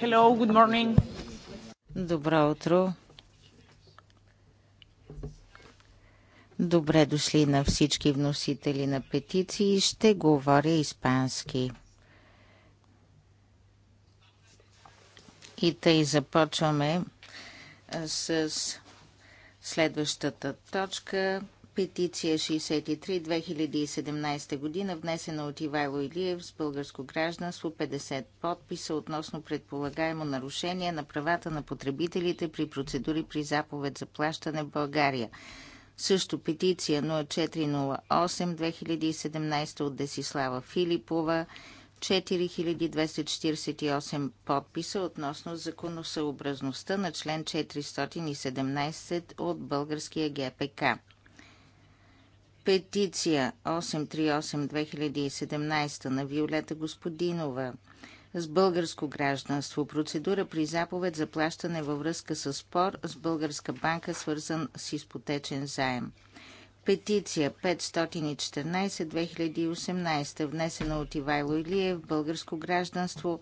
Hello, good morning. Добро утро. Добре дошли на всички вносители на петиции. Ще говоря испански. И тъй започваме с следващата точка Петиция 63-2017 година, внесена от Ивайло Илиев с българско гражданство, 50 подписа относно предполагаемо нарушение на правата на потребителите при процедури при заповед за плащане в България. Също петиция 0408-2017 от Десислава Филипова, 4248 подписа относно законосъобразността на член 417 от българския ГПК. Петиция 838-2017 на Виолета Господинова с българско гражданство. Процедура при заповед за плащане във връзка с спор с българска банка, свързан с изпотечен заем. Петиция 514-2018, внесена от Ивайло Илиев, българско гражданство,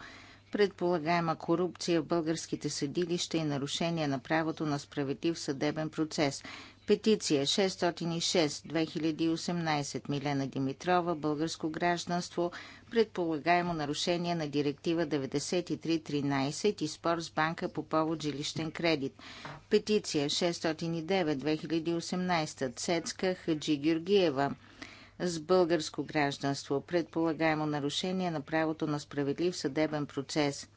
предполагаема корупция в българските съдилища и нарушение на правото на справедлив съдебен процес. Петиция 606-2018 Милена Димитрова, българско гражданство, предполагаемо нарушение на директива 9313 и спор с банка по повод жилищен кредит. Петиция 609-2018 Цецка Хаджи Георгиева с българско гражданство, предполагаемо нарушение на правото на справедлив съдебен процес.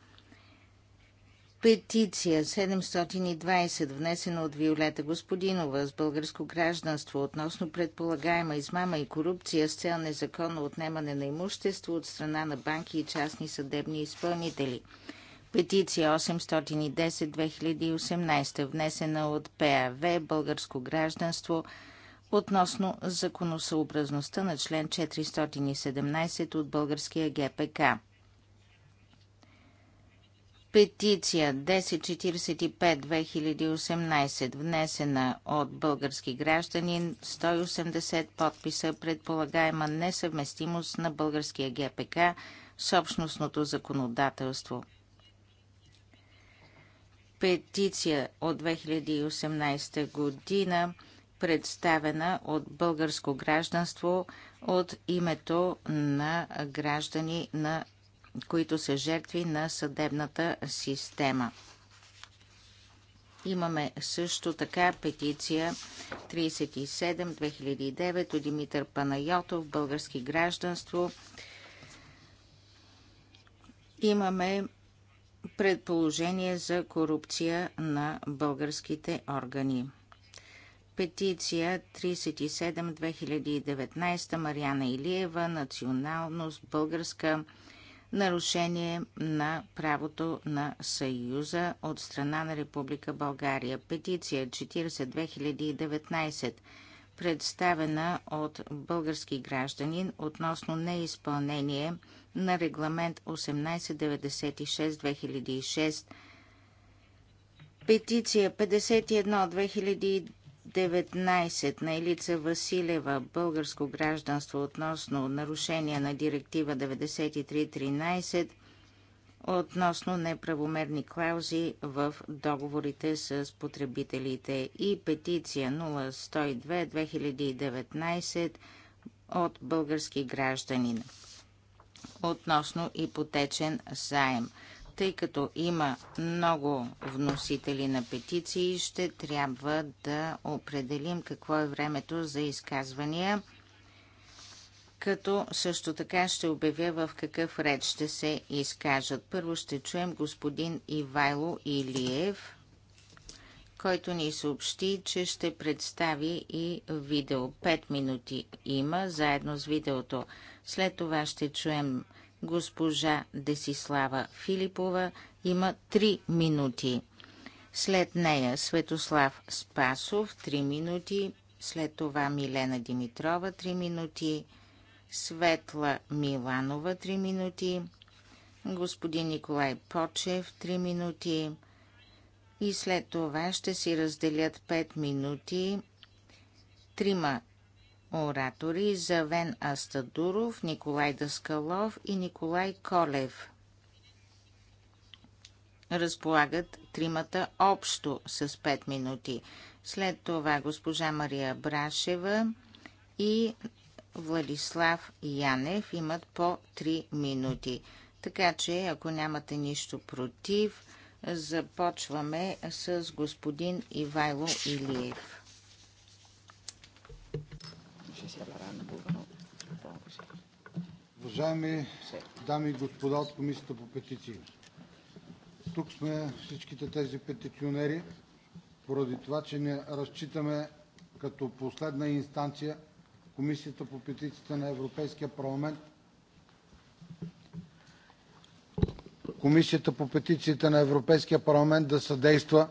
Петиция 720, внесена от Виолета Господинова с българско гражданство относно предполагаема измама и корупция с цел незаконно отнемане на имущество от страна на банки и частни съдебни изпълнители. Петиция 810-2018, внесена от ПАВ българско гражданство относно законосъобразността на член 417 от българския ГПК. Петиция 1045-2018, внесена от български гражданин, 180 подписа, предполагаема несъвместимост на българския ГПК с общностното законодателство. Петиция от 2018 година, представена от българско гражданство от името на граждани на които са жертви на съдебната система. Имаме също така петиция 37-2009 от Димитър Панайотов, български гражданство. Имаме предположение за корупция на българските органи. Петиция 37-2019 Марияна Илиева, националност българска нарушение на правото на Съюза от страна на Република България. Петиция 40 2019 представена от български гражданин относно неизпълнение на регламент 1896-2006 Петиция 51 2009 19 на Елица Василева, българско гражданство относно нарушение на директива 9313 относно неправомерни клаузи в договорите с потребителите и петиция 0102 2019 от български гражданин относно ипотечен заем тъй като има много вносители на петиции, ще трябва да определим какво е времето за изказвания, като също така ще обявя в какъв ред ще се изкажат. Първо ще чуем господин Ивайло Илиев, който ни съобщи, че ще представи и видео. Пет минути има, заедно с видеото. След това ще чуем Госпожа Десислава Филипова има 3 минути. След нея Светослав Спасов 3 минути, след това Милена Димитрова 3 минути, Светла Миланова 3 минути, господин Николай Почев 3 минути и след това ще си разделят 5 минути трима оратори Завен Астадуров, Николай Даскалов и Николай Колев. Разполагат тримата общо с 5 минути. След това госпожа Мария Брашева и Владислав Янев имат по 3 минути. Така че, ако нямате нищо против, започваме с господин Ивайло Илиев. Уважаеми дами и господа от Комисията по петиции, тук сме всичките тези петиционери, поради това, че не разчитаме като последна инстанция Комисията по петициите на Европейския парламент. Комисията по петициите на Европейския парламент да съдейства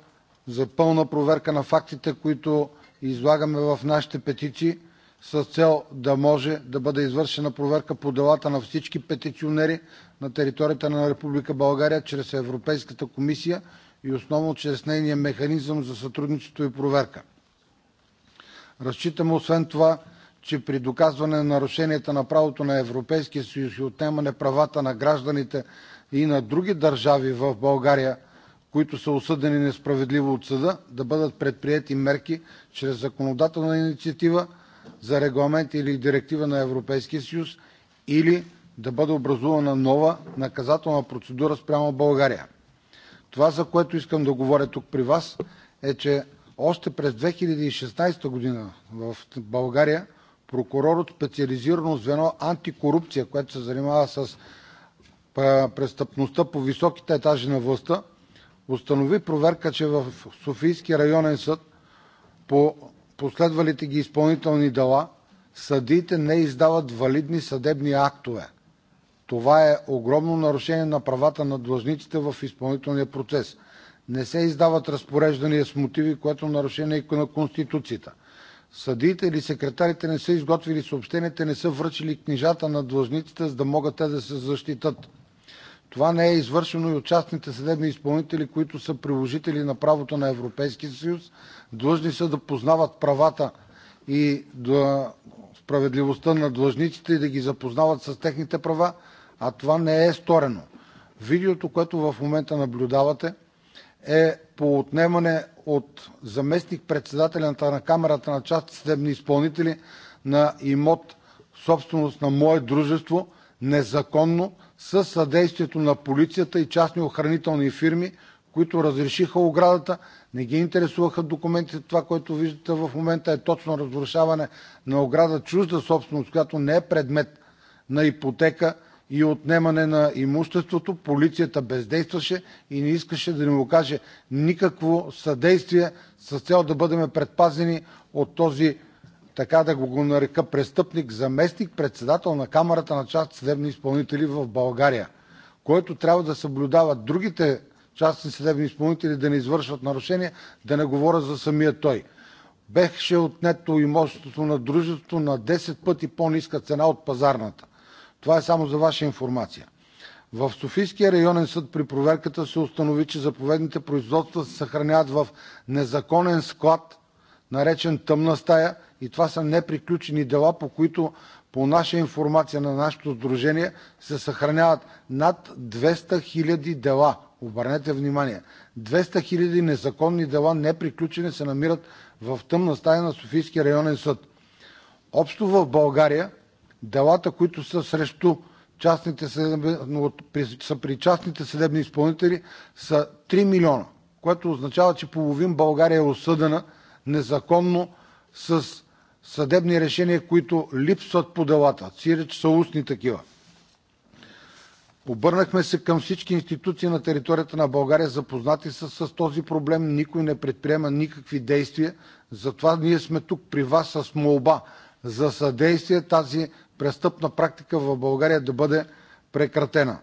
за пълна проверка на фактите, които излагаме в нашите петиции с цел да може да бъде извършена проверка по делата на всички петиционери на територията на Република България чрез Европейската комисия и основно чрез нейния механизъм за сътрудничество и проверка. Разчитаме освен това, че при доказване на нарушенията на правото на Европейския съюз и отнемане правата на гражданите и на други държави в България, които са осъдени несправедливо от съда, да бъдат предприети мерки чрез законодателна инициатива, за регламент или директива на Европейския съюз, или да бъде образувана нова наказателна процедура спрямо България. Това, за което искам да говоря тук при Вас, е, че още през 2016 година в България прокурор от специализирано звено антикорупция, което се занимава с престъпността по високите етажи на властта, установи проверка, че в Софийския районен съд по последвалите ги изпълнителни дела, съдиите не издават валидни съдебни актове. Това е огромно нарушение на правата на длъжниците в изпълнителния процес. Не се издават разпореждания с мотиви, което е нарушение е на Конституцията. Съдиите или секретарите не са изготвили съобщенията, не са връчили книжата на длъжниците, за да могат те да се защитат. Това не е извършено и от частните съдебни изпълнители, които са приложители на правото на Европейския съюз. Длъжни са да познават правата и да справедливостта на длъжниците и да ги запознават с техните права, а това не е сторено. Видеото, което в момента наблюдавате, е по отнемане от заместник-председателята на Камерата на част съдебни изпълнители на имот, собственост на мое дружество, незаконно, със съдействието на полицията и частни охранителни фирми, които разрешиха оградата, не ги интересуваха документите. Това, което виждате в момента е точно разрушаване на ограда чужда собственост, която не е предмет на ипотека и отнемане на имуществото. Полицията бездействаше и не искаше да ни окаже никакво съдействие с цел да бъдем предпазени от този така да го нарека престъпник, заместник-председател на Камарата на част съдебни изпълнители в България, който трябва да съблюдава другите частни съдебни изпълнители да не извършват нарушения, да не говоря за самия той. Беше отнето имуществото на дружеството на 10 пъти по-ниска цена от пазарната. Това е само за ваша информация. В Софийския районен съд при проверката се установи, че заповедните производства се съхраняват в незаконен склад, наречен тъмна стая, и това са неприключени дела, по които по наша информация на нашето сдружение се съхраняват над 200 хиляди дела. Обърнете внимание, 200 хиляди незаконни дела, неприключени, се намират в тъмна стая на Софийския районен съд. Общо в България делата, които са срещу частните съдебни, са при частните съдебни изпълнители, са 3 милиона, което означава, че половин България е осъдена незаконно с съдебни решения, които липсват по делата. Сиреч са устни такива. Обърнахме се към всички институции на територията на България, запознати са с този проблем. Никой не предприема никакви действия. Затова ние сме тук при вас с молба за съдействие тази престъпна практика в България да бъде прекратена.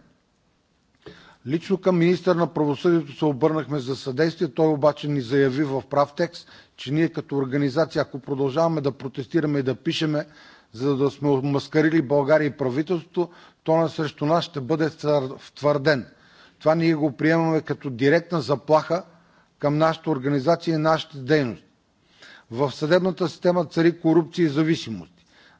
Лично към министър на правосъдието се обърнахме за съдействие, той обаче ни заяви в прав текст, че ние като организация, ако продължаваме да протестираме и да пишеме, за да сме омаскарили България и правителството, то срещу нас ще бъде втвърден. Това ние го приемаме като директна заплаха към нашата организация и нашата дейност. В съдебната система цари корупция и зависимости.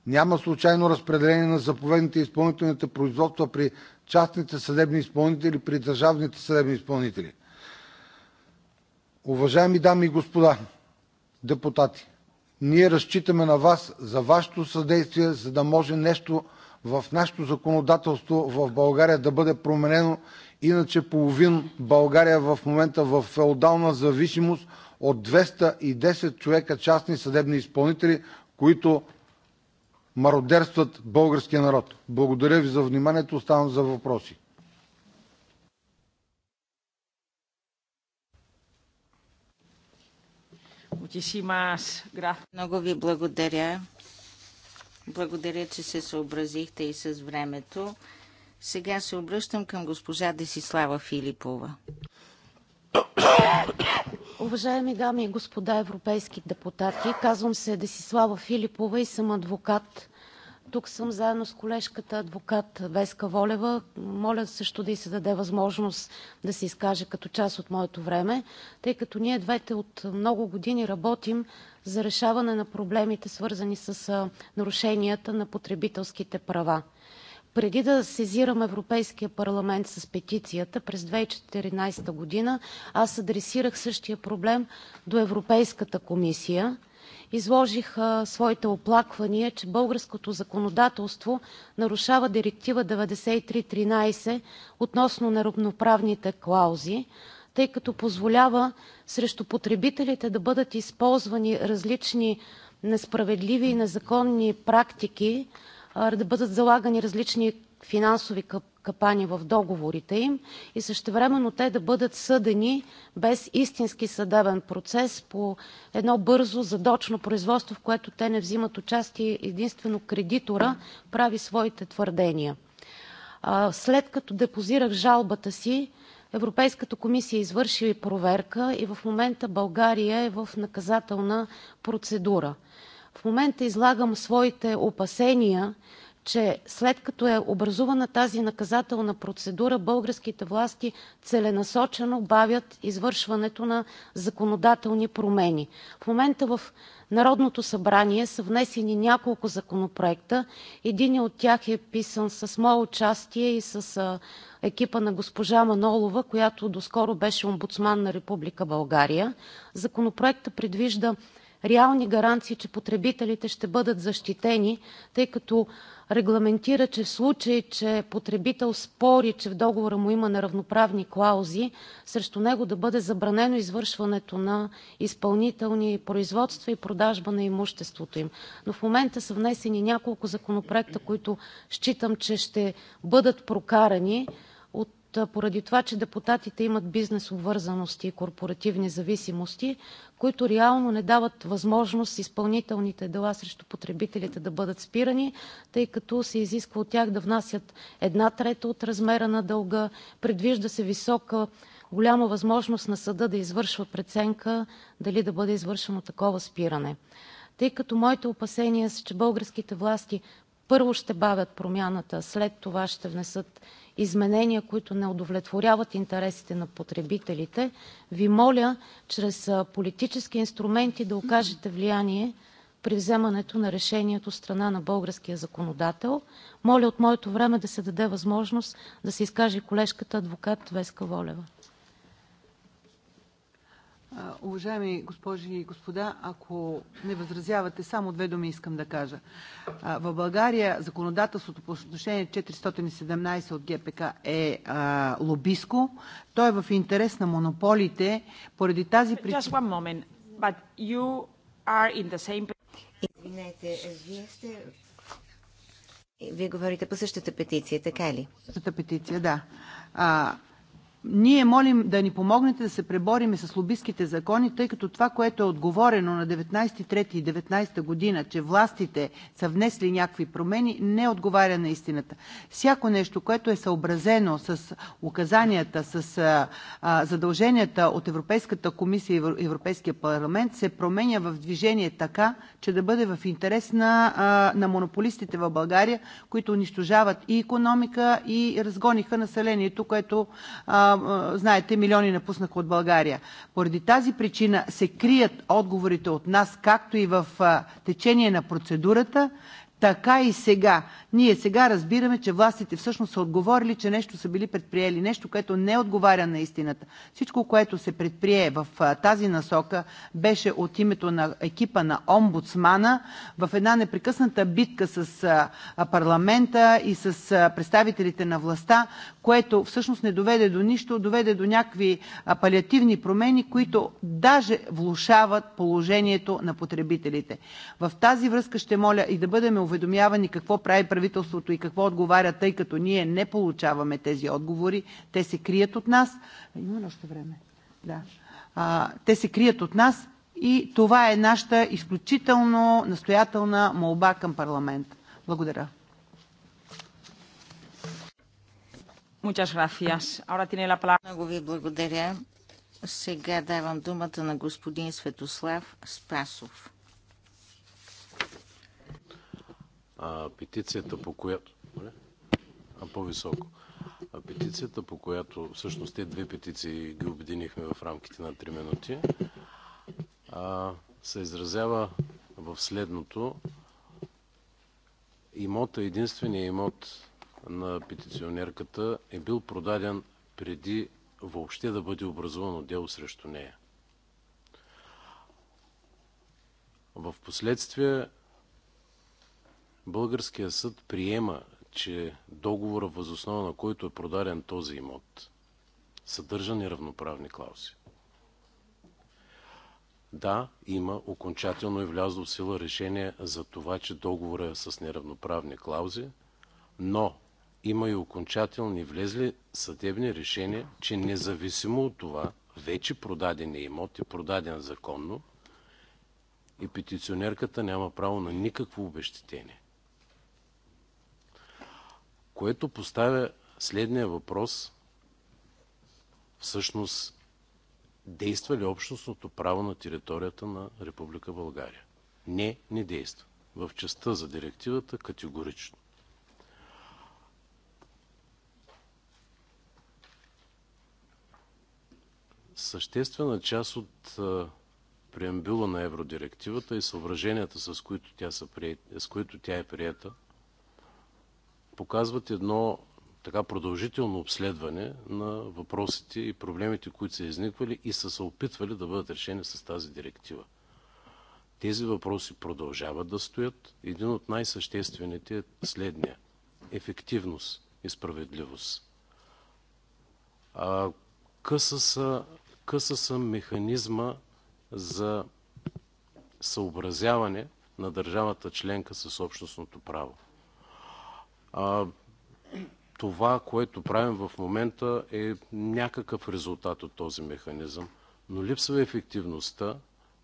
Няма случайно разпределение на заповедните и изпълнителните производства при частните съдебни изпълнители при държавните съдебни изпълнители. Уважаеми дами и господа депутати, ние разчитаме на Вас за Вашето съдействие, за да може нещо в нашето законодателство в България да бъде променено, иначе половин България в момента в феодална зависимост от 210 човека частни съдебни изпълнители, които мародерстват българския народ. Благодаря ви за вниманието. Оставам за въпроси. Много ви благодаря. Благодаря, че се съобразихте и с времето. Сега се обръщам към госпожа Десислава Филипова. Уважаеми дами и господа европейски депутати, казвам се Десислава Филипова и съм адвокат. Тук съм заедно с колежката адвокат Веска Волева. Моля също да й се даде възможност да се изкаже като част от моето време, тъй като ние двете от много години работим за решаване на проблемите, свързани с нарушенията на потребителските права. Преди да сезирам Европейския парламент с петицията през 2014 година, аз адресирах същия проблем до Европейската комисия. Изложих своите оплаквания, че българското законодателство нарушава Директива 9313 относно неравноправните клаузи, тъй като позволява срещу потребителите да бъдат използвани различни несправедливи и незаконни практики, да бъдат залагани различни финансови капани в договорите им и същевременно те да бъдат съдени без истински съдебен процес по едно бързо задочно производство, в което те не взимат участие, единствено кредитора прави своите твърдения. След като депозирах жалбата си, Европейската комисия извърши проверка и в момента България е в наказателна процедура. В момента излагам своите опасения, че след като е образувана тази наказателна процедура, българските власти целенасочено бавят извършването на законодателни промени. В момента в Народното събрание са внесени няколко законопроекта. Един от тях е писан с мое участие и с екипа на госпожа Манолова, която доскоро беше омбудсман на Република България. Законопроектът предвижда реални гаранции, че потребителите ще бъдат защитени, тъй като регламентира, че в случай, че потребител спори, че в договора му има неравноправни клаузи, срещу него да бъде забранено извършването на изпълнителни производства и продажба на имуществото им. Но в момента са внесени няколко законопроекта, които считам, че ще бъдат прокарани поради това, че депутатите имат бизнес обвързаности и корпоративни зависимости, които реално не дават възможност изпълнителните дела срещу потребителите да бъдат спирани, тъй като се изисква от тях да внасят една трета от размера на дълга. Предвижда се висока, голяма възможност на съда да извършва преценка дали да бъде извършено такова спиране. Тъй като моите опасения са, че българските власти първо ще бавят промяната, след това ще внесат изменения, които не удовлетворяват интересите на потребителите, Ви моля чрез политически инструменти да окажете влияние при вземането на решението от страна на българския законодател. Моля от моето време да се даде възможност да се изкаже колежката адвокат Веска Волева. Уважаеми госпожи и господа, ако не възразявате, само две думи искам да кажа. В България законодателството по отношение 417 от ГПК е а, лобиско. То е в интерес на монополите. Поради тази причина... Same... вие сте... Вие говорите по същата петиция, така е ли? Същата петиция, да. А, ние молим да ни помогнете да се пребориме с лобистските закони, тъй като това, което е отговорено на и 19.3.2019 година, че властите са внесли някакви промени, не отговаря на истината. Всяко нещо, което е съобразено с указанията, с задълженията от Европейската комисия и Европейския парламент, се променя в движение така, че да бъде в интерес на, на монополистите в България, които унищожават и економика, и разгониха населението, което а, знаете, милиони напуснаха от България. Поради тази причина се крият отговорите от нас, както и в течение на процедурата, така и сега. Ние сега разбираме, че властите всъщност са отговорили, че нещо са били предприели, нещо, което не отговаря на истината. Всичко, което се предприе в тази насока, беше от името на екипа на омбудсмана в една непрекъсната битка с парламента и с представителите на властта, което всъщност не доведе до нищо, доведе до някакви палиативни промени, които даже влушават положението на потребителите. В тази връзка ще моля и да бъдем уведомявани какво прави правителството и какво отговаря, тъй като ние не получаваме тези отговори, те се крият от нас. Има ли още време? Да. А, те се крият от нас и това е нашата изключително настоятелна молба към парламент. Благодаря. Много ви благодаря. Сега давам думата на господин Светослав Спасов. А, петицията, по която... А, по-високо. А, петицията, по която... Всъщност, те две петиции ги обединихме в рамките на 3 минути. А, се изразява в следното. Имота, единствения имот на петиционерката е бил продаден преди въобще да бъде образувано дело срещу нея. В последствие българския съд приема, че договора, възоснова на който е продаден този имот, съдържа неравноправни клаузи. Да, има окончателно и влязло в сила решение за това, че договора е с неравноправни клаузи, но има и окончателни влезли съдебни решения, че независимо от това, вече продаден е имот и продаден законно и петиционерката няма право на никакво обещетение. Което поставя следния въпрос. Всъщност, действа ли общностното право на територията на Република България? Не, не действа. В частта за директивата категорично. Съществена част от преамбюла на евродирективата и съображенията, с които тя, са прият, с които тя е приета, показват едно така продължително обследване на въпросите и проблемите, които са изниквали и са се опитвали да бъдат решени с тази директива. Тези въпроси продължават да стоят. Един от най-съществените е следния. Ефективност и справедливост. А, къса са къса съм механизма за съобразяване на държавата членка с общностното право. А, това, което правим в момента е някакъв резултат от този механизъм, но липсва ефективността,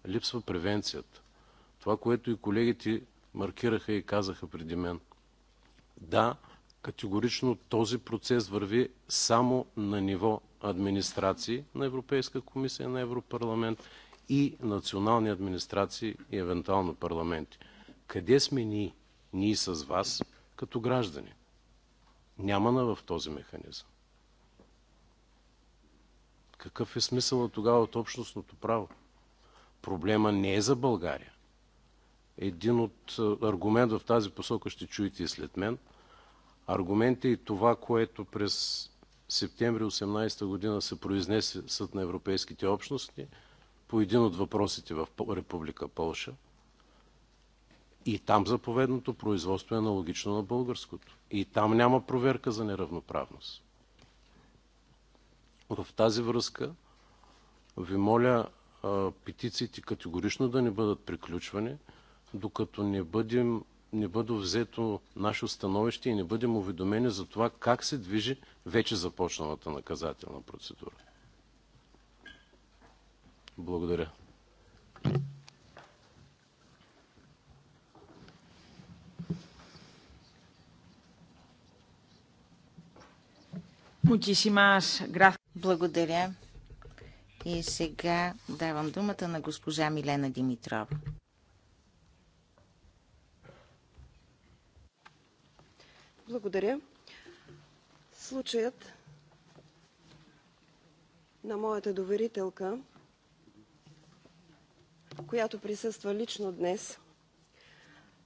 липсва превенцията. Това, което и колегите маркираха и казаха преди мен. Да, категорично този процес върви само на ниво администрации на Европейска комисия, на Европарламент и национални администрации и евентуално парламенти. Къде сме ние? Ние с вас, като граждани. Няма на в този механизъм. Какъв е смисъл тогава от общностното право? Проблема не е за България. Един от е, аргументов в тази посока ще чуете и след мен. Аргумент е и това, което през септември 2018 година се произнесе Съд на Европейските общности по един от въпросите в Република Полша. И там заповедното производство е аналогично на българското. И там няма проверка за неравноправност. В тази връзка ви моля петициите категорично да не бъдат приключвани, докато не бъдем не бъде взето наше становище и не бъдем уведомени за това как се движи вече започналата наказателна процедура. Благодаря. Благодаря. И сега давам думата на госпожа Милена Димитрова. Благодаря. Случаят на моята доверителка, която присъства лично днес,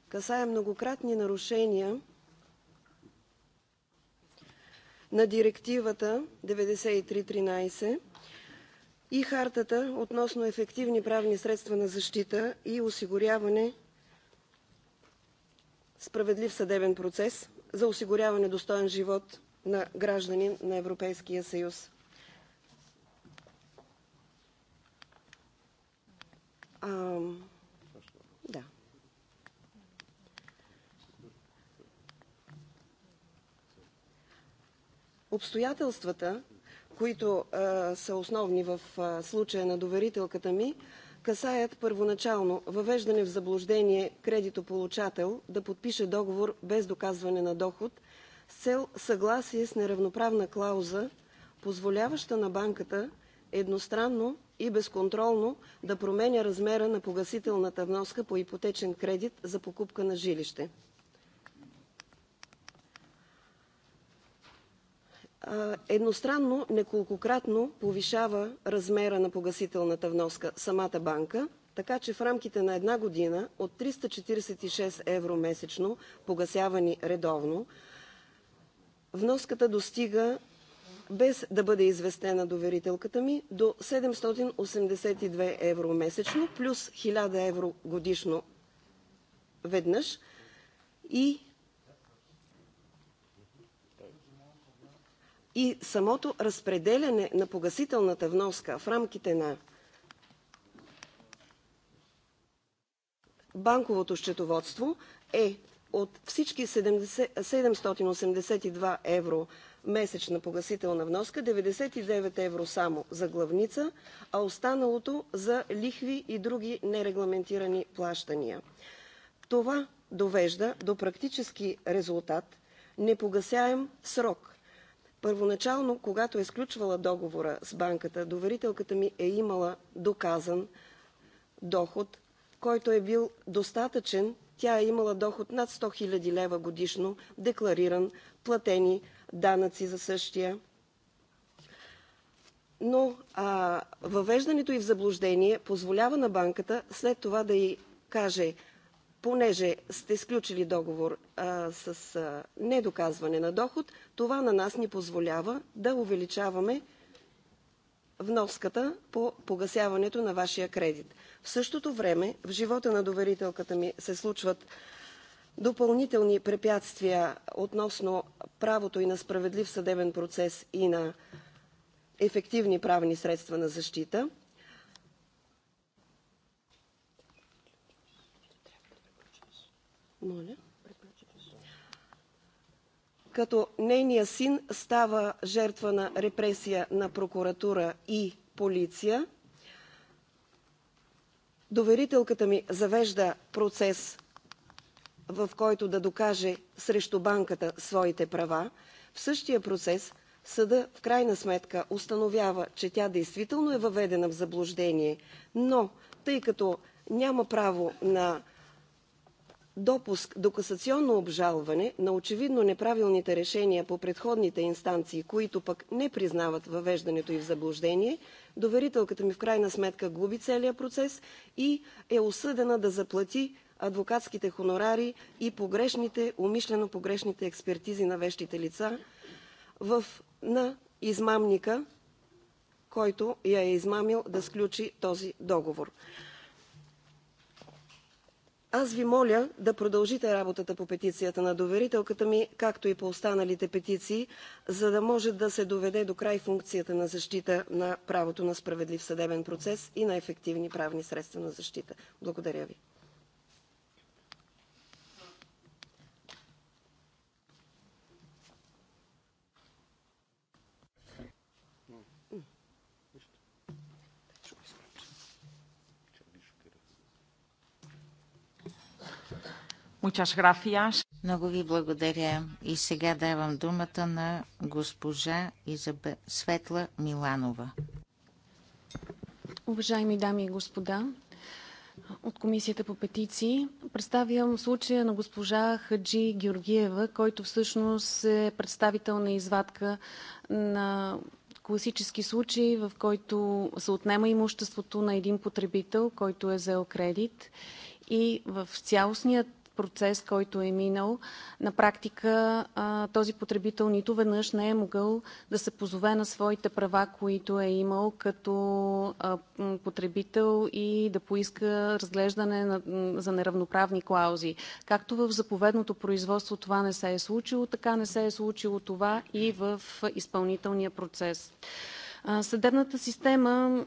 касае многократни нарушения на Директивата 9313 и Хартата относно ефективни правни средства на защита и осигуряване справедлив съдебен процес за осигуряване достоен живот на граждани на Европейския съюз. А, да. Обстоятелствата, които а, са основни в а, случая на доверителката ми, касаят първоначално въвеждане в заблуждение кредитополучател да подпише договор без доказване на доход с цел съгласие с неравноправна клауза, позволяваща на банката едностранно и безконтролно да променя размера на погасителната вноска по ипотечен кредит за покупка на жилище. едностранно неколкократно повишава размера на погасителната вноска самата банка, така че в рамките на една година от 346 евро месечно, погасявани редовно, вноската достига, без да бъде известена доверителката ми, до 782 евро месечно плюс 1000 евро годишно веднъж и и самото разпределяне на погасителната вноска в рамките на банковото счетоводство е от всички 70, 782 евро месечна погасителна вноска, 99 евро само за главница, а останалото за лихви и други нерегламентирани плащания. Това довежда до практически резултат непогасяем срок Първоначално, когато е сключвала договора с банката, доверителката ми е имала доказан доход, който е бил достатъчен. Тя е имала доход над 100 000 лева годишно, деклариран, платени данъци за същия. Но а, въвеждането и в заблуждение позволява на банката след това да й каже – понеже сте сключили договор а, с а, недоказване на доход, това на нас ни позволява да увеличаваме вноската по погасяването на вашия кредит. В същото време в живота на доверителката ми се случват допълнителни препятствия относно правото и на справедлив съдебен процес и на ефективни правни средства на защита – Моля. Като нейният син става жертва на репресия на прокуратура и полиция, доверителката ми завежда процес, в който да докаже срещу банката своите права. В същия процес съда в крайна сметка установява, че тя действително е въведена в заблуждение, но тъй като няма право на допуск до касационно обжалване на очевидно неправилните решения по предходните инстанции, които пък не признават въвеждането и в заблуждение, доверителката ми в крайна сметка губи целия процес и е осъдена да заплати адвокатските хонорари и погрешните, умишлено погрешните експертизи на вещите лица в, на измамника, който я е измамил да сключи този договор. Аз ви моля да продължите работата по петицията на доверителката ми, както и по останалите петиции, за да може да се доведе до край функцията на защита на правото на справедлив съдебен процес и на ефективни правни средства на защита. Благодаря ви. Muchas gracias. Много ви благодаря. И сега давам думата на госпожа Изаб... Светла Миланова. Уважаеми дами и господа, от Комисията по петиции представям случая на госпожа Хаджи Георгиева, който всъщност е представител на извадка на класически случай, в който се отнема имуществото на един потребител, който е взел кредит и в цялостният процес, който е минал, на практика този потребител нито веднъж не е могъл да се позове на своите права, които е имал като потребител и да поиска разглеждане за неравноправни клаузи. Както в заповедното производство това не се е случило, така не се е случило това и в изпълнителния процес. Съдебната система,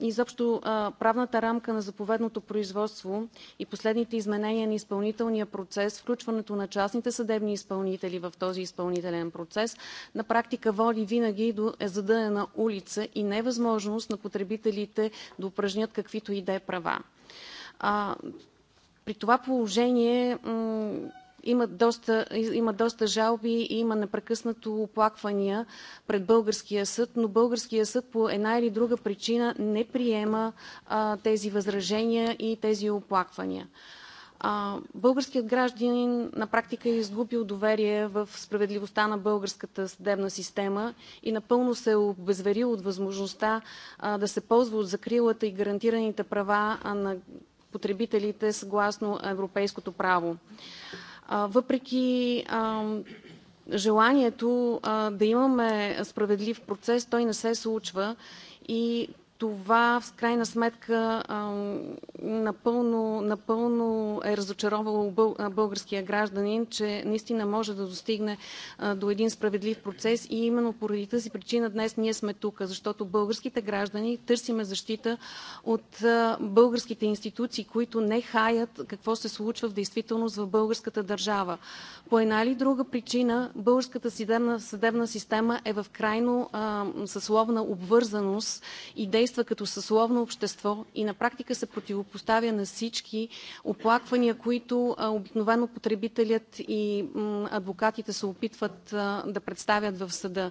изобщо правната рамка на заповедното производство и последните изменения на изпълнителния процес, включването на частните съдебни изпълнители в този изпълнителен процес на практика води винаги до е, задънена улица и невъзможност на потребителите да упражнят каквито и да е права. При това положение има доста, има доста жалби и има непрекъснато оплаквания пред българския съд, но българския съд по една или друга причина не приема а, тези възражения и тези оплаквания. А, българският гражданин на практика е изгубил доверие в справедливостта на българската съдебна система и напълно се е обезверил от възможността а, да се ползва от закрилата и гарантираните права на потребителите съгласно европейското право. Въпреки желанието да имаме справедлив процес, той не се случва и това в крайна сметка напълно, напълно е разочаровало българския гражданин, че наистина може да достигне до един справедлив процес. И именно поради тази причина днес ние сме тук, защото българските граждани търсиме защита от българските институции, които не хаят какво се случва в действителност в българската държава. По една или друга причина българската съдебна, съдебна система е в крайно съсловна обвързаност и действителност действа като съсловно общество и на практика се противопоставя на всички оплаквания, които обикновено потребителят и адвокатите се опитват да представят в съда.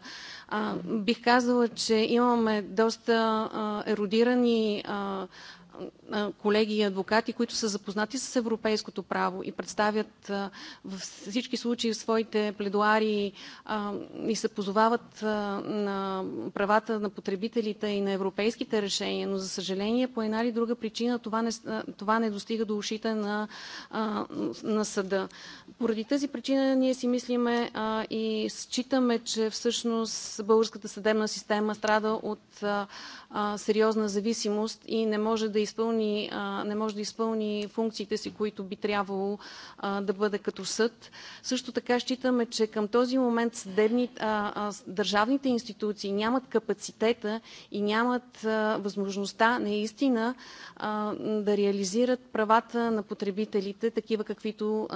Бих казала, че имаме доста еродирани колеги и адвокати, които са запознати с европейското право и представят във всички случаи своите пледуари и се позовават на правата на потребителите и на европейските решения, но, за съжаление, по една или друга причина това не достига до ушите на съда. Поради тази причина ние си мислиме и считаме, че всъщност българската съдебна система страда от сериозна зависимост и не може да изпълнява изпълни, не може да изпълни функциите си, които би трябвало да бъде като съд. Също така считаме, че към този момент съдебни, държавните институции нямат капацитета и нямат възможността наистина да реализират правата на потребителите, такива каквито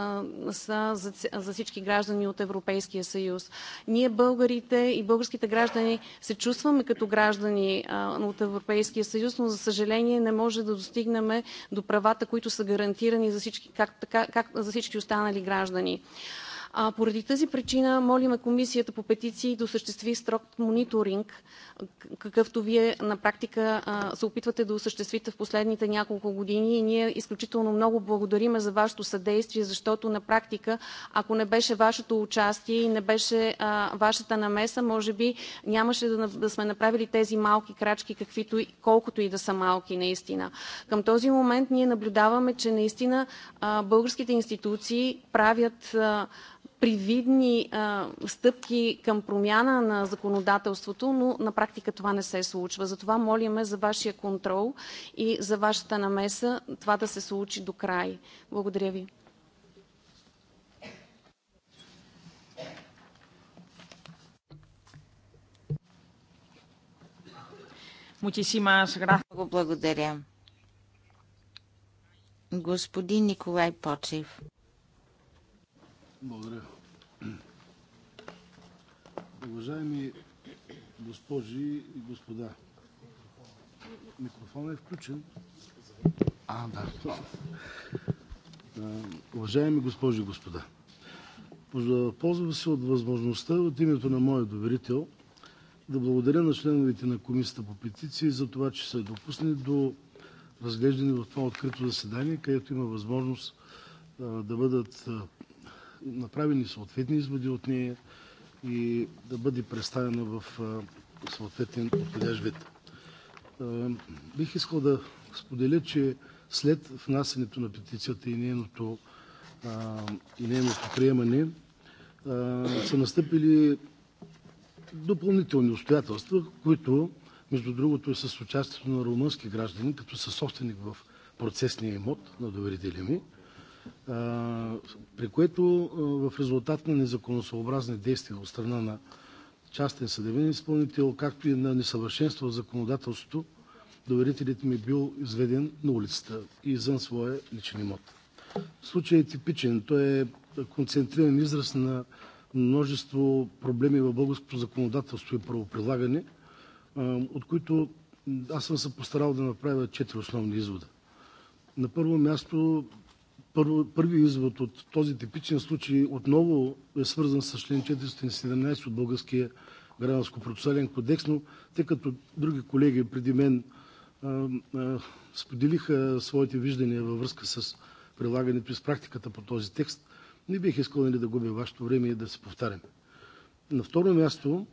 са за всички граждани от Европейския съюз. Ние българите и българските граждани се чувстваме като граждани от Европейския съюз, но за съжаление не може за да достигнем до правата, които са гарантирани за всички останали граждани. А, поради тази причина молиме Комисията по петиции да осъществи строг мониторинг, какъвто вие на практика а, се опитвате да осъществите в последните няколко години. И ние изключително много благодариме за вашето съдействие, защото на практика, ако не беше вашето участие и не беше а, вашата намеса, може би нямаше да, да сме направили тези малки крачки, каквито, колкото и да са малки наистина. Към този момент ние наблюдаваме, че наистина а, българските институции правят а, привидни а, стъпки към промяна на законодателството, но на практика това не се случва. Затова молиме за вашия контрол и за вашата намеса това да се случи до край. Благодаря ви. Много благодаря. Господин Николай Почев. Благодаря. Уважаеми госпожи и господа, микрофонът е включен. А, да. Уважаеми госпожи и господа, ползвам се от възможността от името на моя доверител да благодаря на членовете на Комисията по петиции за това, че са допуснали до разглеждане в това открито заседание, където има възможност да бъдат направени съответни изводи от нея и да бъде представена в съответен подходящ вид. Бих искал да споделя, че след внасянето на петицията и нейното приемане са настъпили допълнителни обстоятелства, които, между другото, с участието на румънски граждани като съсобственик в процесния имот на доверителя ми, при което в резултат на незаконосъобразни действия от страна на частен съдебен изпълнител, както и на несъвършенство в законодателството, доверителят ми е бил изведен на улицата и извън своя личен имот. Случаят е типичен. Той е концентриран израз на множество проблеми в българското законодателство и правоприлагане, от които аз съм се постарал да направя четири основни извода. На първо място, първи извод от този типичен случай отново е свързан с член 417 от Българския гражданско-процесуален кодекс, но тъй като други колеги преди мен споделиха своите виждания във връзка с прилагането и с практиката по този текст, не бих искал нали, да губя вашето време и да се повтаряме. На второ място,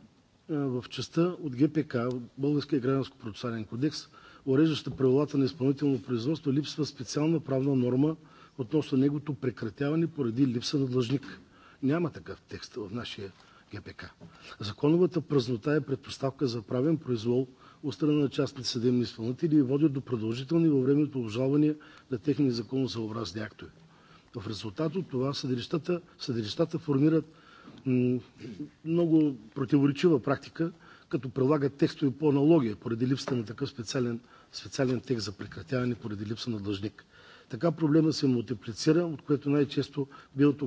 в частта от ГПК, Българския гражданско-процесуален кодекс, уреждаща правилата на изпълнително производство, липсва специална правна норма – относно неговото прекратяване поради липса на длъжник. Няма такъв текст в нашия ГПК. Законовата празнота е предпоставка за правен произвол от страна на частните съдебни изпълнители и води до продължителни във времето обжалвания на техни законосъобразни актове. В резултат от това съдилищата формират много противоречива практика, като прилагат текстове по аналогия поради липсата на такъв специален текст за прекратяване поради липса на длъжник. Така проблемът се мултиплицира, от което най-често биват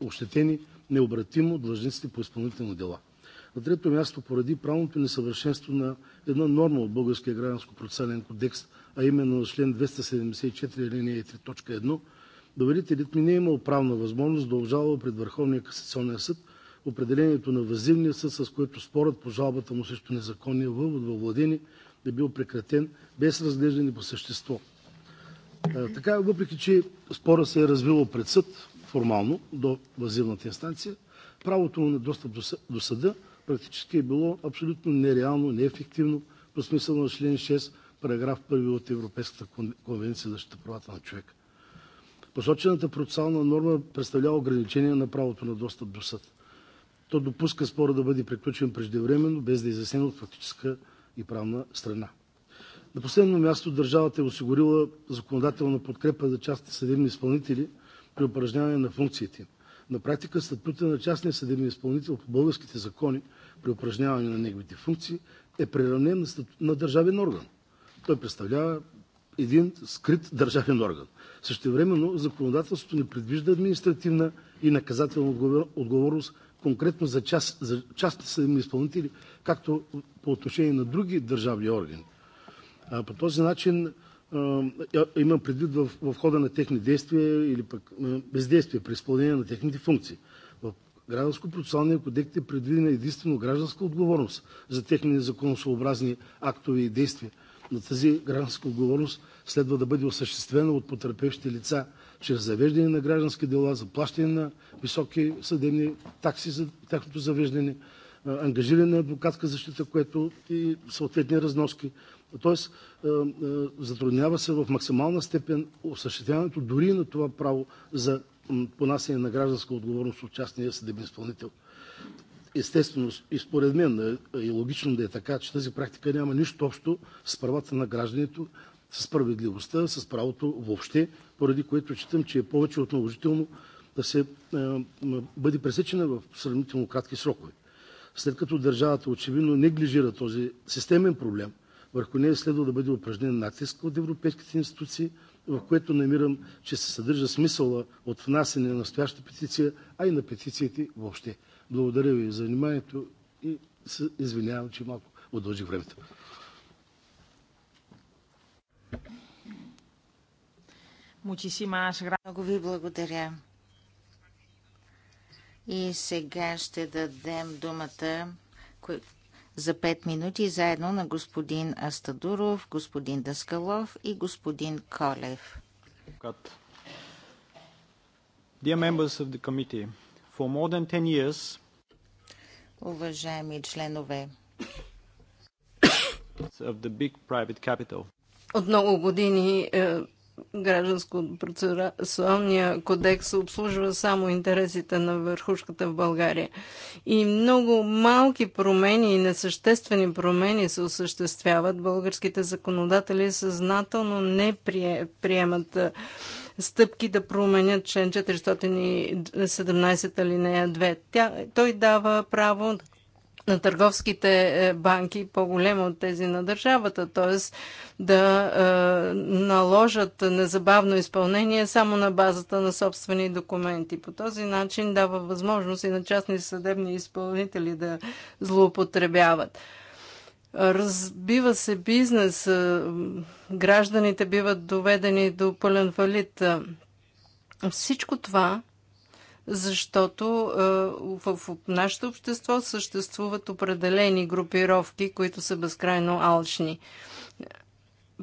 ощетени необратимо длъжниците по изпълнителни дела. На трето място, поради правното несъвършенство на една норма от българския Гражданско-процесуален кодекс, а именно на член 274, ал. 3, т. 1, доверителят не е имал правна възможност да обжалва пред Върховния касационен съд определението на въззивния съд, с което спорът по жалбата му срещу незаконния въвод във владение е бил прекратен без разглеждане по същество. Е, така, въпреки че спора се е развило пред съд формално до въззивната инстанция, правото на достъп до съда практически е било абсолютно нереално, неефективно по смисъла на член 6, параграф 1 от Европейската конвенция за защита правата на човека. Посочената процесуална норма представлява ограничение на правото на достъп до съд. То допуска спора да бъде приключен преждевременно, без да е изяснено от фактическа и правна страна. На последно място, държавата е осигурила законодателна подкрепа за частните съдебни изпълнители при упражняване на функциите им. На практика статутът на частния съдебен изпълнител по българските закони при упражняване на неговите функции е приравнен на на държавен орган. Той представлява един скрит държавен орган. Същевременно законодателството не предвижда административна и наказателна отговорност конкретно за, част, за частни съдебни изпълнители, както по отношение на други държавни органи. По този начин има предвид в хода на техни действия или пък бездействия при изпълнение на техните функции. В Гражданско-процесуалния кодекс е предвидена единствено гражданска отговорност за техни незаконосообразни актове и действия, но тази гражданска отговорност следва да бъде осъществена от потърпевшите лица чрез завеждане на граждански дела, заплащане на високи съдебни такси за тяхното завеждане, ангажиране на адвокатска защита което и съответни разноски, Тоест е, е, затруднява се в максимална степен осъществяването дори на това право за понасяне на гражданска отговорност от частния съдебен изпълнител. Естествено, и според мен е, е логично да е така, че тази практика няма нищо общо с правата на гражданите, с справедливостта, с правото въобще, поради което читам, че е повече от наложително да се бъде пресечена в сравнително кратки срокове. След като държавата очевидно неглижира този системен проблем върху нея следва да бъде упражнен натиск от европейските институции, в което намирам, че се съдържа смисъла от внасяне на настоящата петиция, а и на петициите въобще. Благодаря ви за вниманието и се извинявам, че малко удължих времето. Мучисима Много ви благодаря. И сега ще дадем думата за 5 минути заедно на господин Астадуров, господин Даскалов и господин Колев. Years... Уважаеми членове от много години е, гражданско-процесуалния кодекс обслужва само интересите на върхушката в България. И много малки промени и несъществени промени се осъществяват. Българските законодатели съзнателно не приемат стъпки да променят член 417 алинея 2. Тя, той дава право на търговските е, банки по-голема от тези на държавата, т.е. да е, наложат незабавно изпълнение само на базата на собствени документи. По този начин дава възможност и на частни съдебни изпълнители да злоупотребяват. Разбива се бизнес, е, гражданите биват доведени до пълен валит. Всичко това защото е, в нашето общество съществуват определени групировки, които са безкрайно алчни.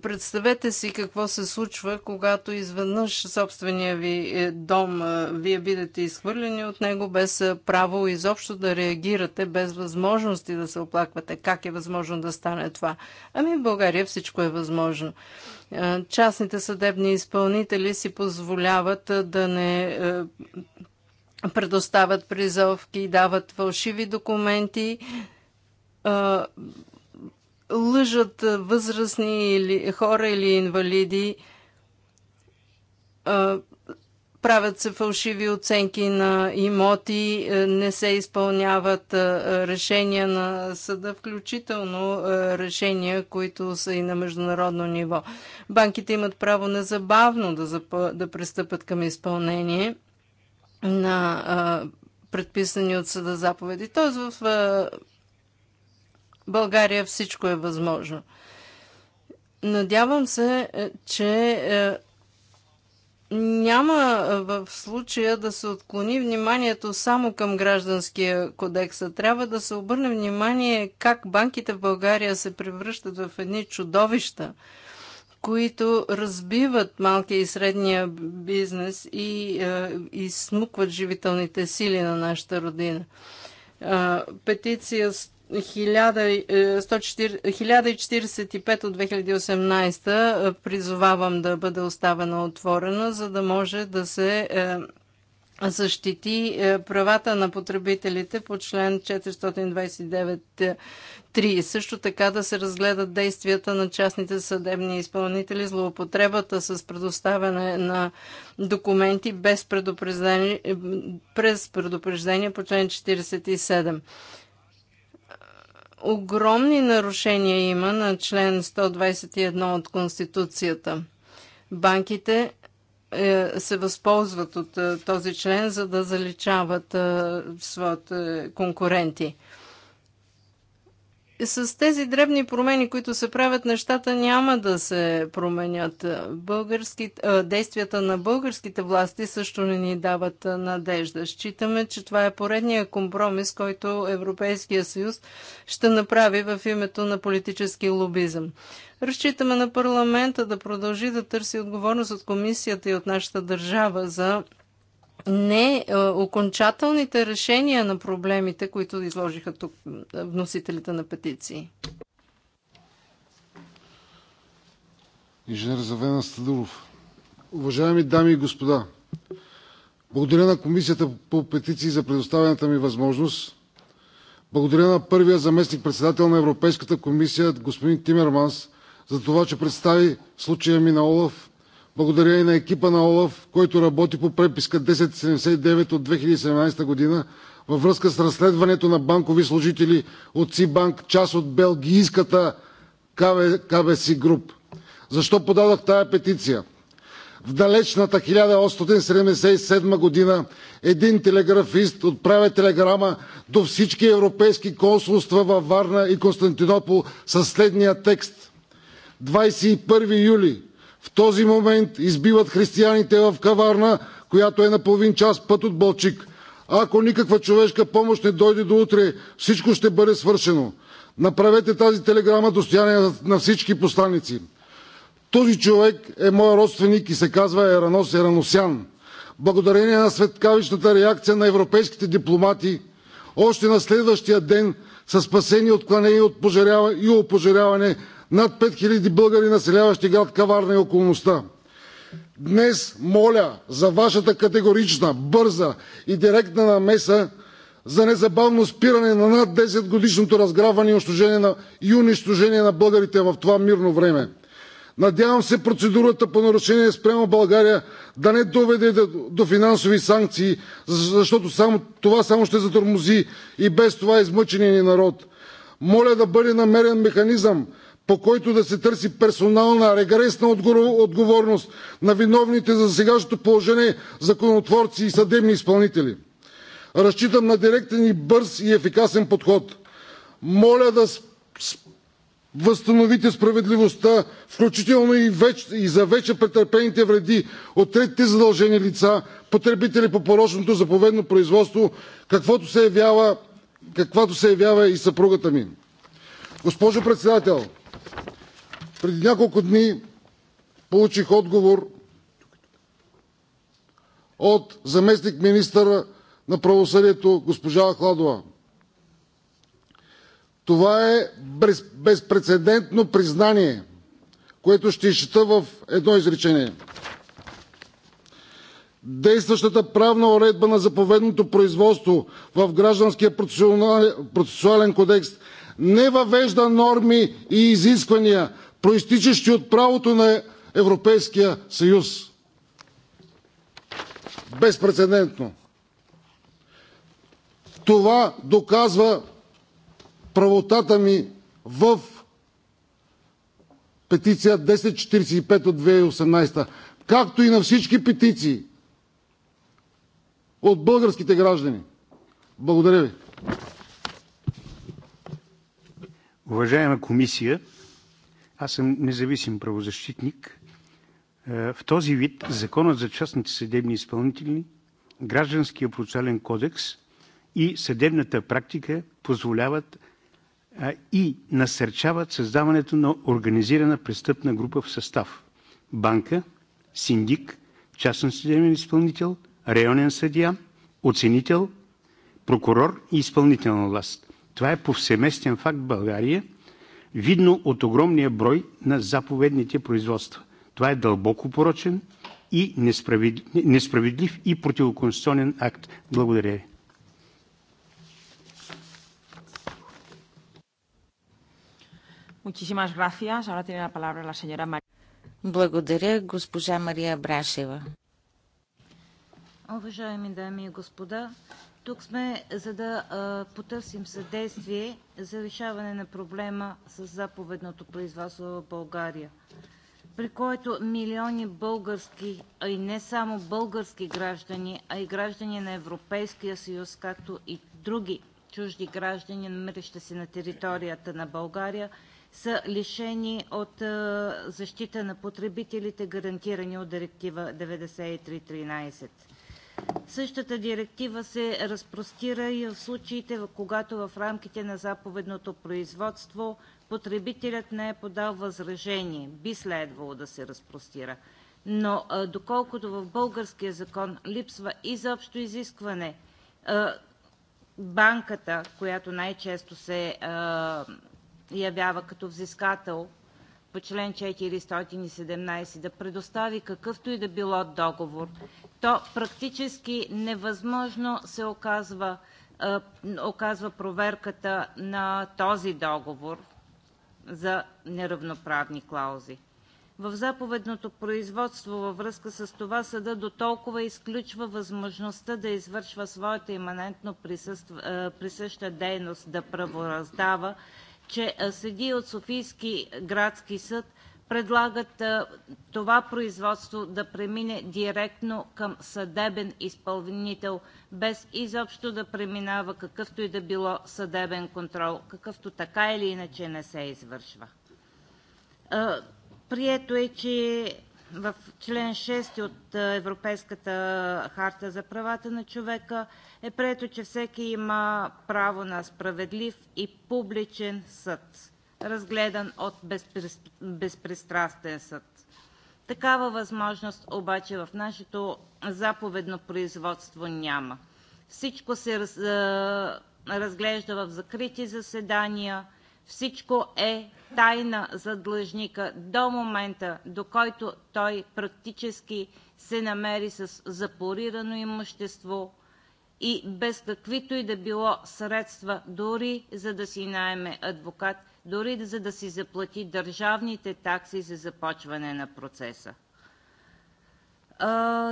Представете си какво се случва, когато изведнъж собствения ви е, дом, е, вие бидете изхвърлени от него без право изобщо да реагирате, без възможности да се оплаквате. Как е възможно да стане това? Ами в България всичко е възможно. Частните съдебни изпълнители си позволяват да не предоставят призовки, дават фалшиви документи, лъжат възрастни или, хора или инвалиди, правят се фалшиви оценки на имоти, не се изпълняват решения на съда, включително решения, които са и на международно ниво. Банките имат право незабавно да, запъ... да пристъпят към изпълнение на а, предписани от съда заповеди. Тоест в а, България всичко е възможно. Надявам се, е, че а, е, няма е, в случая да се отклони вниманието само към гражданския кодекс. Трябва да се обърне внимание как банките в България се превръщат в едни чудовища – които разбиват малкия и средния бизнес и е, изсмукват живителните сили на нашата родина. Е, петиция 1045 е, от 2018 призовавам да бъде оставена отворена, за да може да се защити е, правата на потребителите по член 429.3. Също така да се разгледат действията на частните съдебни изпълнители, злоупотребата с предоставяне на документи без предупреждение, през предупреждение по член 47 огромни нарушения има на член 121 от Конституцията. Банките е, се възползват от е, този член, за да заличават е, своите конкуренти с тези дребни промени, които се правят, нещата няма да се променят. Български, действията на българските власти също не ни дават надежда. Считаме, че това е поредния компромис, който Европейския съюз ще направи в името на политически лобизъм. Разчитаме на парламента да продължи да търси отговорност от комисията и от нашата държава за не окончателните решения на проблемите, които изложиха тук вносителите на петиции. Инженер Завена Стадулов. Уважаеми дами и господа, благодаря на Комисията по петиции за предоставената ми възможност. Благодаря на първия заместник председател на Европейската комисия господин Тимерманс за това, че представи случая ми на Олаф благодаря и на екипа на ОЛАФ, който работи по преписка 1079 от 2017 година във връзка с разследването на банкови служители от Сибанк, част от белгийската КВС Груп. Защо подадох тая петиция? В далечната 1877 година един телеграфист отправя телеграма до всички европейски консулства във Варна и Константинопол със следния текст. 21 юли в този момент избиват християните в каварна, която е на половин час път от Балчик. Ако никаква човешка помощ не дойде до утре, всичко ще бъде свършено. Направете тази телеграма достояние на всички посланици. Този човек е мой родственик и се казва Еранос Ераносян. Благодарение на светкавичната реакция на европейските дипломати, още на следващия ден са спасени отклонения и опожаряване над 5000 българи, населяващи град Каварна и околността. Днес моля за вашата категорична, бърза и директна намеса за незабавно спиране на над 10-годишното разграбване и унищожение на българите в това мирно време. Надявам се процедурата по нарушение спрямо България да не доведе до финансови санкции, защото това само ще затормози и без това измъчения ни народ. Моля да бъде намерен механизъм по който да се търси персонална регресна отговорност на виновните за сегашното положение законотворци и съдебни изпълнители. Разчитам на директен, и бърз и ефикасен подход. Моля да възстановите справедливостта, включително и за вече претърпените вреди от третите задължени лица, потребители по порочното заповедно производство, каквато се явява и съпругата ми. Госпожо Председател, преди няколко дни получих отговор от заместник-министъра на правосъдието госпожа Ахладова. Това е безпредседентно признание, което ще изчита в едно изречение. Действащата правна уредба на заповедното производство в Гражданския процесуален кодекс не въвежда норми и изисквания, проистичащи от правото на Европейския съюз. Безпредседентно! Това доказва правотата ми в петиция 1045 от 2018, както и на всички петиции от българските граждани. Благодаря ви. Уважаема комисия, аз съм независим правозащитник. Е, в този вид Законът за частните съдебни изпълнители, Гражданския процесуален кодекс и съдебната практика позволяват и насърчават създаването на организирана престъпна група в състав – банка, синдик, частен съдебен изпълнител, районен съдия, оценител, прокурор и изпълнителна власт. Това е повсеместен факт в България – видно от огромния брой на заповедните производства. Това е дълбоко порочен и несправедлив и противоконституционен акт. Благодаря ви. Благодаря, госпожа Мария Брашева. Уважаеми дами и господа, тук сме, за да а, потърсим съдействие за решаване на проблема с заповедното производство в България, при който милиони български, а и не само български граждани, а и граждани на Европейския съюз, както и други чужди граждани, намиращи се на територията на България, са лишени от а, защита на потребителите, гарантирани от Директива 9313. Същата директива се разпростира и в случаите, когато в рамките на заповедното производство потребителят не е подал възражение. Би следвало да се разпростира. Но доколкото в българския закон липсва изобщо изискване банката, която най-често се явява като взискател по чл. 417 да предостави какъвто и да било договор, то практически невъзможно се оказва, оказва проверката на този договор за неравноправни клаузи. В заповедното производство във връзка с това до дотолкова изключва възможността да извършва своята иманентно присъща дейност – да правораздава, че съдии от Софийски градски съд предлагат това производство да премине директно към съдебен изпълнител, без изобщо да преминава какъвто и да било съдебен контрол, какъвто така или иначе не се извършва. Прието е, че в член 6 от Европейската харта за правата на човека е прието, че всеки има право на справедлив и публичен съд, разгледан от безпристрастен съд. Такава възможност обаче в нашето заповедно производство няма. Всичко се разглежда в закрити заседания, всичко е тайна за длъжника до момента, до който той практически се намери с запорирано имущество и без каквито и да било средства, дори за да си найеме адвокат, дори за да си заплати държавните такси за започване на процеса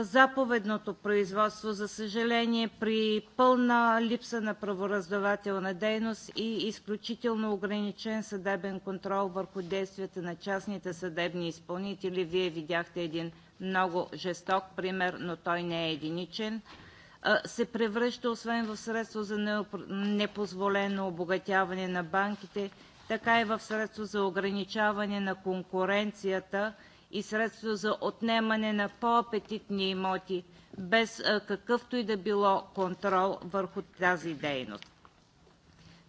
заповедното производство, за съжаление, при пълна липса на правораздавателна дейност и изключително ограничен съдебен контрол върху действията на частните съдебни изпълнители. Вие видяхте един много жесток пример, но той не е единичен се превръща освен в средство за непозволено обогатяване на банките, така и в средство за ограничаване на конкуренцията и средства за отнемане на по-апетитни имоти, без какъвто и да било контрол върху тази дейност.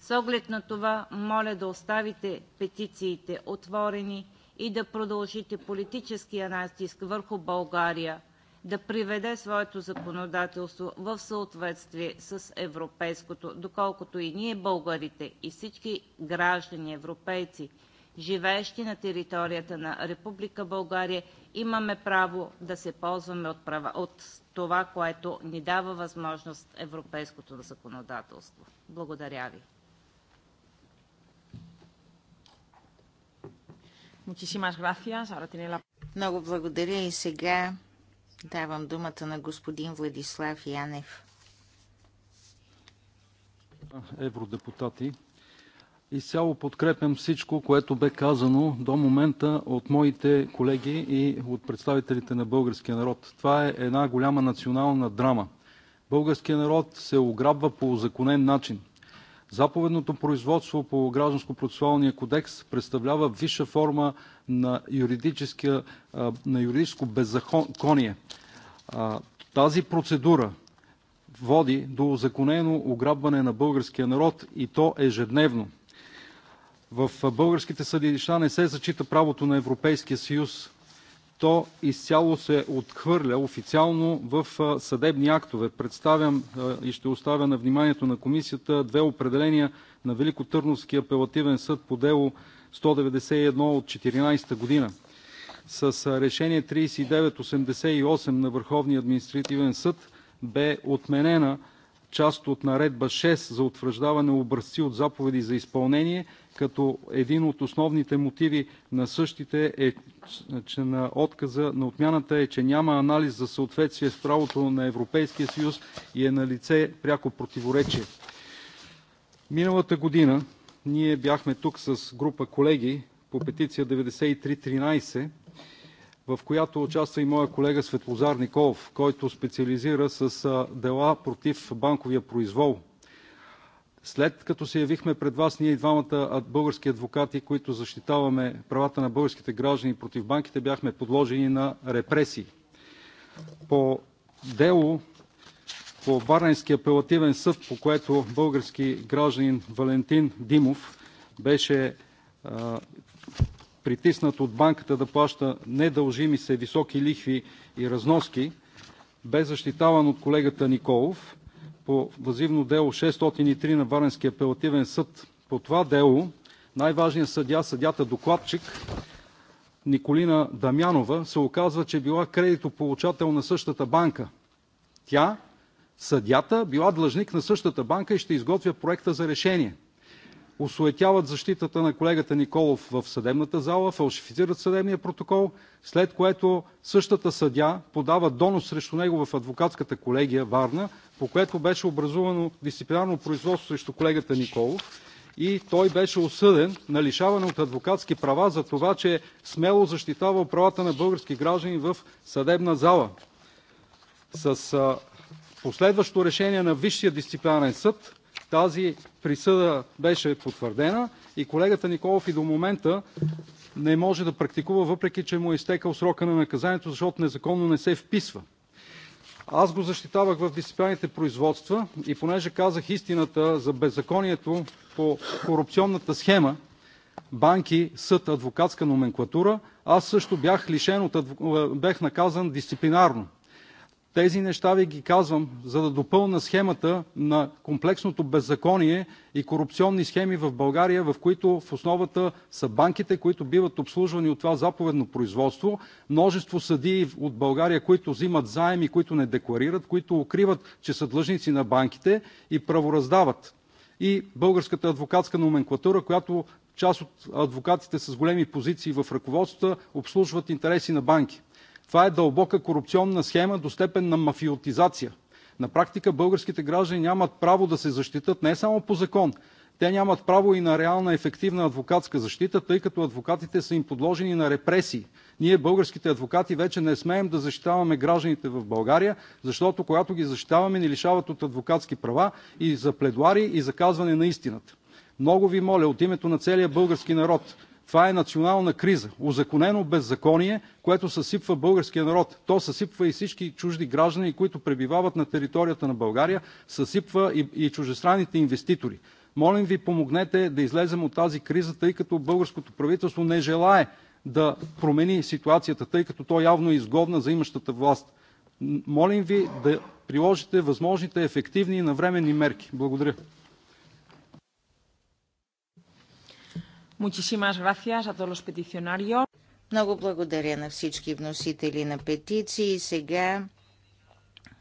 С оглед на това моля да оставите петициите отворени и да продължите политическия натиск върху България да приведе своето законодателство в съответствие с европейското, доколкото и ние българите, и всички граждани европейци живеещи на територията на Република България, имаме право да се ползваме от това, което ни дава възможност европейското законодателство. Благодаря ви. Много благодаря и сега давам думата на господин Владислав Янев. Евродепутати, Изцяло подкрепям всичко, което бе казано до момента от моите колеги и от представителите на българския народ. Това е една голяма национална драма. Българският народ се ограбва по узаконен начин. Заповедното производство по Гражданско-процесуалния кодекс представлява висша форма на, на юридическо беззаконие. Тази процедура води до узаконено ограбване на българския народ и то ежедневно в българските съдилища не се зачита правото на Европейския съюз. То изцяло се отхвърля официално в съдебни актове. Представям и ще оставя на вниманието на комисията две определения на Великотърновския апелативен съд по дело 191 от 14 година. С решение 3988 на Върховния административен съд бе отменена част от Наредба 6 за утвърждаване образци от заповеди за изпълнение като един от основните мотиви на същите е, че на отказа на отмяната е, че няма анализ за съответствие с правото на Европейския съюз и е налице пряко противоречие. Миналата година ние бяхме тук с група колеги по петиция 9313, в която участва и моя колега Светлозар Николов, който специализира с дела против банковия произвол след като се явихме пред Вас ние и двамата български адвокати, които защитаваме правата на българските граждани против банките, бяхме подложени на репресии. По дело по Барненски апелативен съд, по което български гражданин Валентин Димов беше а, притиснат от банката да плаща недължими се високи лихви и разноски, бе защитаван от колегата Николов по възивно дело 603 на Варенския апелативен съд. По това дело най-важният съдя, съдята докладчик Николина Дамянова, се оказва, че била кредитополучател на същата банка. Тя, съдята, била длъжник на същата банка и ще изготвя проекта за решение. Осуетяват защитата на колегата Николов в съдебната зала, фалшифицират съдебния протокол, след което същата съдя подава донос срещу него в адвокатската колегия Варна, по което беше образувано дисциплинарно производство срещу колегата Николов и той беше осъден на лишаване от адвокатски права за това, че смело защитавал правата на български граждани в съдебна зала. С последващо решение на Висшия дисциплинарен съд тази присъда беше потвърдена и колегата Николов и до момента не може да практикува, въпреки че му е изтекал срока на наказанието, защото незаконно не се вписва. Аз го защитавах в дисциплинарните производства и понеже казах истината за беззаконието по корупционната схема банки, съд, адвокатска номенклатура, аз също бях наказан дисциплинарно тези неща Ви ги казвам, за да допълна схемата на комплексното беззаконие и корупционни схеми в България, в които в основата са банките, които биват обслужвани от това заповедно производство, множество съдии от България, които взимат заеми, които не декларират, които укриват, че са длъжници на банките и правораздават. И българската адвокатска номенклатура, която част от адвокатите с големи позиции в ръководствата обслужват интереси на банки. Това е дълбока корупционна схема до степен на мафиотизация. На практика българските граждани нямат право да се защитат не само по закон, те нямат право и на реална ефективна адвокатска защита, тъй като адвокатите са им подложени на репресии. Ние, българските адвокати, вече не смеем да защитаваме гражданите в България, защото когато ги защитаваме, ни лишават от адвокатски права и за пледуари, и за казване на истината. Много Ви моля от името на целия български народ, това е национална криза, узаконено беззаконие, което съсипва българския народ. То съсипва и всички чужди граждани, които пребивават на територията на България, съсипва и чужестранните инвеститори. Молим Ви, помогнете да излезем от тази криза, тъй като българското правителство не желае да промени ситуацията, тъй като то явно е изгодна за имащата власт. Молим Ви да приложите възможните ефективни и навременни мерки. Благодаря. Много благодаря на всички вносители на петиции. Сега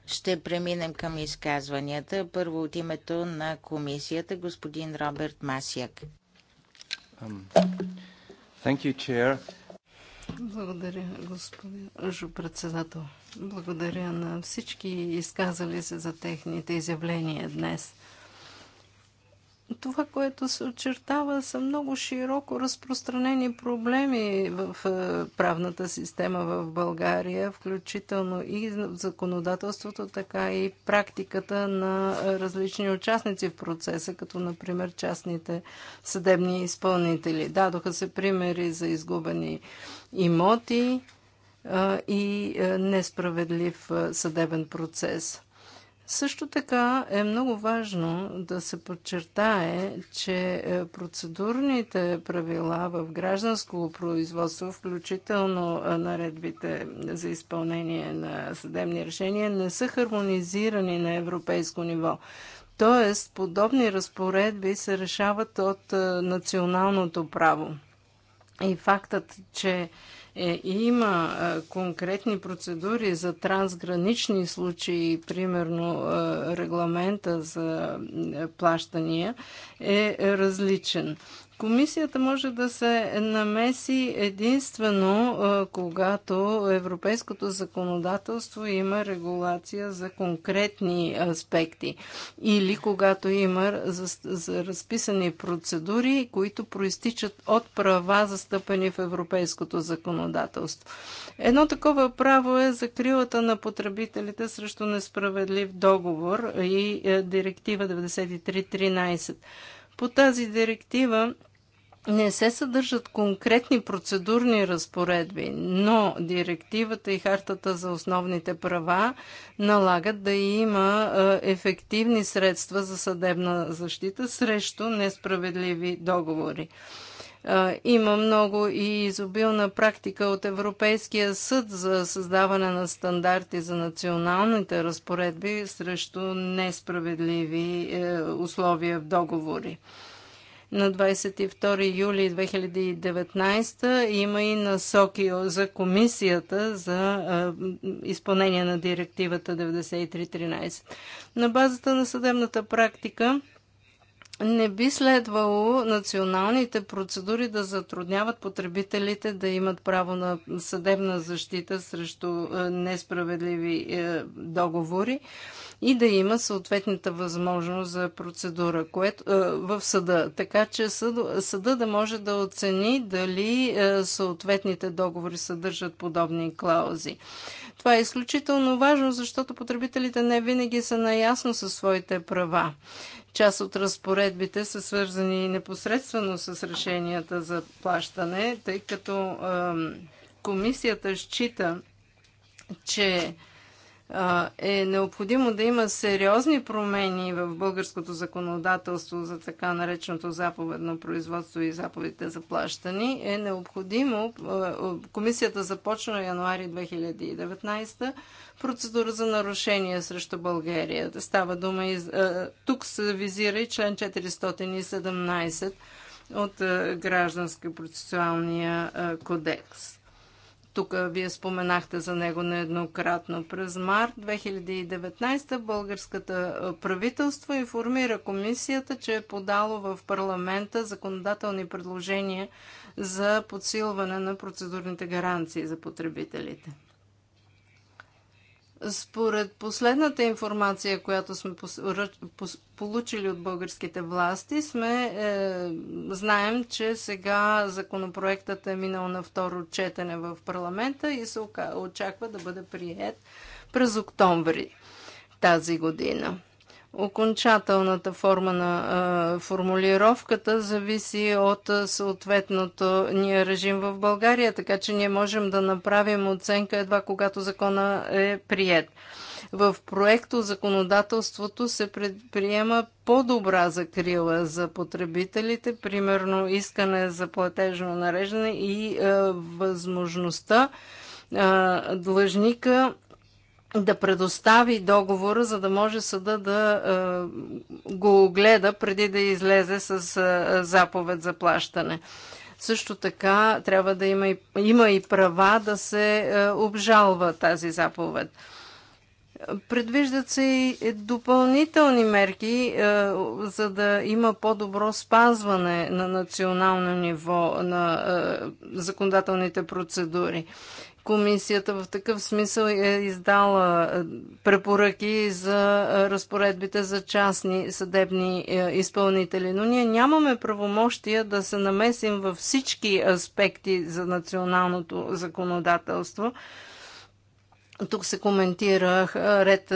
ще преминем към изказванията. Първо от името на комисията господин Роберт Масяк. You, благодаря, госпожо председател. Благодаря на всички изказали се за техните изявления днес това, което се очертава, са много широко разпространени проблеми в е, правната система в България, включително и законодателството, така и практиката на различни участници в процеса, като например частните съдебни изпълнители. Дадоха се примери за изгубени имоти е, и е, несправедлив съдебен процес. Също така е много важно да се подчертае, че е, процедурните правила в гражданско производство, включително е, наредбите за изпълнение на съдебни решения, не са хармонизирани на европейско ниво. Тоест, подобни разпоредби се решават от е, националното право. И фактът, че е, има е, конкретни процедури за трансгранични случаи, примерно е, регламента за е, плащания, е различен. Комисията може да се намеси единствено, когато европейското законодателство има регулация за конкретни аспекти или когато има за, за разписани процедури, които проистичат от права, застъпени в европейското законодателство. Едно такова право е закрилата на потребителите срещу несправедлив договор и е, директива 9313. По тази директива не се съдържат конкретни процедурни разпоредби, но директивата и хартата за основните права налагат да има ефективни средства за съдебна защита срещу несправедливи договори. Има много и изобилна практика от Европейския съд за създаване на стандарти за националните разпоредби срещу несправедливи е, условия в договори на 22 юли 2019 има и насоки за комисията за изпълнение на директивата 9313. На базата на съдебната практика не би следвало националните процедури да затрудняват потребителите да имат право на съдебна защита срещу е, несправедливи е, договори и да има съответната възможност за процедура което, е, в съда. Така че съд, съда да може да оцени дали съответните договори съдържат подобни клаузи. Това е изключително важно, защото потребителите не винаги са наясно със своите права. Част от разпоредбите са свързани непосредствено с решенията за плащане, тъй като е, комисията счита, че е необходимо да има сериозни промени в българското законодателство за така нареченото заповедно производство и заповедите за плащани, е необходимо. Комисията започна януари 2019 процедура за нарушение срещу България. Става дума и... Тук се визира и член 417 от Гражданския процесуалния кодекс тук вие споменахте за него нееднократно. През март 2019 българската правителство информира комисията, че е подало в парламента законодателни предложения за подсилване на процедурните гаранции за потребителите. Според последната информация, която сме получили от българските власти, сме, е, знаем, че сега законопроектът е минал на второ четене в парламента и се очаква да бъде прият през октомври тази година. Окончателната форма на формулировката зависи от съответното ни режим в България, така че ние можем да направим оценка едва когато закона е прият. В проекто законодателството се предприема по-добра закрила за потребителите, примерно искане за платежно нареждане и а, възможността а, длъжника да предостави договора, за да може съда да а, е, го огледа преди да излезе с а, е, заповед за плащане. Също така трябва да има и, има и права да се а, е, обжалва тази заповед. Предвиждат се и допълнителни мерки, за да има по-добро спазване на национално ниво на законодателните процедури. Комисията в такъв смисъл е издала е, препоръки за е, разпоредбите за частни съдебни е, изпълнители, но ние нямаме правомощия да се намесим във всички аспекти за националното законодателство тук се коментира ред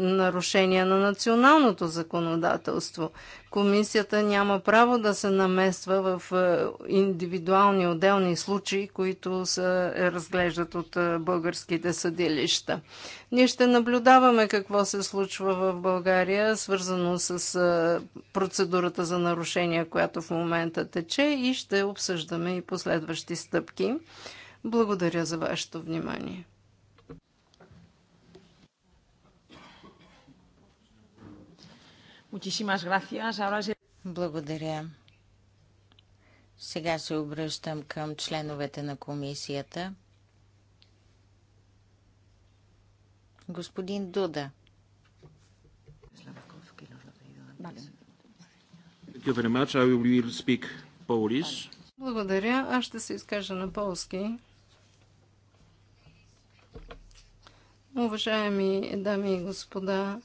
нарушения на националното законодателство. Комисията няма право да се намества в индивидуални отделни случаи, които се е, разглеждат от българските съдилища. Ние ще наблюдаваме какво се случва в България, свързано с процедурата за нарушения, която в момента тече и ще обсъждаме и последващи стъпки. Благодаря за вашето внимание. Благодаря. Сега се обръщам към членовете на комисията. Господин Дуда. Благодаря. Аз ще се изкажа на полски. Уважаеми дами и господа,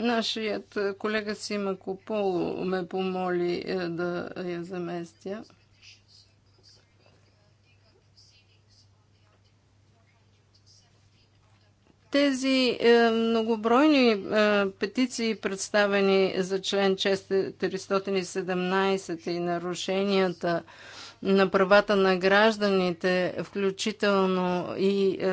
Нашият е, колега Сима Кополо ме помоли е, да я заместя. Тези е, многобройни е, петиции, представени за член 417 и нарушенията, е, на правата на гражданите, включително и е,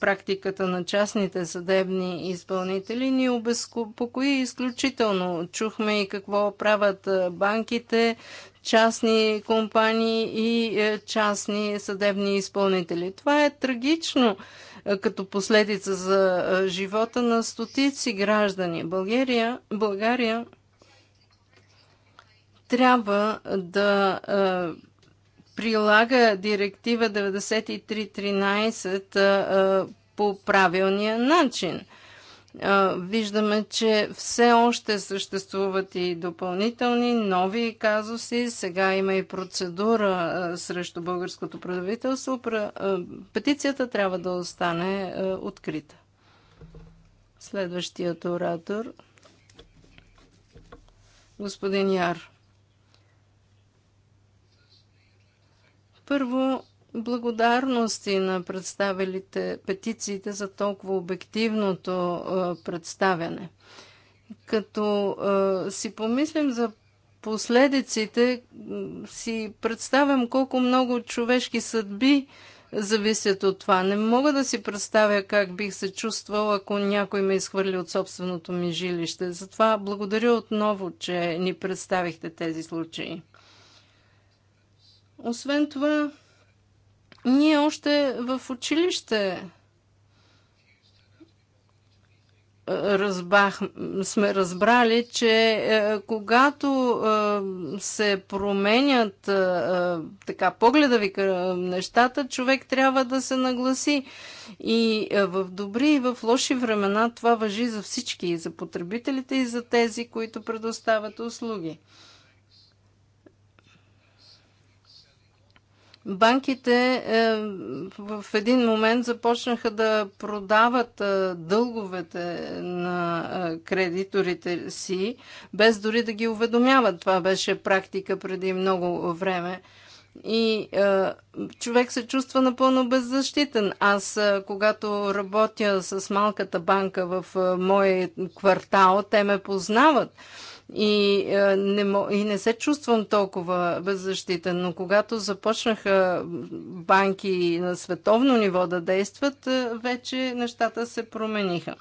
практиката на частните съдебни изпълнители, ни обезпокои изключително. Чухме и какво правят е, банките, частни компании и е, частни съдебни изпълнители. Това е трагично е, като последица за е, живота на стотици граждани. България, България трябва да прилага директива 9313 по правилния начин. Виждаме, че все още съществуват и допълнителни нови казуси. Сега има и процедура срещу българското правителство. Петицията трябва да остане открита. Следващият оратор. Господин Яр. Първо, благодарности на представилите петициите за толкова обективното представяне. Като си помислим за последиците, си представям колко много човешки съдби зависят от това. Не мога да си представя как бих се чувствал, ако някой ме е изхвърли от собственото ми жилище. Затова благодаря отново, че ни представихте тези случаи. Освен това, ние още в училище разбах, сме разбрали, че е, когато е, се променят е, така погледа ви към нещата, човек трябва да се нагласи. И в добри и в лоши времена това въжи за всички, и за потребителите, и за тези, които предоставят услуги. банките е, в един момент започнаха да продават е, дълговете на е, кредиторите си, без дори да ги уведомяват. Това беше практика преди много време. И е, човек се чувства напълно беззащитен. Аз, когато работя с малката банка в е, моят квартал, те ме познават и, е, не, и не се чувствам толкова беззащита, но когато започнаха банки на световно ниво да действат, е, вече нещата се промениха.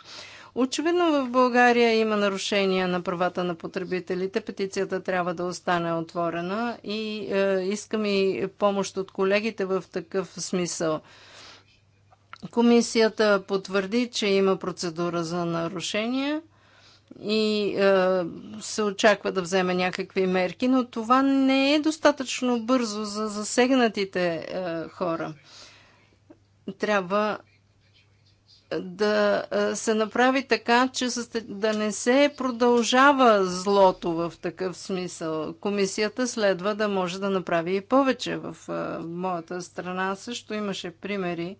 Очевидно в България има нарушения на правата на потребителите. Петицията трябва да остане отворена и е, искам и помощ от колегите в такъв смисъл. Комисията потвърди, че има процедура за нарушение и е, се очаква да вземе някакви мерки, но това не е достатъчно бързо за засегнатите е, хора. Трябва да е, се направи така, че да не се продължава злото в такъв смисъл. Комисията следва да може да направи и повече. В е, моята страна също имаше примери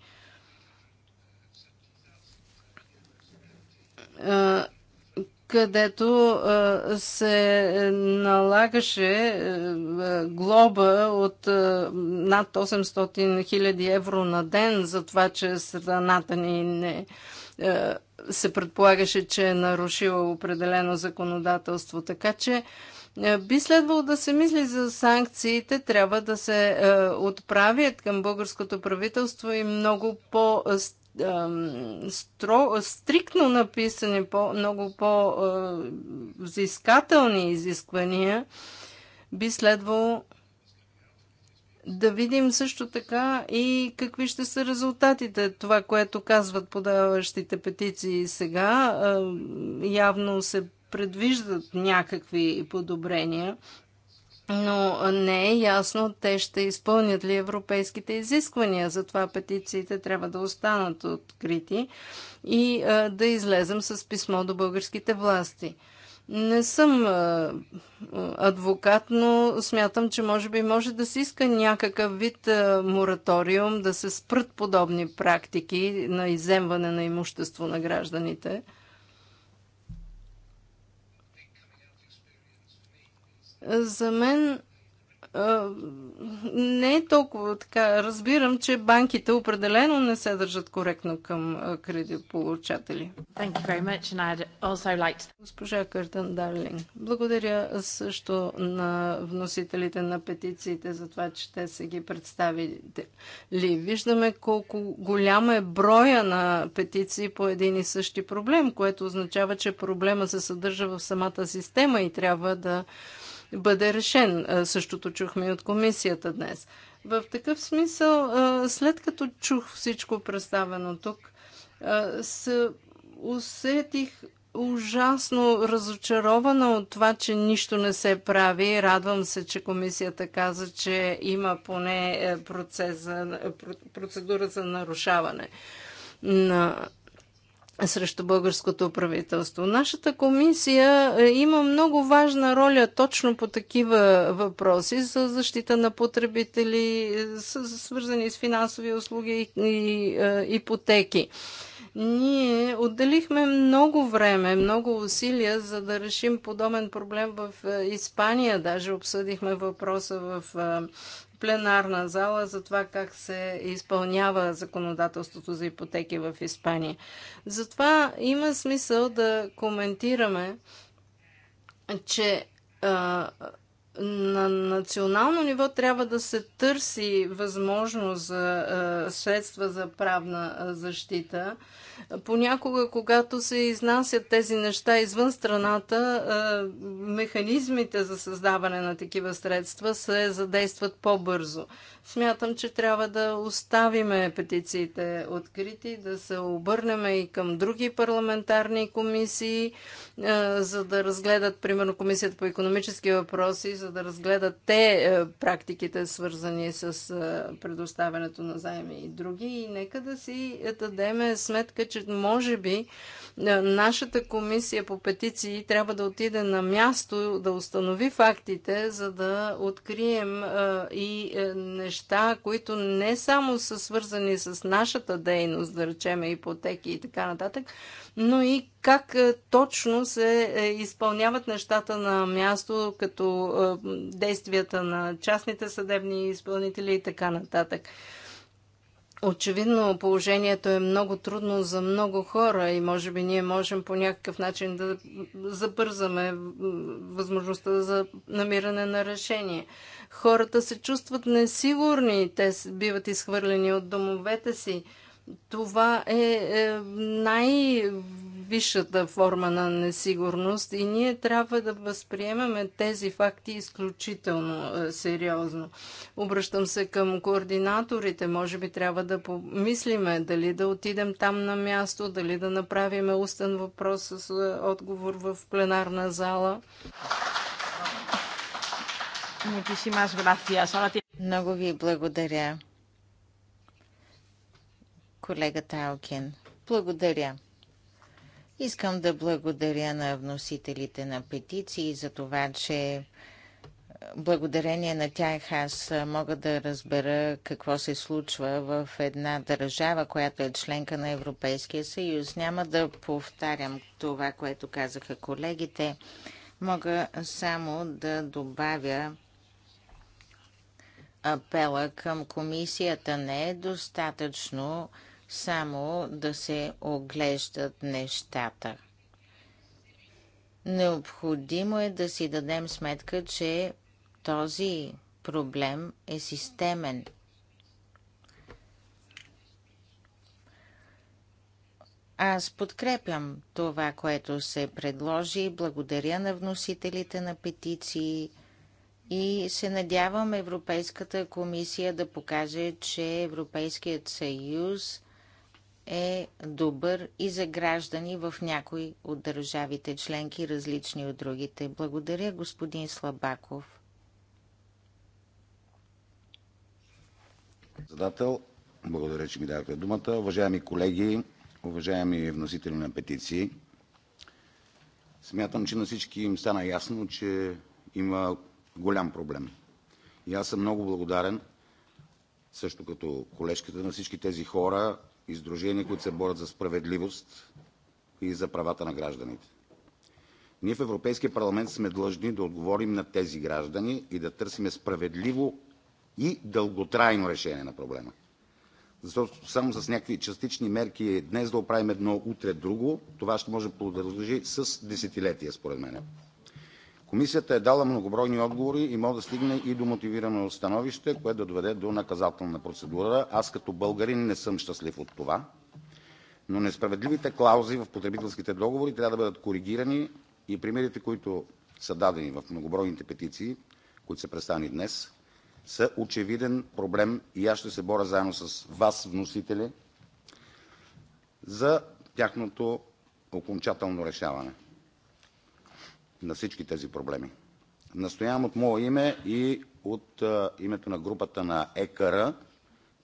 е, където се налагаше глоба от над 800 хиляди евро на ден за това, че страната ни не се предполагаше, че е нарушила определено законодателство. Така че би следвало да се мисли за санкциите, трябва да се отправят към българското правителство и много по стъпно стро, стриктно написани, по, много по-взискателни изисквания, би следвало да видим също така и какви ще са резултатите. Това, което казват подаващите петиции сега, явно се предвиждат някакви подобрения но не е ясно те ще изпълнят ли европейските изисквания. Затова петициите трябва да останат открити и а, да излезем с писмо до българските власти. Не съм а, адвокат, но смятам, че може би може да се иска някакъв вид а, мораториум, да се спрат подобни практики на иземване на имущество на гражданите. За мен не е толкова така. Разбирам, че банките определено не се държат коректно към кредитополучатели. Like to... Госпожа Къртън Дарлинг, благодаря също на вносителите на петициите за това, че те са ги представили. Виждаме колко голям е броя на петиции по един и същи проблем, което означава, че проблема се съдържа в самата система и трябва да бъде решен. Същото чухме и от комисията днес. В такъв смисъл, след като чух всичко представено тук, се усетих ужасно разочарована от това, че нищо не се прави. Радвам се, че комисията каза, че има поне е, процес за, процедура за нарушаване на срещу българското правителство. Нашата комисия е, има много важна роля точно по такива въпроси за защита на потребители, е, свързани с финансови услуги и е, ипотеки. Ние отделихме много време, много усилия, за да решим подобен проблем в Испания. Даже обсъдихме въпроса в пленарна зала за това как се изпълнява законодателството за ипотеки в Испания. Затова има смисъл да коментираме, че а, на национално ниво трябва да се търси възможност за средства за правна защита. Понякога, когато се изнасят тези неща извън страната, механизмите за създаване на такива средства се задействат по-бързо. Смятам, че трябва да оставиме петициите открити, да се обърнем и към други парламентарни комисии, е, за да разгледат, примерно, Комисията по економически въпроси, за да разгледат те е, практиките, свързани с е, предоставянето на заеми и други. И нека да си дадеме сметка, че може би е, нашата комисия по петиции трябва да отиде на място, да установи фактите, за да открием е, и е, неща, които не само са свързани с нашата дейност, да речем ипотеки и така нататък, но и как точно се изпълняват нещата на място, като действията на частните съдебни изпълнители и така нататък. Очевидно положението е много трудно за много хора и може би ние можем по някакъв начин да забързаме възможността за намиране на решение. Хората се чувстват несигурни, те биват изхвърлени от домовете си. Това е, е най най-висшата форма на несигурност и ние трябва да възприемаме тези факти изключително е, сериозно. Обръщам се към координаторите. Може би трябва да помислиме дали да отидем там на място, дали да направим устен въпрос с е, отговор в пленарна зала. Много ви благодаря колегата Алкин. Благодаря. Искам да благодаря на вносителите на петиции за това, че благодарение на тях аз мога да разбера какво се случва в една държава, която е членка на Европейския съюз. Няма да повтарям това, което казаха колегите. Мога само да добавя апела към комисията. Не е достатъчно само да се оглеждат нещата. Необходимо е да си дадем сметка, че този проблем е системен. Аз подкрепям това, което се предложи. Благодаря на вносителите на петиции и се надявам Европейската комисия да покаже, че Европейският съюз – е добър и за граждани в някои от държавите членки, различни от другите. Благодаря, господин Слабаков. Председател, благодаря, че ми дадохте думата. Уважаеми колеги, уважаеми вносители на петиции, смятам, че на всички им стана ясно, че има голям проблем. И аз съм много благодарен, също като колежката на всички тези хора, издружения, които се борят за справедливост и за правата на гражданите. Ние в Европейския парламент сме длъжни да отговорим на тези граждани и да търсим справедливо и дълготрайно решение на проблема. Защото само с някакви частични мерки е днес да оправим едно, утре друго, това ще може да продължи с десетилетия, според мен. Комисията е дала многобройни отговори и може да стигне и до мотивирано становище, което да доведе до наказателна процедура. Аз като българин не съм щастлив от това, но несправедливите клаузи в потребителските договори трябва да бъдат коригирани и примерите, които са дадени в многобройните петиции, които са представени днес, са очевиден проблем и аз ще се боря заедно с вас, вносители, за тяхното окончателно решаване на всички тези проблеми. Настоявам от мое име и от името на групата на ЕКР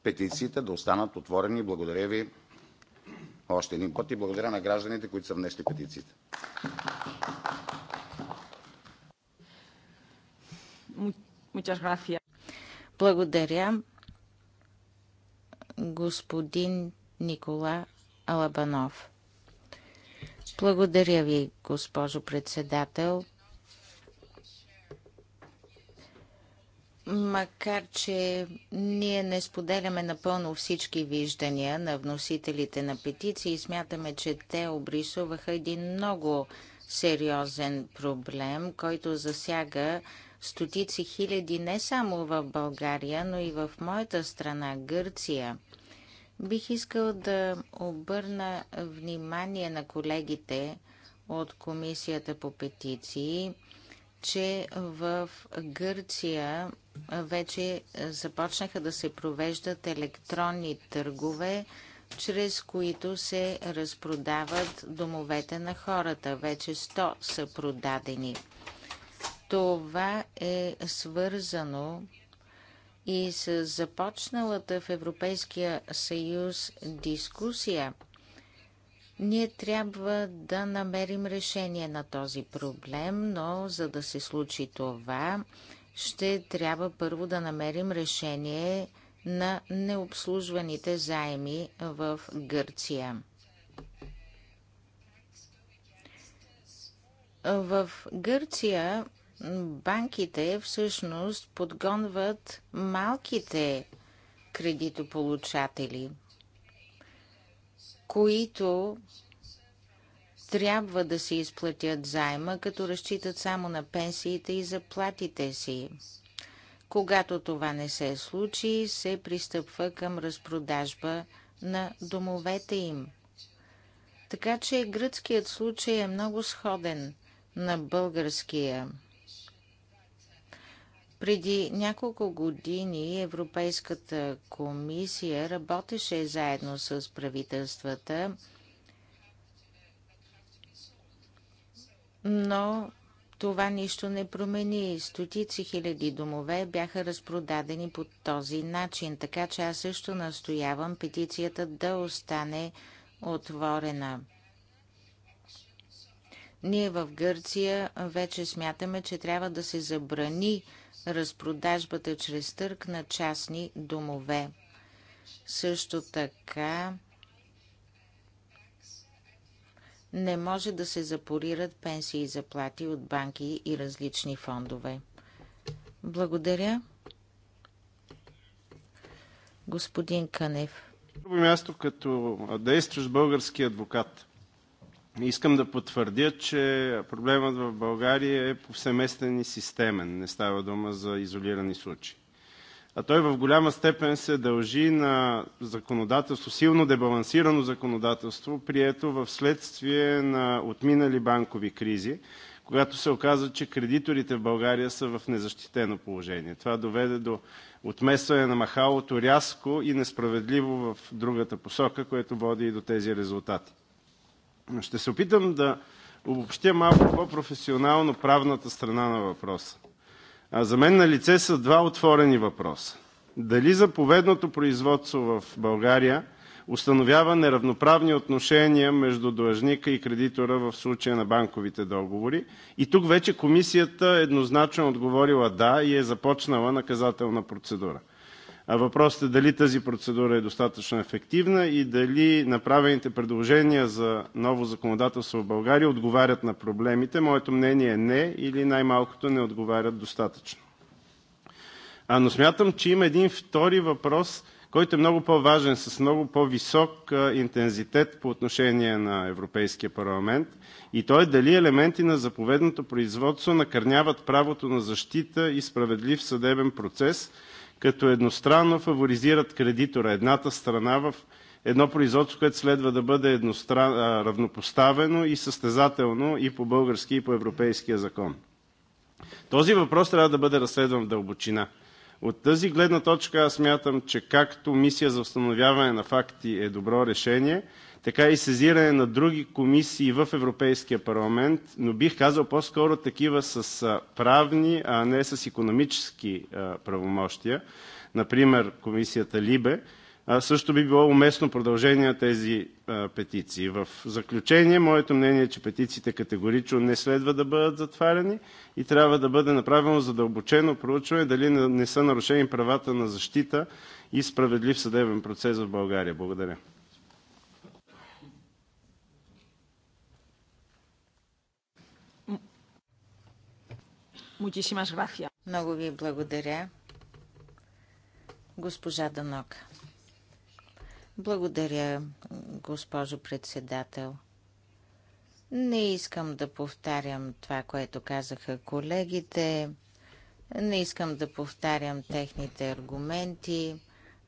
петициите да останат отворени. Благодаря ви още един път и благодаря на гражданите, които са внесли петициите. Благодаря, господин Никола Алабанов. Благодаря ви, госпожо председател. Макар, че ние не споделяме напълно всички виждания на вносителите на петиции, смятаме, че те обрисуваха един много сериозен проблем, който засяга стотици хиляди не само в България, но и в моята страна Гърция – Бих искал да обърна внимание на колегите от Комисията по петиции, че в Гърция вече започнаха да се провеждат електронни търгове, чрез които се разпродават домовете на хората. Вече 100 са продадени. Това е свързано и с започналата в Европейския съюз дискусия, ние трябва да намерим решение на този проблем, но за да се случи това, ще трябва първо да намерим решение на необслужваните заеми в Гърция. В Гърция банките всъщност подгонват малките кредитополучатели, които трябва да се изплатят заема, като разчитат само на пенсиите и заплатите си. Когато това не се случи, се пристъпва към разпродажба на домовете им. Така че гръцкият случай е много сходен на българския. Преди няколко години Европейската комисия работеше заедно с правителствата, но това нищо не промени. Стотици хиляди домове бяха разпродадени по този начин, така че аз също настоявам петицията да остане отворена. Ние в Гърция вече смятаме, че трябва да се забрани разпродажбата чрез търг на частни домове. Също така не може да се запорират пенсии и заплати от банки и различни фондове. Благодаря. Господин Канев. Първо място като действащ български адвокат. Искам да потвърдя, че проблемът в България е повсеместен и системен. Не става дума за изолирани случаи. А той в голяма степен се дължи на законодателство, силно дебалансирано законодателство, прието в следствие на отминали банкови кризи, когато се оказа, че кредиторите в България са в незащитено положение. Това доведе до отместване на махалото рязко и несправедливо в другата посока, което води и до тези резултати. Ще се опитам да обобщя малко по-професионално правната страна на въпроса. А за мен на лице са два отворени въпроса. Дали заповедното производство в България установява неравноправни отношения между длъжника и кредитора в случая на банковите договори. И тук вече комисията еднозначно отговорила да и е започнала наказателна процедура. Въпросът е дали тази процедура е достатъчно ефективна и дали направените предложения за ново законодателство в България отговарят на проблемите? Моето мнение е – не, или най-малкото не отговарят достатъчно. Но смятам, че има един втори въпрос, който е много по-важен, с много по-висок интензитет по отношение на Европейския парламент, и той е дали елементи на заповедното производство накърняват правото на защита и справедлив съдебен процес като едностранно фаворизират кредитора – едната страна, в едно производство, което следва да бъде равнопоставено и състезателно и по български, и по европейския закон. Този въпрос трябва да бъде разследван в дълбочина. От тази гледна точка аз смятам, че както Мисия за установяване на факти е добро решение, така и сезиране на други комисии в Европейския парламент, но бих казал по-скоро такива с правни, а не с икономически правомощия, например комисията Либе, също би било уместно продължение на тези петиции. В заключение, моето мнение е, че петициите категорично не следва да бъдат затваряни и трябва да бъде направено задълбочено проучване дали не са нарушени правата на защита и справедлив съдебен процес в България. Благодаря. Muchísimas gracias. Много ви благодаря, госпожа Данок. Благодаря, госпожо председател. Не искам да повтарям това, което казаха колегите. Не искам да повтарям техните аргументи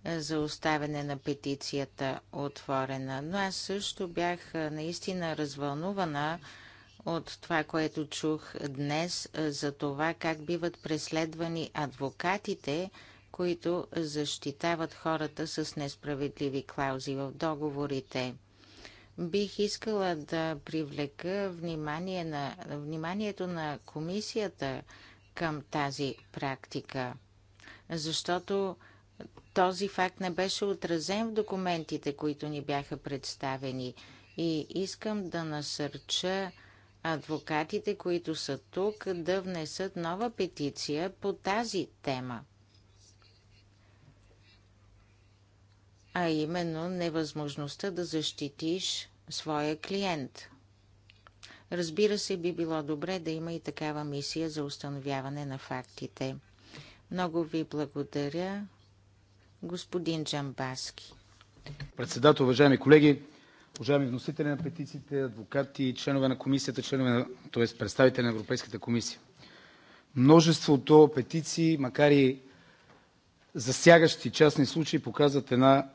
за оставяне на петицията отворена. Но аз също бях наистина развълнувана от това, което чух днес е, за това как биват преследвани адвокатите, които защитават хората с несправедливи клаузи в договорите. Бих искала да привлека внимание на, вниманието на комисията към тази практика, защото този факт не беше отразен в документите, които ни бяха представени. И искам да насърча адвокатите, които са тук, да внесат нова петиция по тази тема. А именно невъзможността да защитиш своя клиент. Разбира се, би било добре да има и такава мисия за установяване на фактите. Много ви благодаря, господин Джамбаски. Председател, уважаеми колеги, уважаеми вносители на петициите, адвокати, членове на Комисията, членове т.е. представители на Европейската комисия! Множеството петиции, макар и засягащи частни случаи, показват една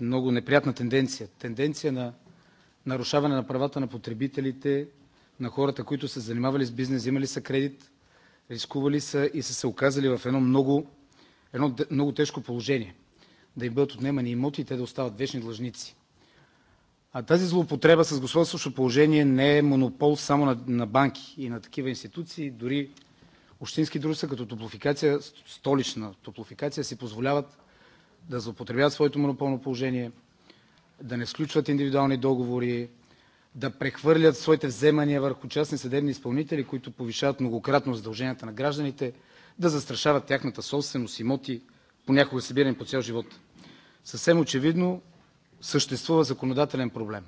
много неприятна тенденция – тенденция на нарушаване на правата на потребителите, на хората, които са занимавали с бизнес, взимали са кредит, рискували са и са се оказали в едно много тежко положение – да им бъдат отнемани имоти и те да остават вечни длъжници. А тази злоупотреба с господстващо положение не е монопол само на, на банки и на такива институции. Дори общински дружества като топлофикация, столична топлофикация, си позволяват да злоупотребяват своето монополно положение, да не сключват индивидуални договори, да прехвърлят своите вземания върху частни съдебни изпълнители, които повишават многократно задълженията на гражданите, да застрашават тяхната собственост, имоти, понякога събирани по цял живот. Съвсем очевидно съществува законодателен проблем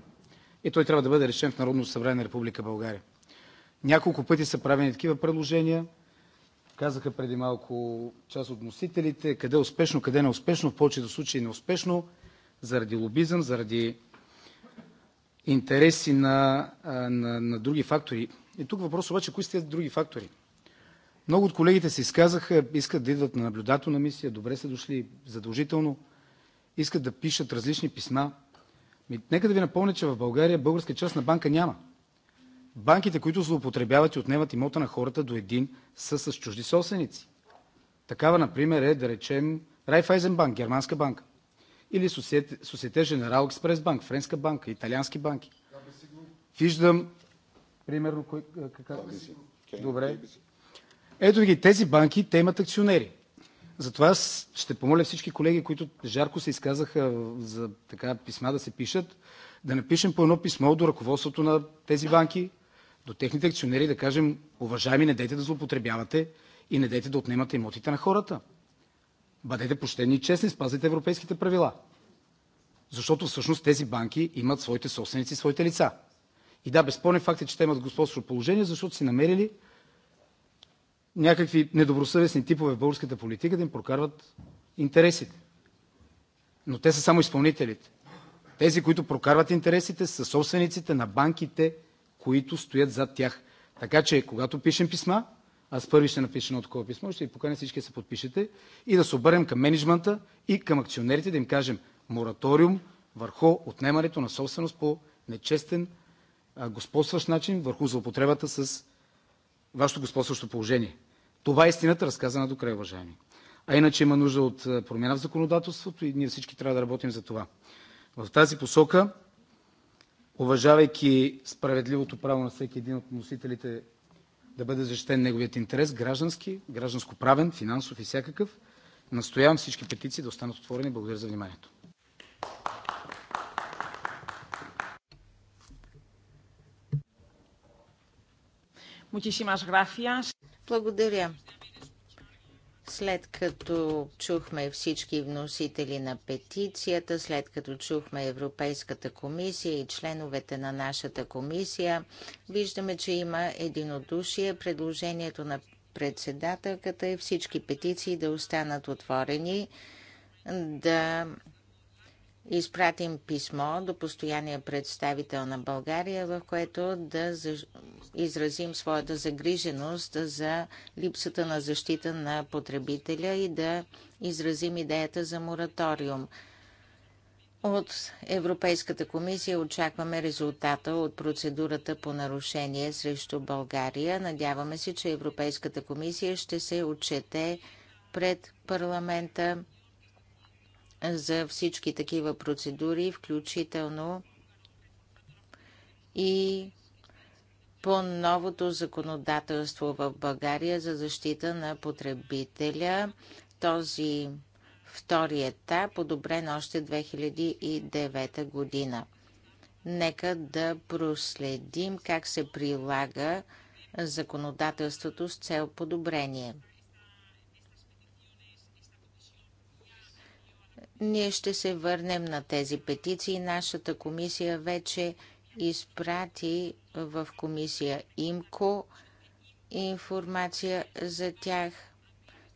и той трябва да бъде решен в Народното събрание на Република България. Няколко пъти са правени такива предложения. Казаха преди малко част от носителите, къде е успешно, къде е неуспешно, в повечето случаи е неуспешно, заради лобизъм, заради интереси на, на, на други фактори. И тук въпрос обаче, кои са тези други фактори? Много от колегите се изказаха, искат да идват на наблюдателна мисия, добре са дошли, задължително искат да пишат различни писма. Ми, нека да ви напомня, че в България българска частна банка няма. Банките, които злоупотребяват и отнемат имота на хората до един, са с чужди собственици. Такава, например, е, да речем, Райфайзен банк, германска банка. Или Societe General Express банк, френска банка, италиански банки. Виждам, примерно, кой, е, кака... Добре. Ето ги, тези банки, те имат акционери. Затова аз ще помоля всички колеги, които жарко се изказаха за писма да се пишат, да напишем по едно писмо до ръководството на тези банки, до техните акционери да кажем: „Уважаеми, не дайте да злоупотребявате и не дайте да отнемате имотите на хората. Бъдете почтени и честни, спазвайте европейските правила.“ Защото всъщност тези банки имат своите собственици своите лица. И да, безспорен факт е, че те имат господство положение, защото си намерили някакви недобросъвестни типове в българската политика да им прокарват интересите. Но те са само изпълнителите. Тези, които прокарват интересите, са собствениците на банките, които стоят зад тях. Така че, когато пишем писма, аз първи ще напиша едно такова писмо, ще ви поканя всички да се подпишете и да се обърнем към менеджмента и към акционерите да им кажем мораториум върху отнемането на собственост по нечестен, господстващ начин върху злоупотребата с вашето господстващо положение. Това е истината, разказана до край, уважаеми. А иначе има нужда от е, промяна в законодателството и ние всички трябва да работим за това. В тази посока, уважавайки справедливото право на всеки един от носителите да бъде защитен неговият интерес – граждански, гражданско-правен, финансов и всякакъв, настоявам всички петиции да останат отворени. Благодаря за вниманието. Muchísimas gracias. Благодаря. След като чухме всички вносители на петицията, след като чухме Европейската комисия и членовете на нашата комисия, виждаме, че има единодушие. Предложението на председателката е всички петиции да останат отворени, да изпратим писмо до постоянния представител на България, в което да изразим своята загриженост за липсата на защита на потребителя и да изразим идеята за мораториум. От Европейската комисия очакваме резултата от процедурата по нарушение срещу България. Надяваме се, че Европейската комисия ще се отчете пред парламента за всички такива процедури, включително и по новото законодателство в България за защита на потребителя. Този втори етап, подобрен още 2009 година. Нека да проследим как се прилага законодателството с цел подобрение. Ние ще се върнем на тези петиции. Нашата комисия вече изпрати в комисия ИМКО информация за тях.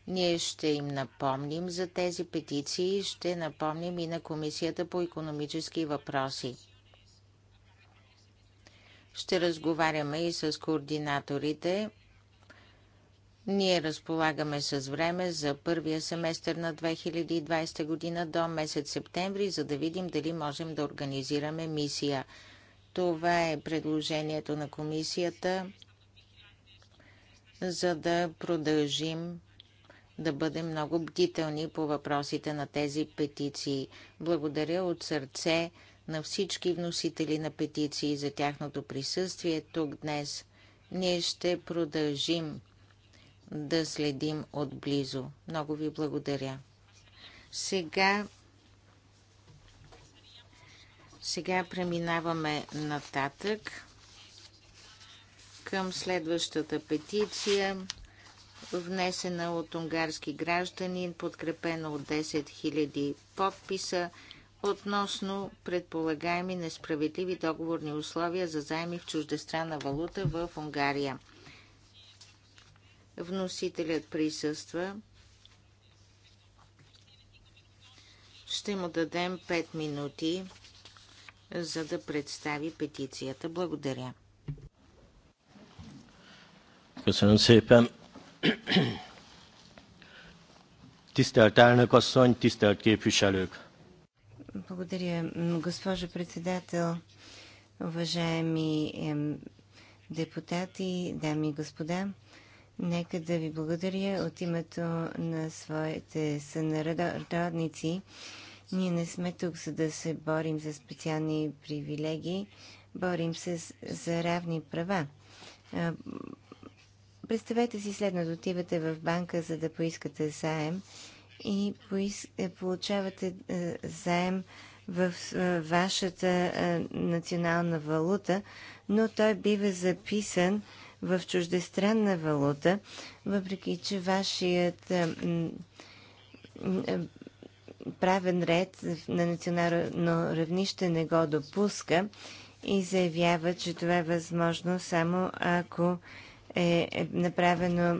Ние ще им напомним за тези петиции и ще напомним и на Комисията по економически въпроси. Ще разговаряме и с координаторите ние разполагаме с време за първия семестър на 2020 година до месец септември, за да видим дали можем да организираме мисия. Това е предложението на комисията, за да продължим да бъдем много бдителни по въпросите на тези петиции. Благодаря от сърце на всички вносители на петиции за тяхното присъствие тук днес. Ние ще продължим да следим отблизо. Много ви благодаря. Сега сега преминаваме нататък към следващата петиция, внесена от унгарски гражданин, подкрепена от 10 000 подписа, относно предполагаеми несправедливи договорни условия за заеми в чуждестранна валута в Унгария. Вносителят присъства. Ще му дадем 5 минути, за да представи петицията. Благодаря. Köszönöm szépen. Tisztelt elnök asszony, tisztelt képviselők! Благодаря, госпожо председател, уважаеми депутати, дами и господа. Нека да ви благодаря от името на своите сънародници. Ние не сме тук, за да се борим за специални привилегии, борим се за равни права. Представете си следното. Отивате в банка, за да поискате заем и е, получавате е, заем в е, вашата национална валута, но той бива записан в чуждестранна валута, въпреки че вашият правен ред на национално равнище не го допуска и заявява, че това е възможно само ако е, е направено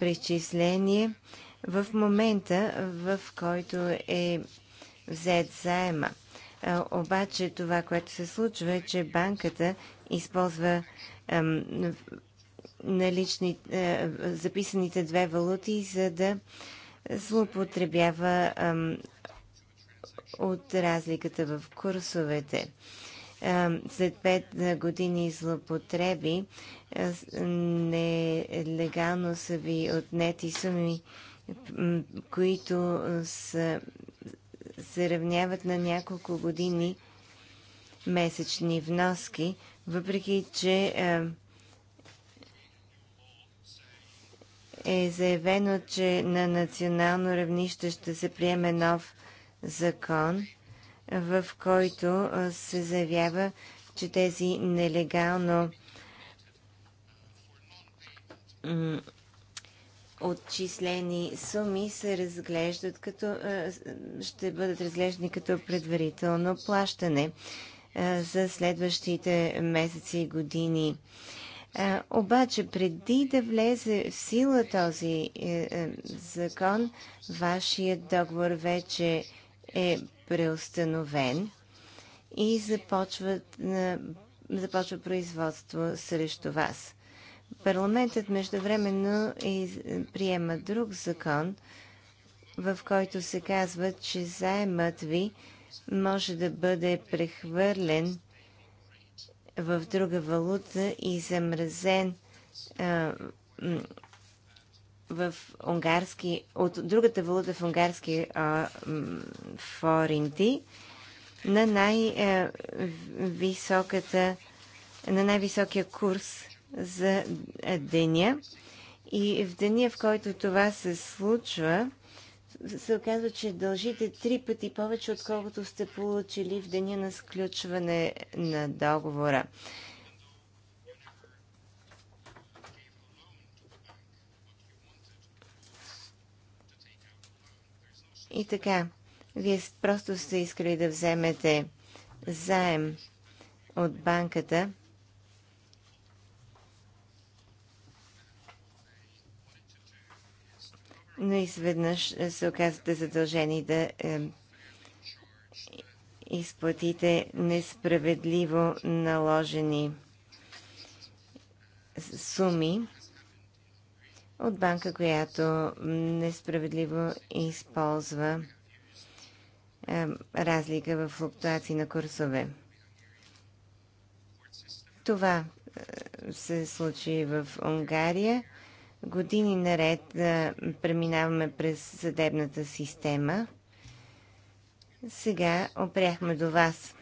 преизчисление в момента, в който е взет заема. Обаче това, което се случва е, че банката използва налични, е, записаните две валути, за да злоупотребява от разликата в курсовете. След пет години злоупотреби нелегално са ви отнети суми, които са се равняват на няколко години месечни вноски, въпреки че е, е заявено, че на национално равнище ще се приеме нов закон, в който е, се заявява, че тези нелегално отчислени суми се разглеждат като, ще бъдат разглеждани като предварително плащане за следващите месеци и години. Обаче, преди да влезе в сила този е, е, закон, вашият договор вече е преустановен и започва производство срещу вас. Парламентът междувременно е приема друг закон, в който се казва, че заемът ви може да бъде прехвърлен в друга валута и замразен в унгарски, от другата валута в унгарски форинти на най на най-високия курс за деня. И в деня, в който това се случва, се оказва, че дължите три пъти повече, отколкото сте получили в деня на сключване на договора. И така, вие просто сте искали да вземете заем от банката но изведнъж е, се оказвате задължени да е, изплатите несправедливо наложени суми от банка, която несправедливо използва е, разлика в флуктуации на курсове. Това е, се случи в Унгария години наред преминаваме през съдебната система. Сега опряхме до вас.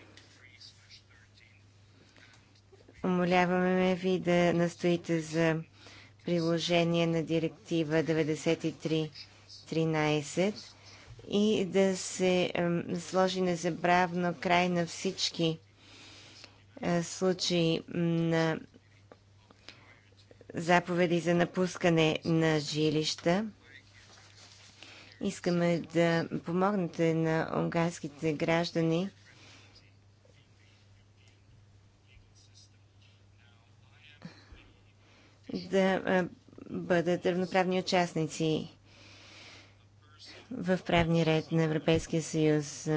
Умоляваме ви да настоите за приложение на директива 93.13 и да се сложи незабравно край на всички случаи на заповеди за напускане на жилища. Искаме да помогнете на унгарските граждани да бъдат равноправни участници в правния ред на Европейския съюз.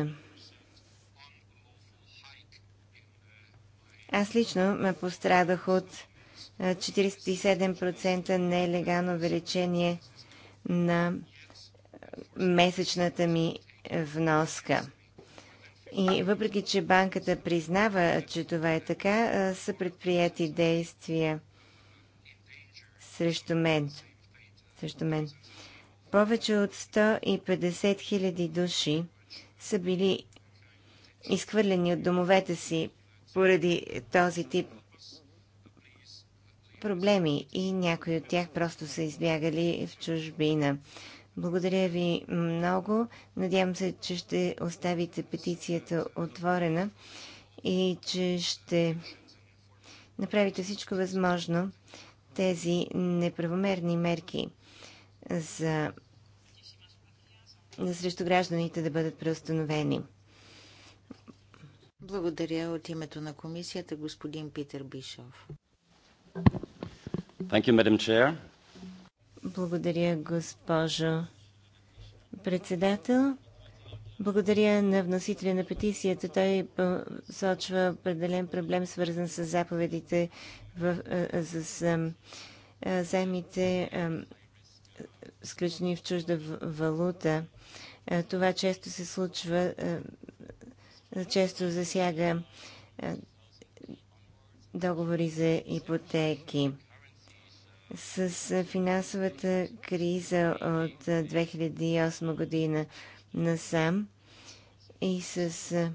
Аз лично ме пострадах от 47% е, нелегално увеличение на месечната ми вноска. И въпреки, че банката признава, че това е така, е, са предприяти действия срещу мен. Срещу мен. Повече от 150 000 души са били изхвърлени от домовете си поради този тип проблеми и някои от тях просто са избягали в чужбина. Благодаря ви много. Надявам се, че ще оставите петицията отворена и че ще направите всичко възможно тези неправомерни мерки за срещу гражданите да бъдат преустановени. Благодаря от името на комисията господин Питер Бишов. Thank you, Madam Chair. Благодаря, госпожо председател. Благодаря на вносителя на петицията. Той е, сочва определен проблем, свързан с заповедите в, с заемите, сключени в чужда валута. Това често се случва, често засяга договори за ипотеки. С финансовата криза от 2008 година насам и с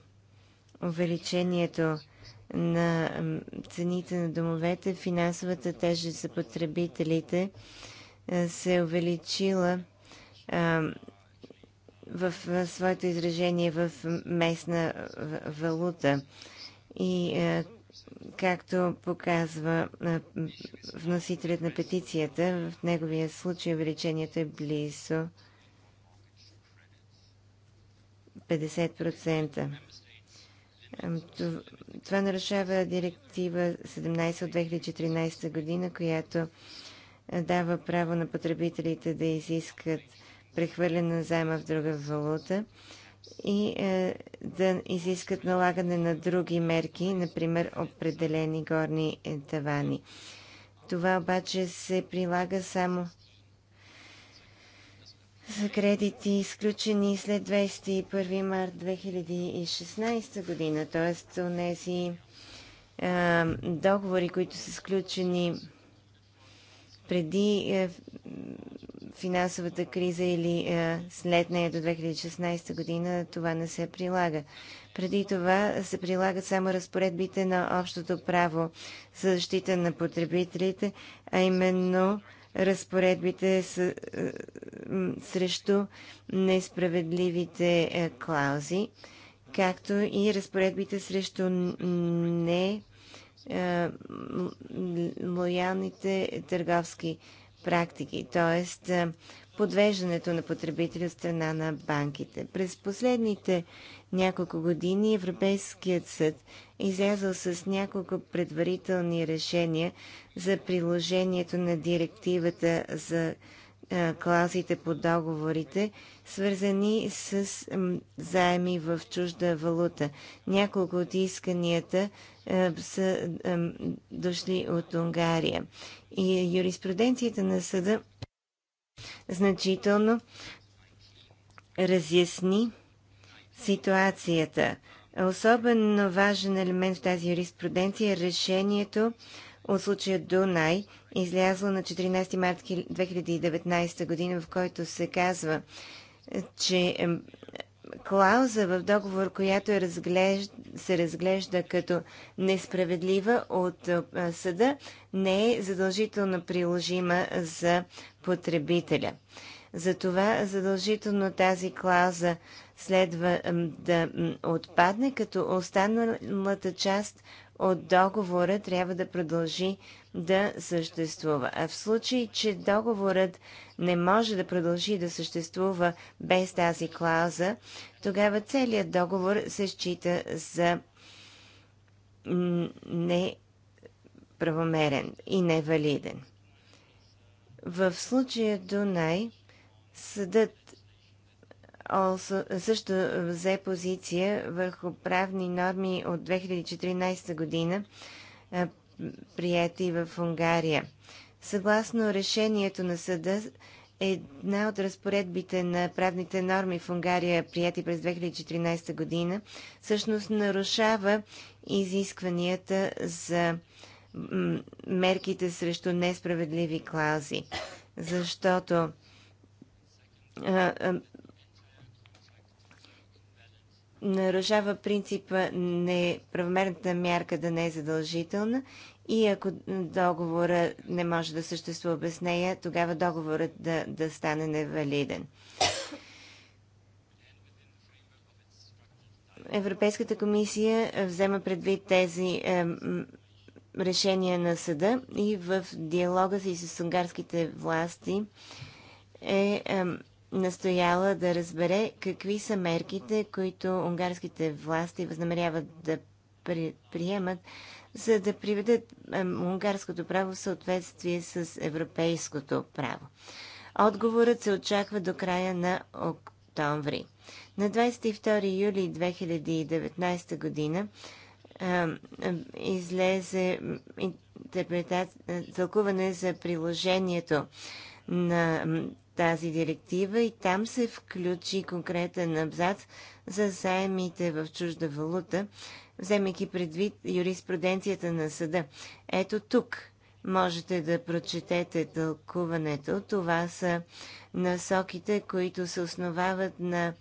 увеличението на цените на домовете, финансовата тежест за потребителите се е увеличила в, своето изражение в местна валута. И както показва вносителят на петицията, в неговия случай увеличението е близо 50%. Това нарушава директива 17 от 2013 година, която дава право на потребителите да изискат прехвърлена заема в друга валута и е, да изискат налагане на други мерки, например определени горни е, тавани. Това обаче се прилага само за кредити, изключени след 21 март 2016 година, т.е. тези е, договори, които са сключени преди е, финансовата криза или е, след нея до 2016 година това не се прилага. Преди това се прилагат само разпоредбите на общото право за защита на потребителите, а именно разпоредбите с, е, срещу несправедливите клаузи, както и разпоредбите срещу не е, лоялните търговски практики, т.е. подвеждането на потребители от страна на банките. През последните няколко години Европейският съд е излязъл с няколко предварителни решения за приложението на директивата за е, клаузите по договорите, свързани с заеми в чужда валута. Няколко от исканията е, са е, дошли от Унгария. И юриспруденцията на съда значително разясни ситуацията. Особено важен елемент в тази юриспруденция е решението от случая Дунай, излязло на 14 март 2019 година, в който се казва, че клауза в договор, която е разглеж... се разглежда като несправедлива от съда, не е задължително приложима за потребителя. Затова задължително тази клауза следва да отпадне, като останалата част от договора трябва да продължи да съществува. А в случай, че договорът не може да продължи да съществува без тази клауза, тогава целият договор се счита за неправомерен и невалиден. В случая Дунай съдът също взе позиция върху правни норми от 2014 година, прияти в Унгария. Съгласно решението на съда, една от разпоредбите на правните норми в Унгария, прияти през 2014 година, всъщност нарушава изискванията за мерките срещу несправедливи клаузи. Защото нарушава принципа неправомерната мярка да не е задължителна и ако договора не може да съществува без нея, тогава договорът да, да стане невалиден. Европейската комисия взема предвид тези е, решения на съда и в диалога си с унгарските власти е, е настояла да разбере какви са мерките, които унгарските власти възнамеряват да при, приемат, за да приведат е, унгарското право в съответствие с европейското право. Отговорът се очаква до края на октомври. На 22 юли 2019 година е, е, излезе интерпретация, тълкуване за приложението на тази директива и там се включи конкретен абзац за заемите в чужда валута, вземайки предвид юриспруденцията на съда. Ето тук можете да прочетете тълкуването. Това са насоките, които се основават на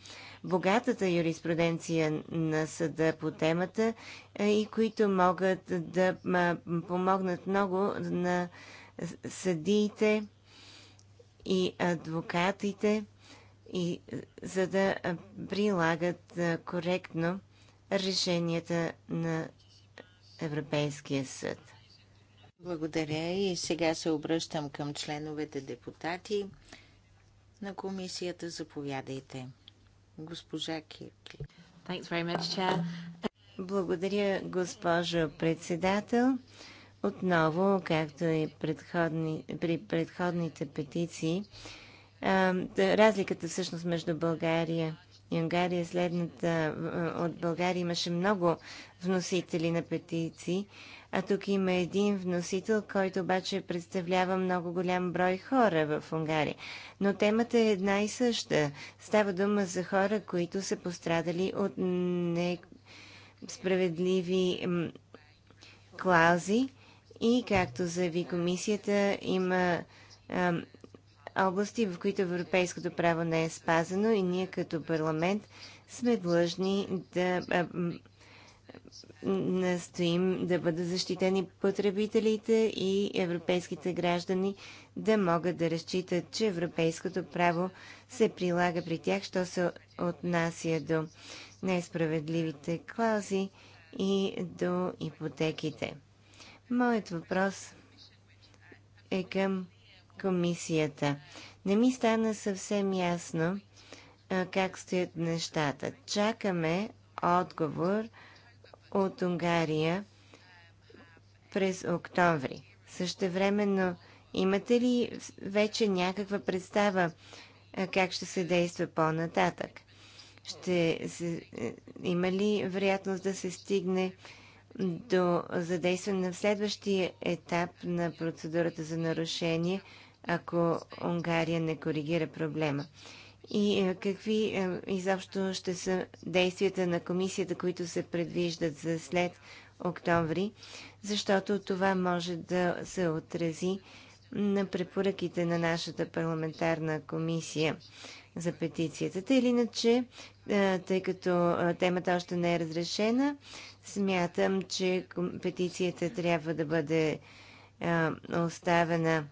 богатата юриспруденция на съда по темата и които могат да помогнат много на съдиите и адвокатите, и, за да прилагат коректно решенията на Европейския съд. Благодаря и сега се обръщам към членовете депутати на комисията. Заповядайте. Госпожа Кирки. Благодаря, госпожо председател отново, както и предходни, при предходните петиции, разликата всъщност между България и Унгария е следната. От България имаше много вносители на петиции, а тук има един вносител, който обаче представлява много голям брой хора в Унгария. Но темата е една и съща. Става дума за хора, които са пострадали от несправедливи клаузи и, както заяви комисията, има области, в които европейското право не е спазено и ние като парламент сме длъжни да настоим да бъдат защитени потребителите и европейските граждани да могат да разчитат, че европейското право се прилага при тях, що се отнася до несправедливите клаузи и до ипотеките. Моят въпрос е към комисията. Не ми стана съвсем ясно как стоят нещата. Чакаме отговор от Унгария през октомври. Същевременно, имате ли вече някаква представа как ще се действа по-нататък? Ще се, е, има ли вероятност да се стигне до задействане на следващия етап на процедурата за нарушение, ако Унгария не коригира проблема? И е, какви е, изобщо ще са действията на комисията, които се предвиждат за след октомври, защото това може да се отрази на препоръките на нашата парламентарна комисия за петицията. Или иначе е, тъй като е, темата още не е разрешена. Смятам, че петицията трябва да бъде е, оставена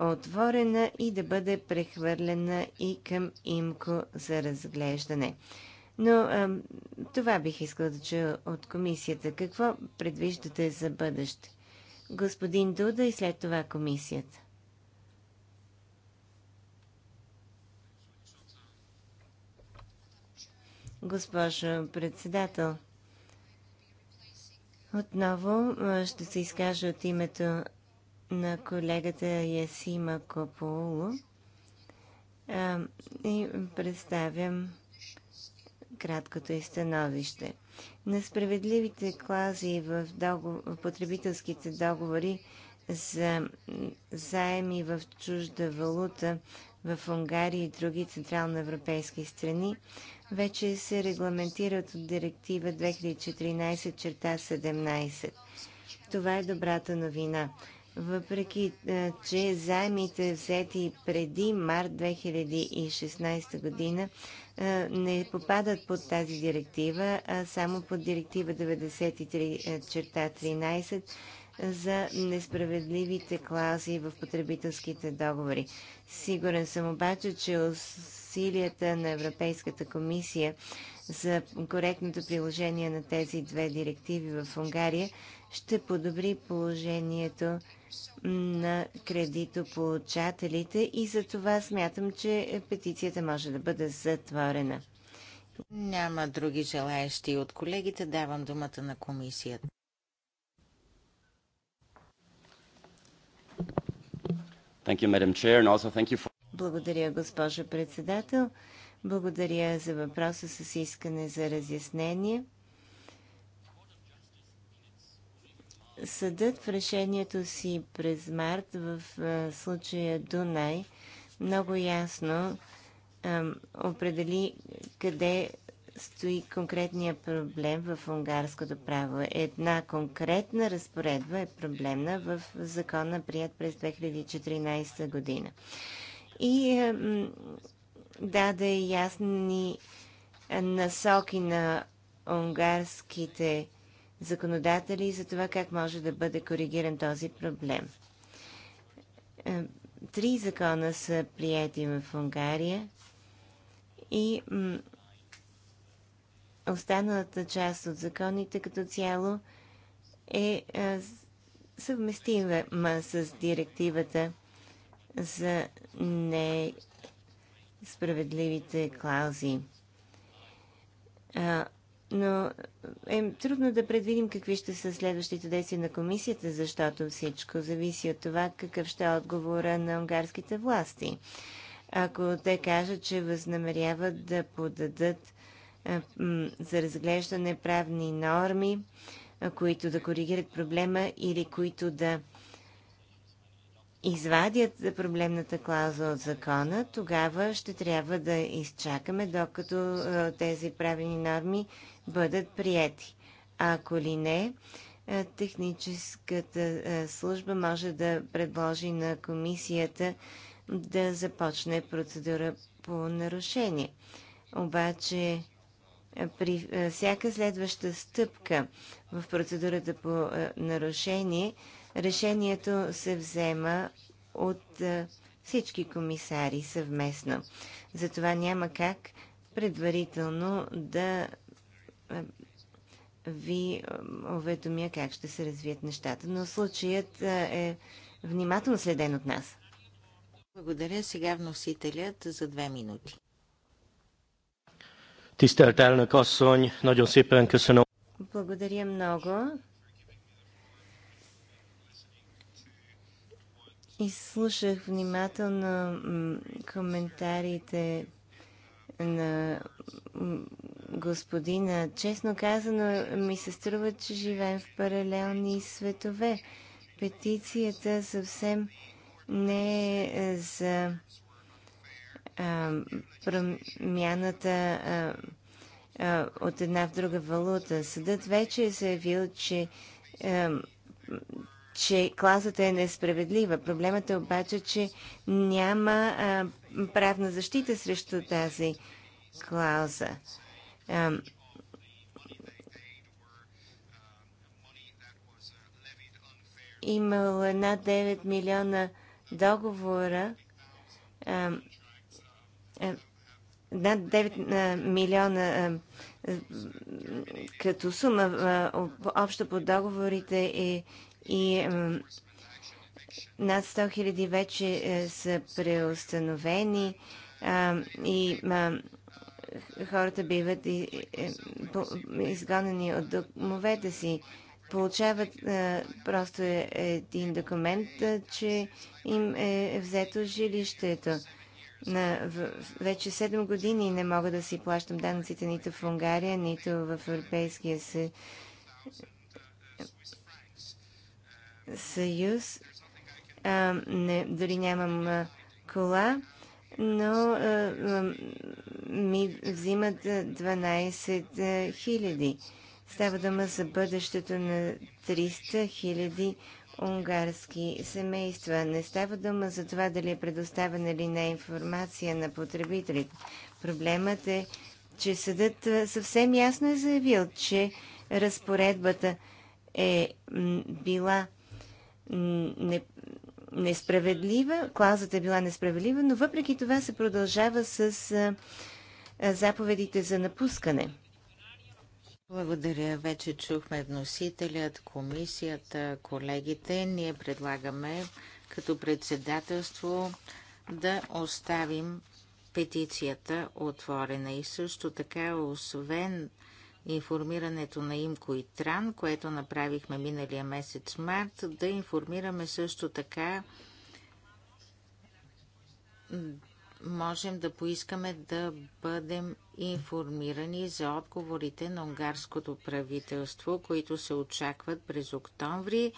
отворена и да бъде прехвърлена и към имко за разглеждане. Но това бих искала да чуя от комисията. Какво предвиждате за бъдеще? Господин Дуда и след това комисията. госпожо председател. Отново ще се изкажа от името на колегата Ясима Копоуло и представям краткото и становище. справедливите клази в договор, потребителските договори за заеми в чужда валута в Унгария и други централноевропейски страни вече се регламентират от директива 2014-17. Това е добрата новина. Въпреки, е, че заемите взети преди март 2016 година е, не попадат под тази директива, а само под директива 93-13 е, за несправедливите клаузи в потребителските договори. Сигурен съм обаче, че усилията на Европейската комисия за коректното приложение на тези две директиви в Унгария ще подобри положението на кредитополучателите и за това смятам, че петицията може да бъде затворена. Няма други желаящи от колегите. Давам думата на комисията. Thank you, Madam Chair, and also thank you for благодаря, госпожа председател. Благодаря за въпроса с искане за разяснение. Съдът в решението си през март в случая Дунай много ясно определи къде стои конкретния проблем в унгарското право. Една конкретна разпоредба е проблемна в закона, прият през 2014 година и даде ясни е, насоки на унгарските законодатели за това как може да бъде коригиран този проблем. Е, три закона са приети в Унгария и останалата част от законите като цяло е, е съвместима с директивата за несправедливите клаузи. А, но е трудно да предвидим какви ще са следващите действия на комисията, защото всичко зависи от това какъв ще е отговора на унгарските власти. Ако те кажат, че възнамеряват да подадат а, за разглеждане правни норми, които да коригират проблема или които да извадят проблемната клауза от закона, тогава ще трябва да изчакаме, докато тези правени норми бъдат приети. Ако ли не, техническата служба може да предложи на комисията да започне процедура по нарушение. Обаче при всяка следваща стъпка в процедурата по нарушение решението се взема от всички комисари съвместно. Затова няма как предварително да ви уведомя как ще се развият нещата. Но случаят е внимателно следен от нас. Благодаря. Сега вносителят за две минути. Благодаря много. Изслушах внимателно коментарите на господина. Честно казано, ми се струва, че живеем в паралелни светове. Петицията съвсем не е, е за а, промяната а, а, от една в друга валута. Съдът вече е заявил, че а, че клазата е несправедлива. Проблемът е обаче, че няма а, правна защита срещу тази клауза. А, имал една 9 милиона договора, а, а, над 9 а, милиона като сума общо по договорите и е и над 100 хиляди вече е, са преустановени и хората биват е, изгонени от домовете си. Получават е, просто един документ, че им е взето жилището. На, вече 7 години не мога да си плащам данъците нито в Унгария, нито в Европейския съюз съюз. А, не, дори нямам а, кола, но а, а, ми взимат 12 хиляди. Става дума за бъдещето на 300 хиляди унгарски семейства. Не става дума за това дали е предоставена или не информация на потребителите. Проблемът е, че съдът съвсем ясно е заявил, че разпоредбата е била не, несправедлива, клаузата е била несправедлива, но въпреки това се продължава с а, а, заповедите за напускане. Благодаря. Вече чухме вносителят, комисията, колегите. Ние предлагаме като председателство да оставим петицията отворена. И също така, освен информирането на Имко и Тран, което направихме миналия месец март, да информираме също така можем да поискаме да бъдем информирани за отговорите на унгарското правителство, които се очакват през октомври,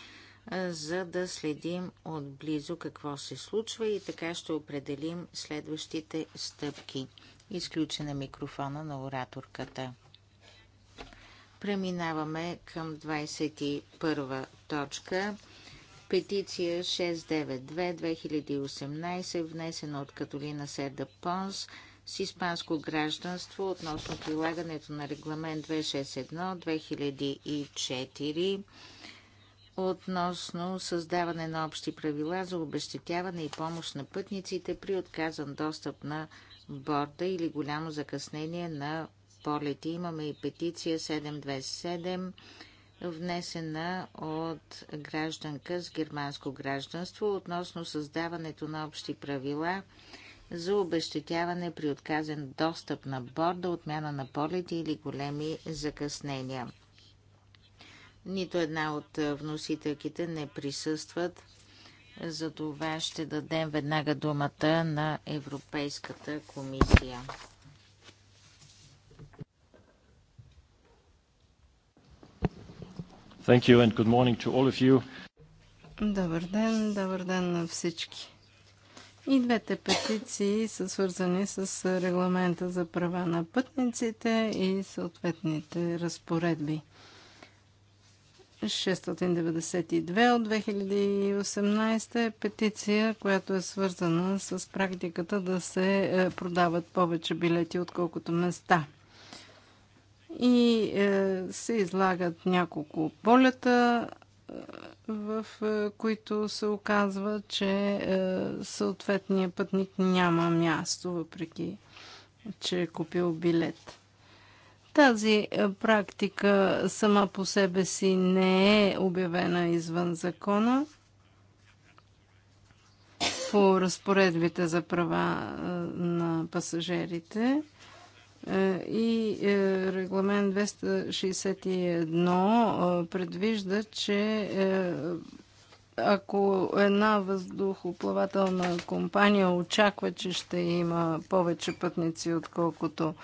за да следим отблизо какво се случва и така ще определим следващите стъпки. Изключена микрофона на ораторката. Преминаваме към 21 точка. Петиция 692-2018, внесена от Католина Седа Понс с испанско гражданство относно прилагането на регламент 261-2004 относно създаване на общи правила за обещетяване и помощ на пътниците при отказан достъп на борда или голямо закъснение на полети. Имаме и петиция 727, внесена от гражданка с германско гражданство относно създаването на общи правила за обещетяване при отказен достъп на борда, отмяна на полети или големи закъснения. Нито една от вносителките не присъстват. За това ще дадем веднага думата на Европейската комисия. Thank you and good morning to all of you. Добър ден, добър ден на всички. И двете петиции са свързани с регламента за права на пътниците и съответните разпоредби. 692 от 2018 е петиция, която е свързана с практиката да се е, продават повече билети, отколкото места – и е, се излагат няколко полета, е, в е, които се оказва, че е, съответния пътник няма място, въпреки че е купил билет. Тази е, практика сама по себе си не е обявена извън закона по разпоредбите за права е, на пасажирите. Е, и е, регламент 261 е, предвижда, че ако една въздухоплавателна компания очаква, че ще има повече пътници, отколкото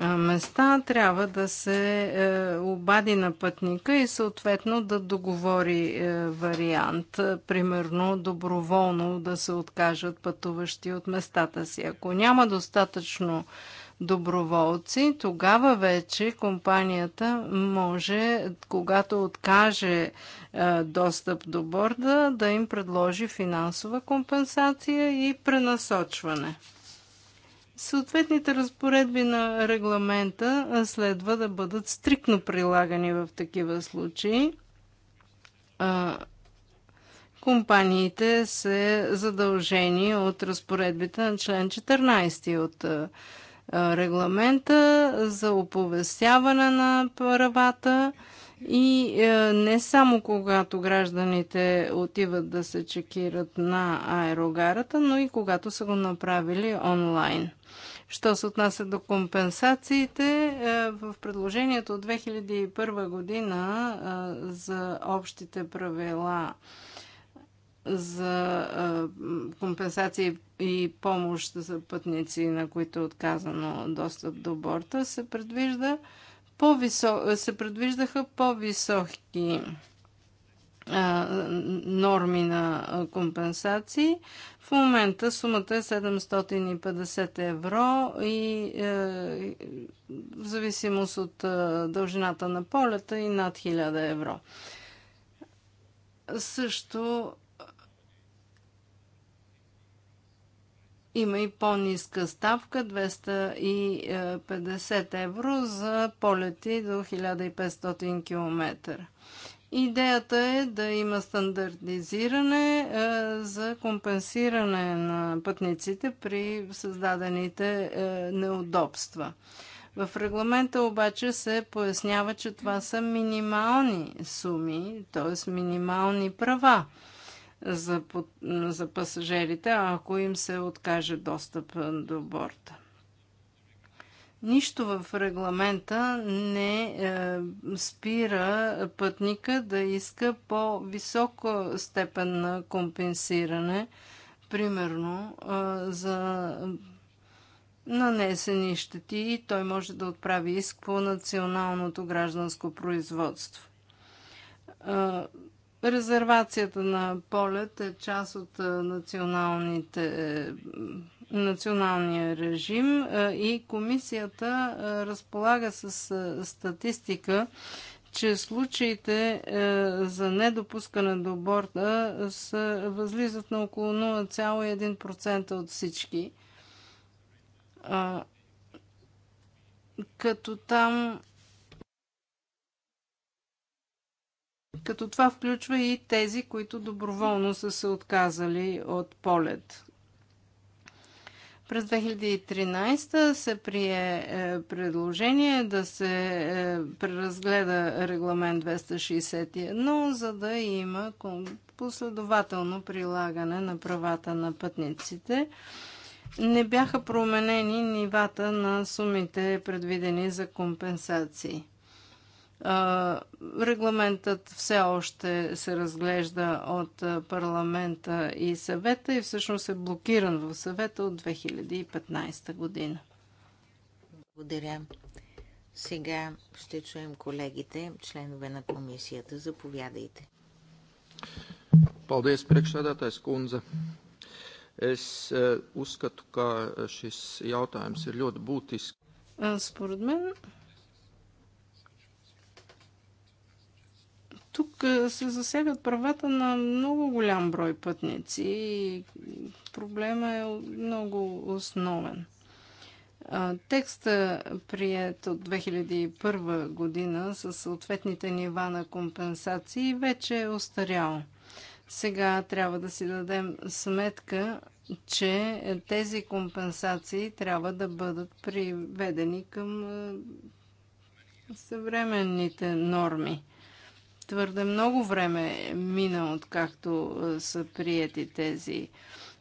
места, трябва да се обади на пътника и съответно да договори вариант. Примерно доброволно да се откажат пътуващи от местата си. Ако няма достатъчно доброволци, тогава вече компанията може, когато откаже е, достъп до борда, да им предложи финансова компенсация и пренасочване. Съответните разпоредби на регламента е, следва да бъдат стрикно прилагани в такива случаи. Е, компаниите са задължени от разпоредбите на член 14 от регламента за оповестяване на правата и е, не само когато гражданите отиват да се чекират на аерогарата, но и когато са го направили онлайн. Що се отнася до компенсациите, е, в предложението от 2001 година е, за общите правила за компенсации и помощ за пътници, на които е отказано достъп до борта, се, предвижда по се предвиждаха по-високи норми на компенсации. В момента сумата е 750 евро и е, в зависимост от е, дължината на полета и над 1000 евро. Също Има и по-ниска ставка 250 евро за полети до 1500 км. Идеята е да има стандартизиране е, за компенсиране на пътниците при създадените е, неудобства. В регламента обаче се пояснява, че това са минимални суми, т.е. минимални права за, за пасажирите, ако им се откаже достъп е, до борта. Нищо в регламента не е, спира пътника да иска по-висока степен на компенсиране, примерно е, за нанесени щети и той може да отправи иск по националното гражданско производство. Е, Резервацията на полет е част от националните, е, националния режим и комисията разполага с статистика, че случаите е, за недопускане до борта са, възлизат на около 0,1% от всички. Като там Като това включва и тези, които доброволно са се отказали от полет. През 2013 се прие е, предложение да се е, преразгледа регламент 261, за да има последователно прилагане на правата на пътниците. Не бяха променени нивата на сумите, предвидени за компенсации. Регламентът все още се разглежда от парламента и съвета и всъщност е блокиран в съвета от 2015 година. Благодаря. Сега ще чуем колегите, членове на комисията. Заповядайте. Paldies, priekšsēdētājs kundze. Es э, uzskatu, ka э, šis jautājums ir ļoti бутиск. Според мен Тук е, се засягат правата на много голям брой пътници и проблема е много основен. Текста, прият от 2001 година с съответните нива на компенсации, вече е остарял. Сега трябва да си дадем сметка, че тези компенсации трябва да бъдат приведени към е, съвременните норми. Твърде много време е мина, откакто са прияти тези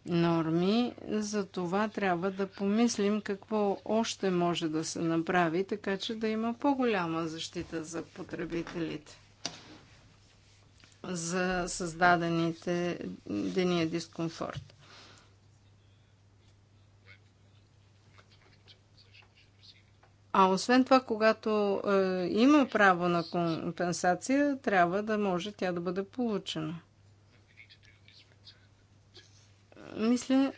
норми. За това трябва да помислим какво още може да се направи, така че да има по-голяма защита за потребителите. За създадените дения дискомфорт. А освен това, когато е, има право на компенсация, трябва да може тя да бъде получена. Мисля,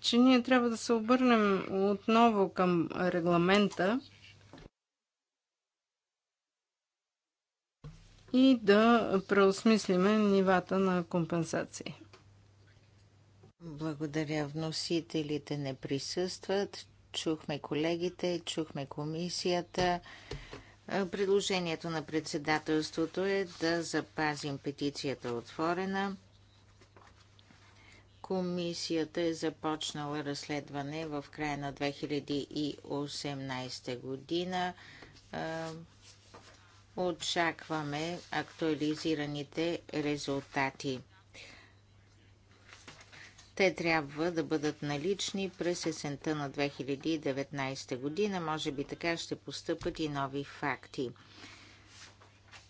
че ние трябва да се обърнем отново към регламента и да преосмислиме нивата на компенсации. Благодаря. Вносителите не присъстват. Чухме колегите, чухме комисията. Предложението на председателството е да запазим петицията отворена. Комисията е започнала разследване в края на 2018 година. Очакваме актуализираните резултати. Те трябва да бъдат налични през есента на 2019 година. Може би така ще постъпат и нови факти.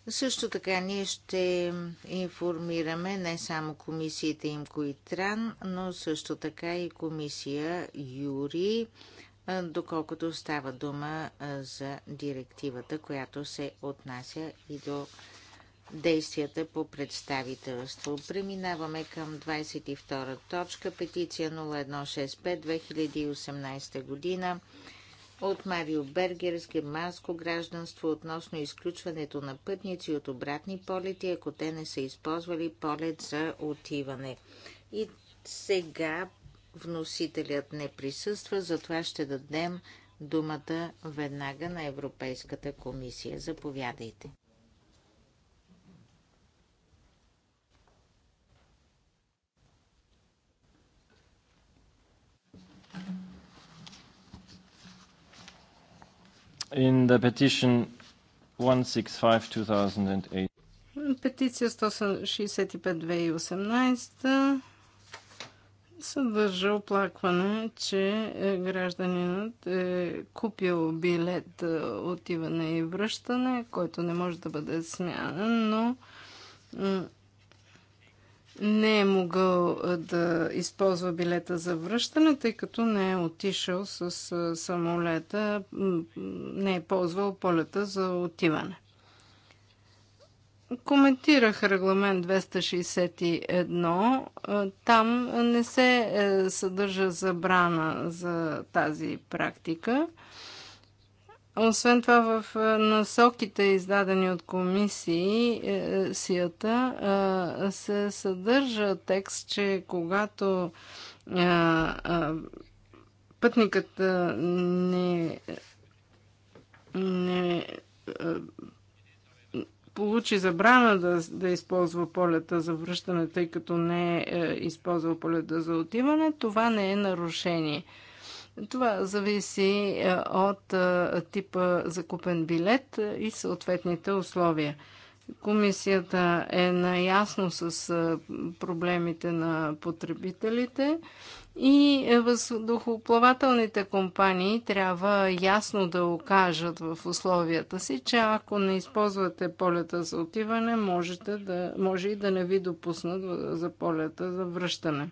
Също така ние ще информираме не само комисията им Коитран, но също така и комисия Юри, доколкото става дума за директивата, която се отнася и до действията по представителство. Преминаваме към 22 точка, петиция 0165-2018 година от Марио Бергер с германско гражданство относно изключването на пътници от обратни полети, ако те не са използвали полет за отиване. И сега вносителят не присъства, затова ще дадем думата веднага на Европейската комисия. Заповядайте. in the petition 165-2008. Петиция 165-2018 съдържа оплакване, че е, гражданинът е купил билет е, отиване и връщане, който не може да бъде смянен, но не е могъл да използва билета за връщане, тъй като не е отишъл с самолета, не е ползвал полета за отиване. Коментирах регламент 261. Там не се е, съдържа забрана за тази практика. Освен това, в насоките, издадени от комисията, се съдържа текст, че когато пътникът не, не получи забрана да, да използва полета за връщане, тъй като не е използвал полета за отиване, това не е нарушение. Това зависи е, от е, типа закупен билет е, и съответните условия. Комисията е наясно с проблемите на потребителите и въздухоплавателните компании трябва ясно да окажат в условията си, че ако не използвате полета за отиване, можете да, може и да не ви допуснат за полета за връщане.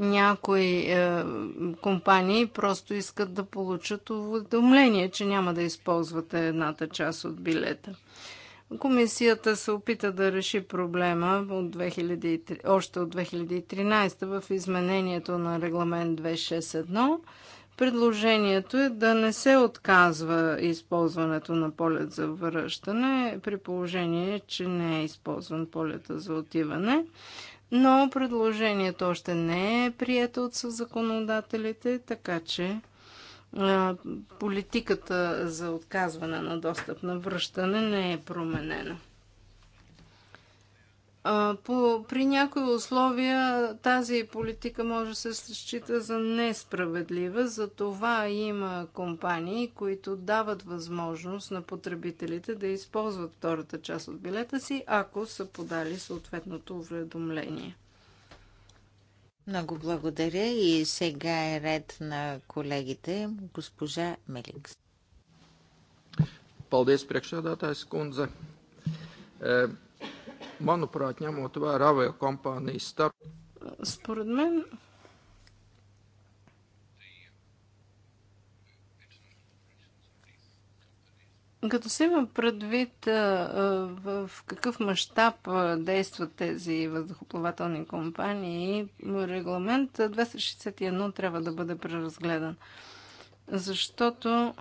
Някои е, компании просто искат да получат уведомление, че няма да използвате едната част от билета. Комисията се опита да реши проблема от 2003, още от 2013 в изменението на регламент 261. Предложението е да не се отказва използването на полет за връщане при положение, че не е използван полета за отиване но предложението още не е прието от законодателите, така че политиката за отказване на достъп на връщане не е променена. По, при някои условия тази политика може да се счита за несправедлива, за това има компании, които дават възможност на потребителите да използват втората част от билета си, ако са подали съответното уведомление. Много благодаря и сега е ред на колегите госпожа Меликс. Paldies, тази секунд за. Manuprāt, ņemot vērā aviokompānijas starp. Според мен Като се има предвид в какъв мащаб действат тези въздухоплавателни компании, регламент 261 трябва да бъде преразгледан. Защото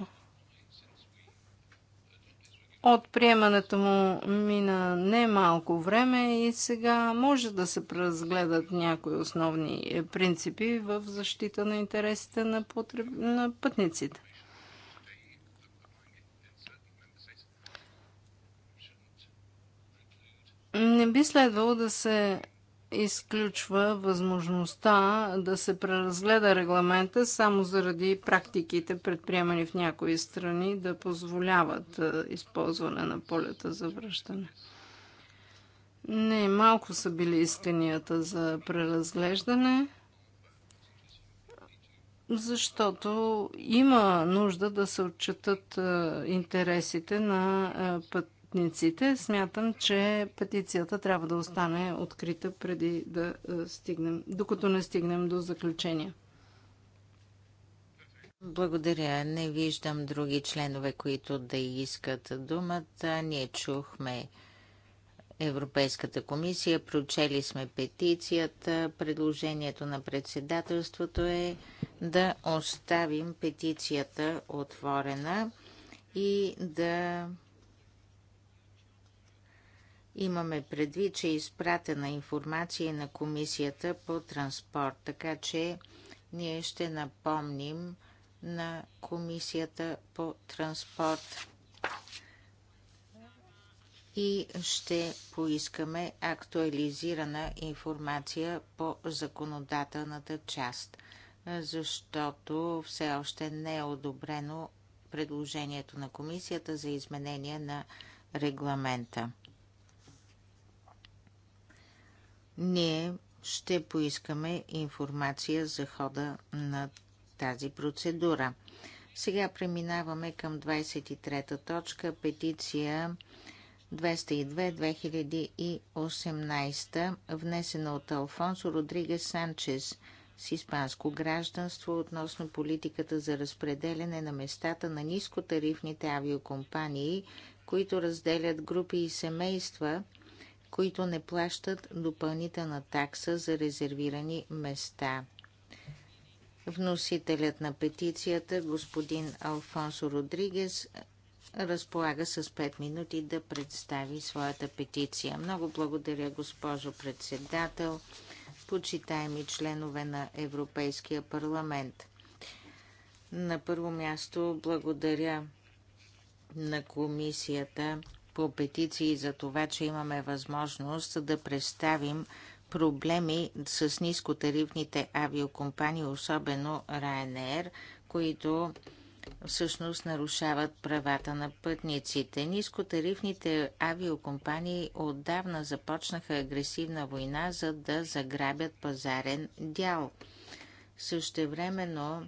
от приемането му мина не малко време и сега може да се преразгледат някои основни принципи в защита на интересите на, потреб... на пътниците. Не би следвало да се изключва възможността да се преразгледа регламента само заради практиките, предприемани в някои страни, да позволяват е, използване на полета за връщане. Не, малко са били исканията за преразглеждане, защото има нужда да се отчетат е, интересите на е, път пътниците, смятам, че петицията трябва да остане открита преди да е, стигнем, докато не стигнем до заключения. Благодаря. Не виждам други членове, които да искат думата. Ние чухме Европейската комисия, прочели сме петицията. Предложението на председателството е да оставим петицията отворена и да Имаме предвид, че е изпратена информация на Комисията по транспорт, така че ние ще напомним на Комисията по транспорт и ще поискаме актуализирана информация по законодателната част, защото все още не е одобрено предложението на комисията за изменение на регламента. Ние ще поискаме информация за хода на тази процедура. Сега преминаваме към 23-та точка, петиция 202-2018, внесена от Алфонсо Родригес Санчес с испанско гражданство относно политиката за разпределяне на местата на нискотарифните авиокомпании, които разделят групи и семейства – които не плащат допълнителна такса за резервирани места. Вносителят на петицията, господин Алфонсо Родригес, разполага с 5 минути да представи своята петиция. Много благодаря, госпожо председател, почитаеми членове на Европейския парламент. На първо място благодаря на комисията по петиции за това, че имаме възможност да представим проблеми с нискотарифните авиокомпании, особено Ryanair, които всъщност нарушават правата на пътниците. Нискотарифните авиокомпании отдавна започнаха агресивна война, за да заграбят пазарен дял. Същевременно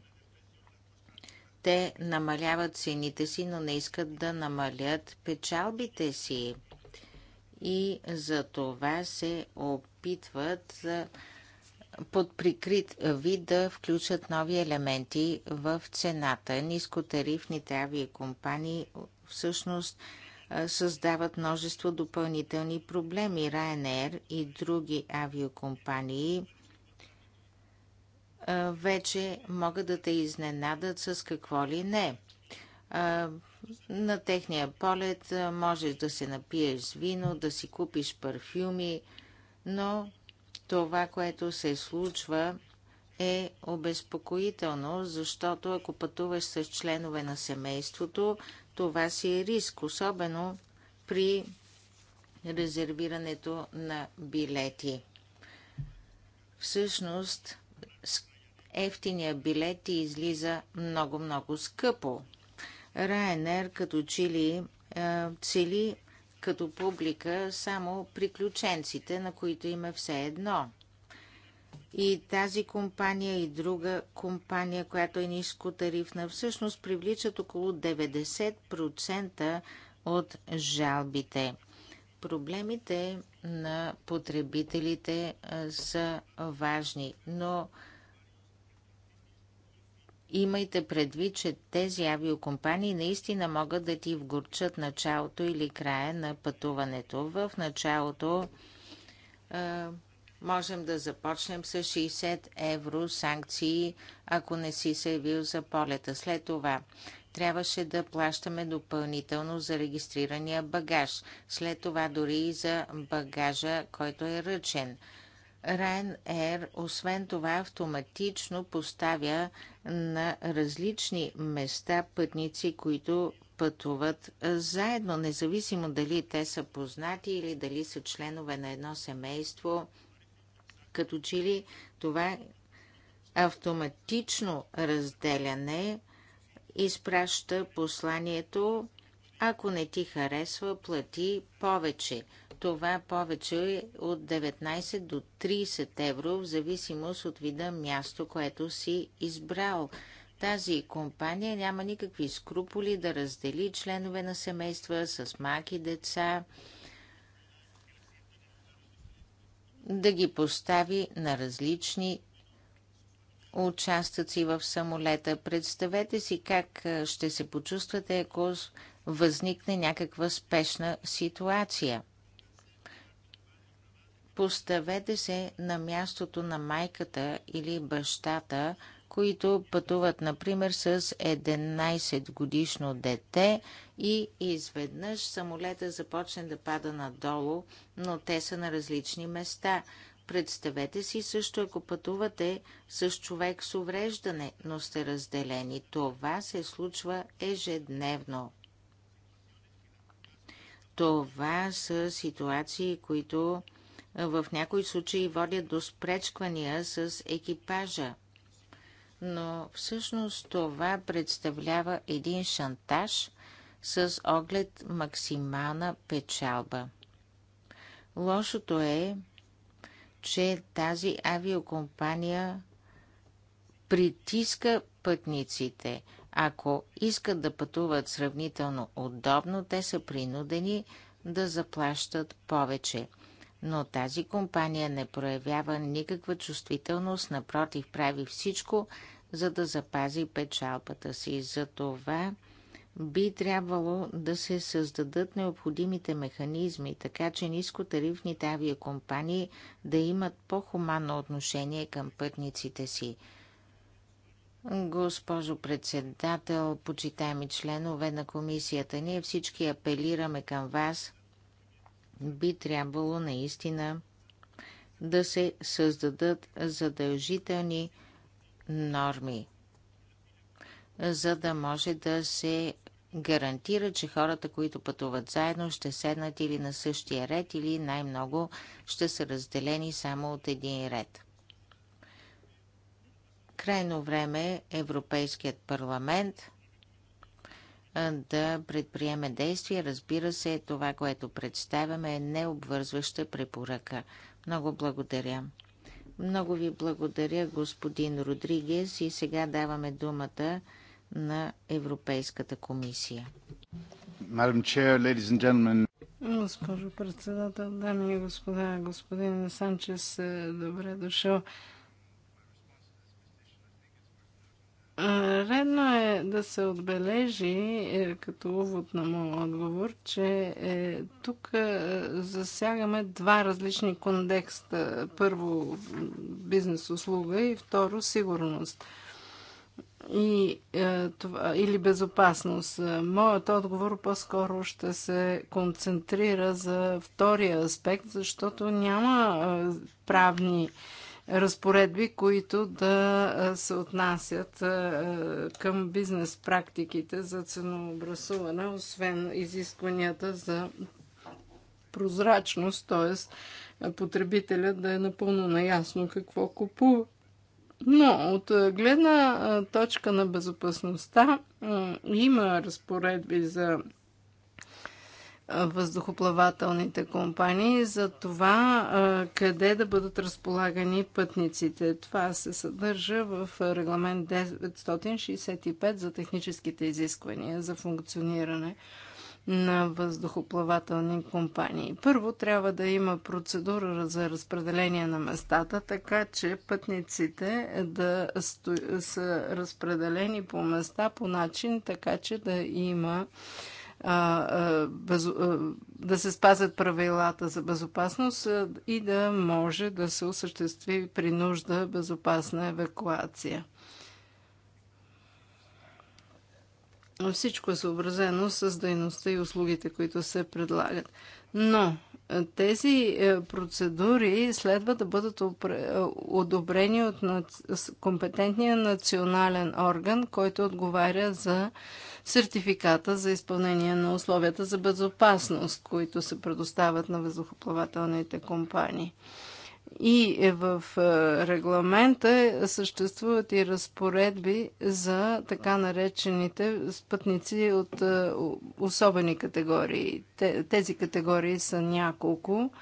те намаляват цените си, но не искат да намалят печалбите си. И за това се опитват под прикрит вид да включат нови елементи в цената. Нискотарифните авиакомпании всъщност създават множество допълнителни проблеми. Ryanair и други авиокомпании вече могат да те изненадат с какво ли не. На техния полет можеш да се напиеш с вино, да си купиш парфюми, но това, което се случва, е обезпокоително, защото ако пътуваш с членове на семейството, това си е риск, особено при резервирането на билети. Всъщност, ефтиния билет ти излиза много-много скъпо. Райнер като чили е, цели като публика само приключенците, на които има е все едно. И тази компания и друга компания, която е ниско тарифна, всъщност привличат около 90% от жалбите. Проблемите на потребителите е, са важни, но Имайте предвид, че тези авиокомпании наистина могат да ти вгорчат началото или края на пътуването. В началото е, можем да започнем с 60 евро санкции, ако не си се явил е за полета. След това трябваше да плащаме допълнително за регистрирания багаж. След това дори и за багажа, който е ръчен. Ryanair освен това автоматично поставя на различни места пътници, които пътуват заедно, независимо дали те са познати или дали са членове на едно семейство. Като че ли това автоматично разделяне изпраща посланието ако не ти харесва, плати повече. Това повече е от 19 до 30 евро, в зависимост от вида място, което си избрал. Тази компания няма никакви скруполи да раздели членове на семейства с маки деца, да ги постави на различни участъци в самолета. Представете си как ще се почувствате, ако възникне някаква спешна ситуация. Поставете се на мястото на майката или бащата, които пътуват, например, с 11 годишно дете и изведнъж самолета започне да пада надолу, но те са на различни места. Представете си също, ако пътувате с човек с увреждане, но сте разделени. Това се случва ежедневно. Това са ситуации, които в някои случаи водят до спречквания с екипажа. Но всъщност това представлява един шантаж с оглед максимална печалба. Лошото е, че тази авиокомпания притиска пътниците – ако искат да пътуват сравнително удобно, те са принудени да заплащат повече. Но тази компания не проявява никаква чувствителност, напротив, прави всичко, за да запази печалбата си. За това би трябвало да се създадат необходимите механизми, така че нискотарифните авиакомпании да имат по-хуманно отношение към пътниците си. Госпожо председател, почитаеми членове на комисията, ние всички апелираме към вас. Би трябвало наистина да се създадат задължителни норми, за да може да се гарантира, че хората, които пътуват заедно, ще седнат или на същия ред, или най-много ще са разделени само от един ред. Крайно време Европейският парламент да предприеме действия. Разбира се, това, което представяме е необвързваща препоръка. Много благодаря. Много ви благодаря, господин Родригес. И сега даваме думата на Европейската комисия. Госпожо председател, дами и господа, господин Санчес, е, добре дошъл. Редно е да се отбележи е, като увод на моят отговор, че е, тук е, засягаме два различни контекста. Първо бизнес услуга и второ сигурност. И, е, това, или безопасност. Моят отговор по-скоро ще се концентрира за втория аспект, защото няма е, правни разпоредби, които да се отнасят към бизнес практиките за ценообразуване, освен изискванията за прозрачност, т.е. потребителят да е напълно наясно какво купува. Но от гледна точка на безопасността има разпоредби за въздухоплавателните компании за това къде да бъдат разполагани пътниците. Това се съдържа в регламент 965 за техническите изисквания за функциониране на въздухоплавателни компании. Първо трябва да има процедура за разпределение на местата, така че пътниците да сто... са разпределени по места по начин, така че да има да се спазят правилата за безопасност и да може да се осъществи при нужда безопасна евакуация. Всичко е съобразено с дейността и услугите, които се предлагат. Но тези е, процедури следва да бъдат е, одобрени от компетентния национален орган, който отговаря за сертификата за изпълнение на условията за безопасност, които се предоставят на въздухоплавателните компании. И е в е, регламента съществуват и разпоредби за така наречените спътници от е, особени категории. Тези категории са няколко.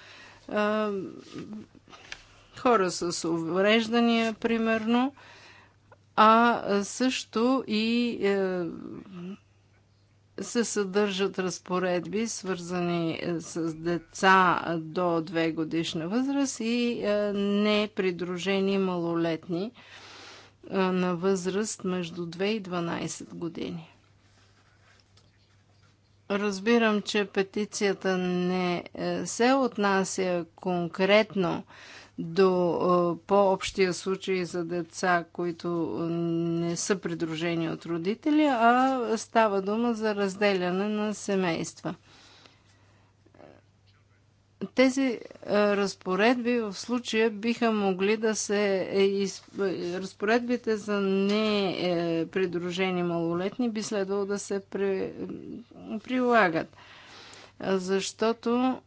Хора с увреждания, примерно, а също и е, се съдържат разпоредби, свързани е, с деца до 2 годишна възраст и е, непридружени малолетни е, на възраст между 2 и 12 години. Разбирам, че петицията не е, се отнася конкретно до по-общия случай за деца, които не са придружени от родители, а става дума за разделяне на семейства. Тези разпоредби в случая биха могли да се. Е, разпоредбите за непридружени е, малолетни би следвало да се прилагат защото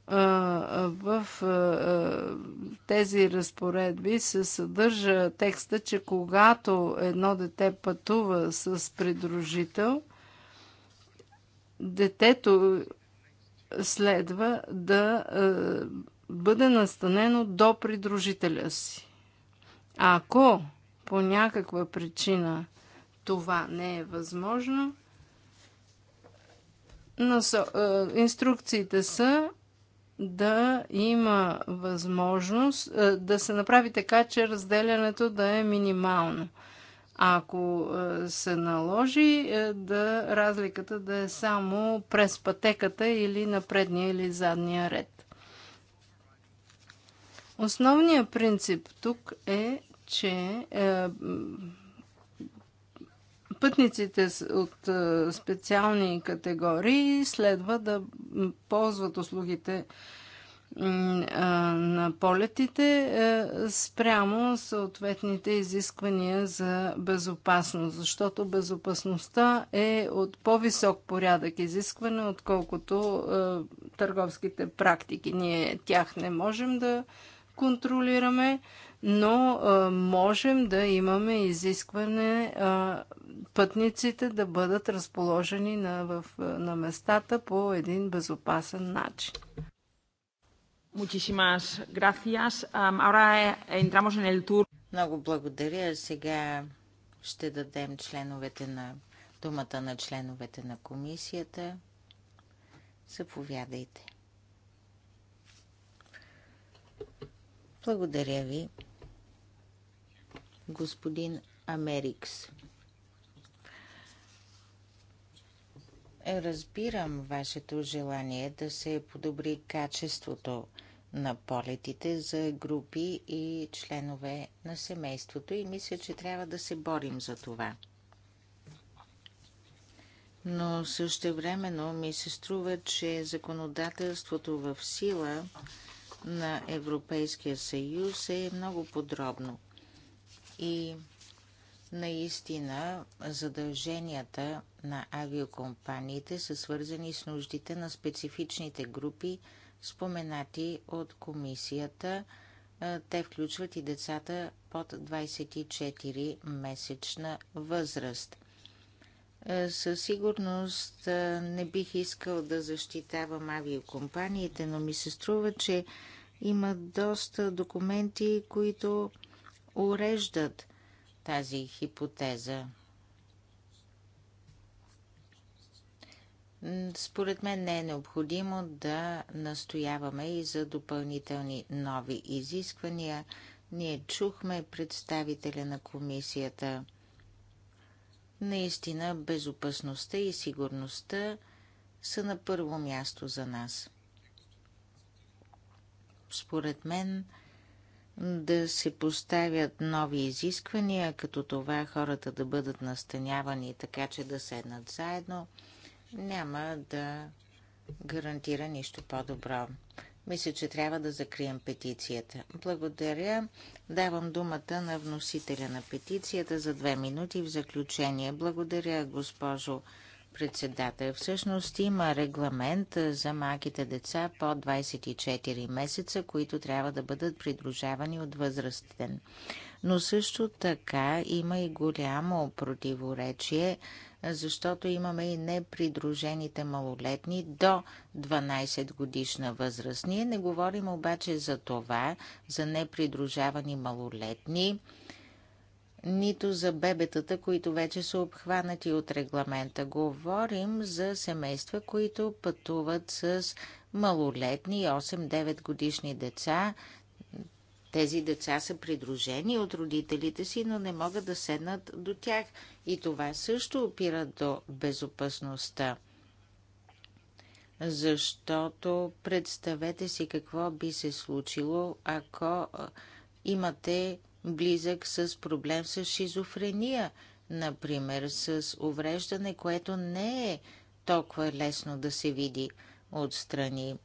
в тези разпоредби се съдържа текста, че когато едно дете пътува с придружител, детето следва да бъде настанено до придружителя си. А ако по някаква причина това не е възможно, е, инструкциите са да има възможност е, да се направи така, че разделянето да е минимално. ако е, се наложи, да разликата да е само през пътеката или на предния или задния ред. Основният принцип тук е, че е, пътниците от специални категории следва да ползват услугите на полетите спрямо съответните изисквания за безопасност, защото безопасността е от по-висок порядък изискване, отколкото търговските практики. Ние тях не можем да контролираме, но а, можем да имаме изискване а, пътниците да бъдат разположени на, в, на местата по един безопасен начин. Muchísimas gracias. Um, ahora entramos en el tour. Много благодаря. Сега ще дадем членовете на думата на членовете на комисията. Заповядайте. Благодаря ви господин Америкс. Разбирам вашето желание да се подобри качеството на полетите за групи и членове на семейството и мисля, че трябва да се борим за това. Но също времено ми се струва, че законодателството в сила на Европейския съюз е много подробно и наистина задълженията на авиокомпаниите са свързани с нуждите на специфичните групи, споменати от комисията. Те включват и децата под 24 месечна възраст. Със сигурност не бих искал да защитавам авиокомпаниите, но ми се струва, че има доста документи, които уреждат тази хипотеза. Според мен не е необходимо да настояваме и за допълнителни нови изисквания. Ние чухме представителя на комисията. Наистина, безопасността и сигурността са на първо място за нас. Според мен, да се поставят нови изисквания, като това хората да бъдат настанявани така, че да седнат заедно, няма да гарантира нищо по-добро. Мисля, че трябва да закрием петицията. Благодаря. Давам думата на вносителя на петицията за две минути в заключение. Благодаря, госпожо председател. Всъщност има регламент за малките деца под 24 месеца, които трябва да бъдат придружавани от възрастен. Но също така има и голямо противоречие, защото имаме и непридружените малолетни до 12 годишна възраст. Ние не говорим обаче за това, за непридружавани малолетни, нито за бебетата, които вече са обхванати от регламента. Говорим за семейства, които пътуват с малолетни 8-9 годишни деца. Тези деца са придружени от родителите си, но не могат да седнат до тях. И това също опира до безопасността. Защото представете си какво би се случило, ако имате близък с проблем с шизофрения, например, с увреждане, което не е толкова лесно да се види отстрани.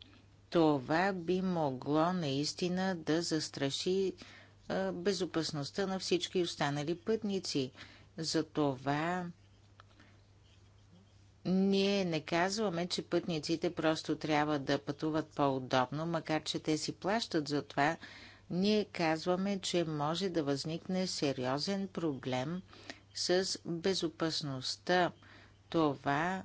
Това би могло наистина да застраши а, безопасността на всички останали пътници. Затова ние не казваме, че пътниците просто трябва да пътуват по-удобно, макар че те си плащат за това, ние казваме, че може да възникне сериозен проблем с безопасността. Това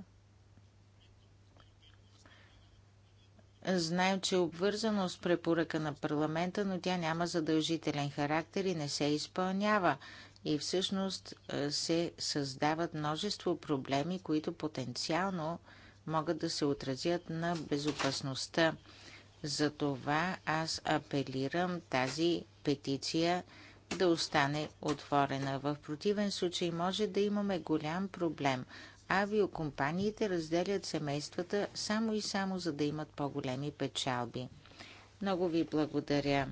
Знаем, че е обвързано с препоръка на парламента, но тя няма задължителен характер и не се изпълнява. И всъщност е, се създават множество проблеми, които потенциално могат да се отразят на безопасността. Затова аз апелирам тази петиция да остане отворена. В противен случай може да имаме голям проблем. Авиокомпаниите разделят семействата само и само за да имат по-големи печалби. Много ви благодаря.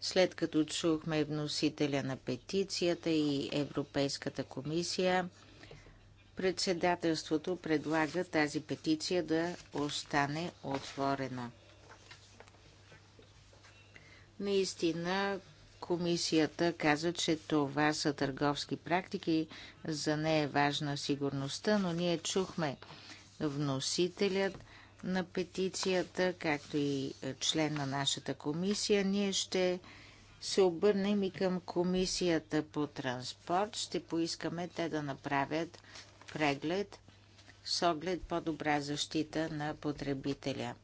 След като чухме вносителя на петицията и Европейската комисия, Председателството предлага тази петиция да остане отворена. Наистина, комисията каза, че това са търговски практики, за нея е важна сигурността, но ние чухме вносителят на петицията, както и член на нашата комисия. Ние ще се обърнем и към комисията по транспорт. Ще поискаме те да направят преглед с оглед по-добра защита на потребителя.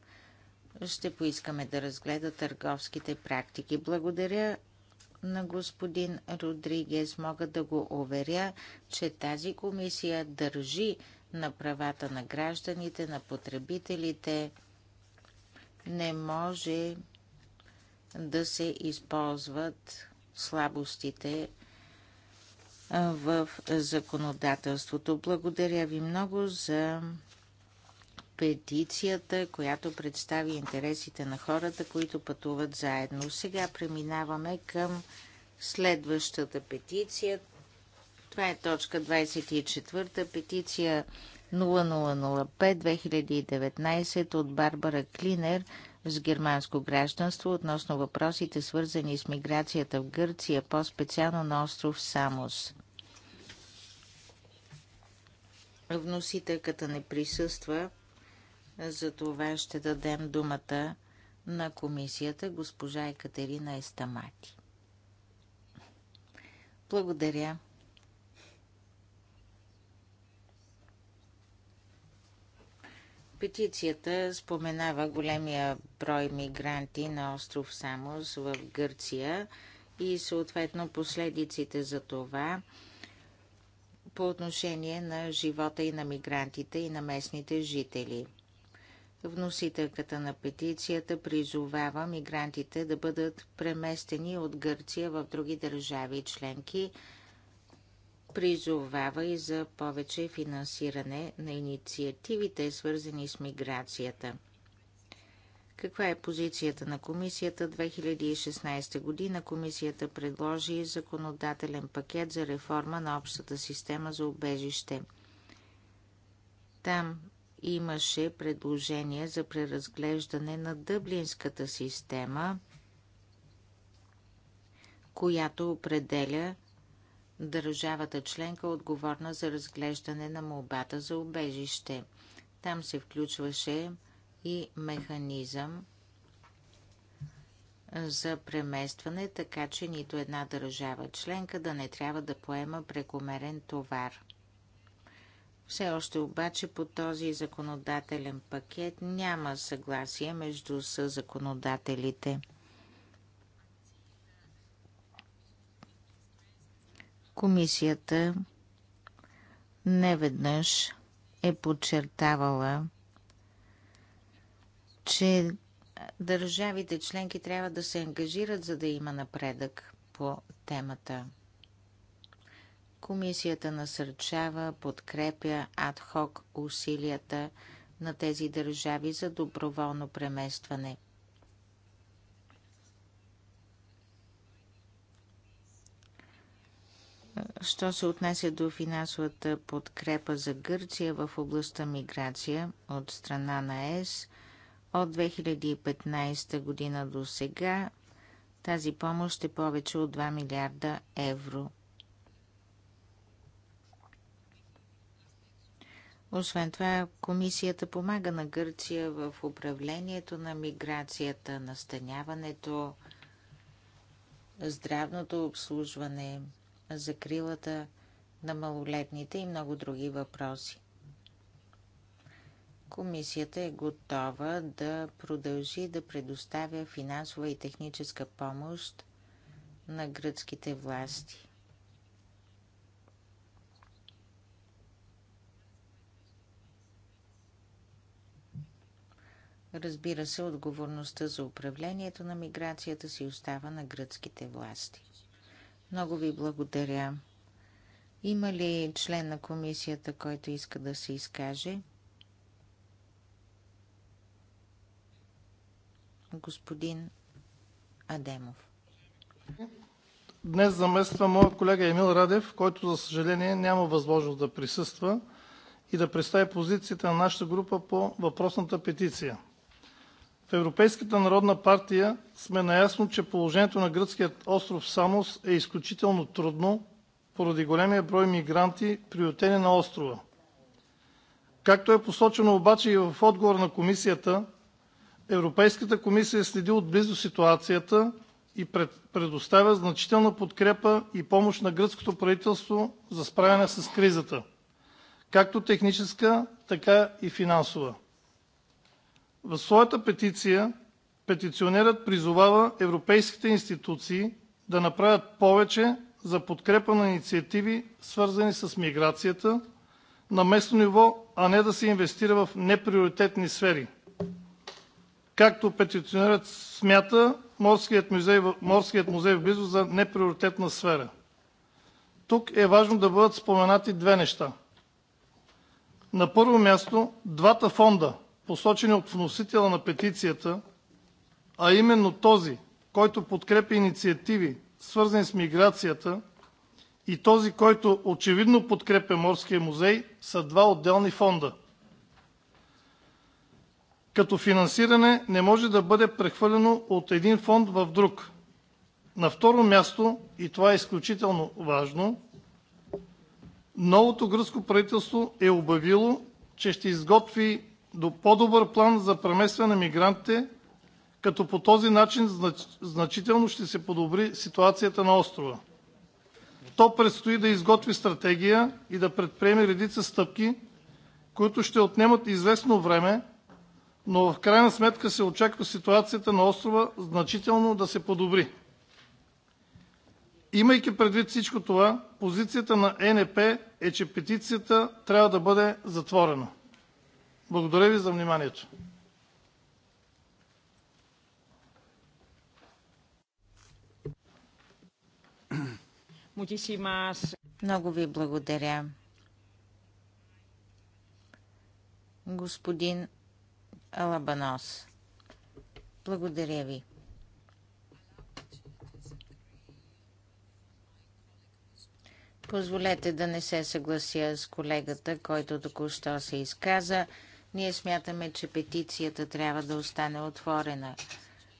Ще поискаме да разгледа търговските практики. Благодаря на господин Родригес. Мога да го уверя, че тази комисия държи на правата на гражданите, на потребителите. Не може да се използват слабостите в законодателството. Благодаря ви много за петицията, която представи интересите на хората, които пътуват заедно. Сега преминаваме към следващата петиция. Това е точка 24, петиция 0005-2019 от Барбара Клинер с германско гражданство относно въпросите, свързани с миграцията в Гърция, по-специално на остров Самос. Вносителката не присъства, за това ще дадем думата на комисията госпожа Екатерина Естамати. Благодаря. Петицията споменава големия брой мигранти на остров Самос в Гърция и съответно последиците за това по отношение на живота и на мигрантите и на местните жители. Вносителката на петицията призовава мигрантите да бъдат преместени от Гърция в други държави и членки, призовава и за повече финансиране на инициативите, свързани с миграцията – каква е позицията на комисията? 2016 година комисията предложи законодателен пакет за реформа на общата система за убежище. Там имаше предложение за преразглеждане на дъблинската система, която определя държавата членка отговорна за разглеждане на молбата за убежище. Там се включваше и механизъм за преместване, така че нито една държава членка да не трябва да поема прекомерен товар. Все още обаче по този законодателен пакет няма съгласие между съзаконодателите. Комисията неведнъж е подчертавала, че държавите членки трябва да се ангажират, за да има напредък по темата. Комисията насърчава, подкрепя адхок усилията на тези държави за доброволно преместване. Що се отнася до финансовата подкрепа за Гърция в областта миграция от страна на ЕС – от 2015 година до сега тази помощ е повече от 2 милиарда евро. Освен това, комисията помага на Гърция в управлението на миграцията, настаняването, здравното обслужване, закрилата на малолетните и много други въпроси. Комисията е готова да продължи да предоставя финансова и техническа помощ на гръцките власти. Разбира се, отговорността за управлението на миграцията си остава на гръцките власти. Много ви благодаря. Има ли член на комисията, който иска да се изкаже? господин Адемов. Днес замества моят колега Емил Радев, който, за съжаление, няма възможност да присъства и да представи позицията на нашата група по въпросната петиция. В Европейската народна партия сме наясно, че положението на гръцкия остров Самос е изключително трудно поради големия брой мигранти, отене на острова. Както е посочено обаче и в отговор на Комисията, Европейската комисия следи отблизо ситуацията и предоставя значителна подкрепа и помощ на гръцкото правителство за справяне с кризата – както техническа, така и финансова. В своята петиция петиционерът призовава европейските институции да направят повече за подкрепа на инициативи, свързани с миграцията на местно ниво, а не да се инвестира в неприоритетни сфери Както петиционерът смята Морският музей в близост за неприоритетна сфера. Тук е важно да бъдат споменати две неща. На първо място, двата фонда, посочени от вносителя на петицията, а именно този, който подкрепя инициативи, свързани с миграцията, и този, който очевидно подкрепя Морския музей, са два отделни фонда като финансиране не може да бъде прехвърлено от един фонд в друг. На второ място, и това е изключително важно, новото гръцко правителство е обявило, че ще изготви до по-добър план за преместване на мигрантите, като по този начин значително ще се подобри ситуацията на острова. То предстои да изготви стратегия и да предприеме редица стъпки, които ще отнемат известно време, но в крайна сметка се очаква ситуацията на острова значително да се подобри. Имайки предвид всичко това, позицията на ЕНП е, че петицията трябва да бъде затворена. Благодаря Ви за вниманието. Много ви благодаря. Господин Алабанос. Благодаря ви. Позволете да не се съглася с колегата, който току-що се изказа. Ние смятаме, че петицията трябва да остане отворена,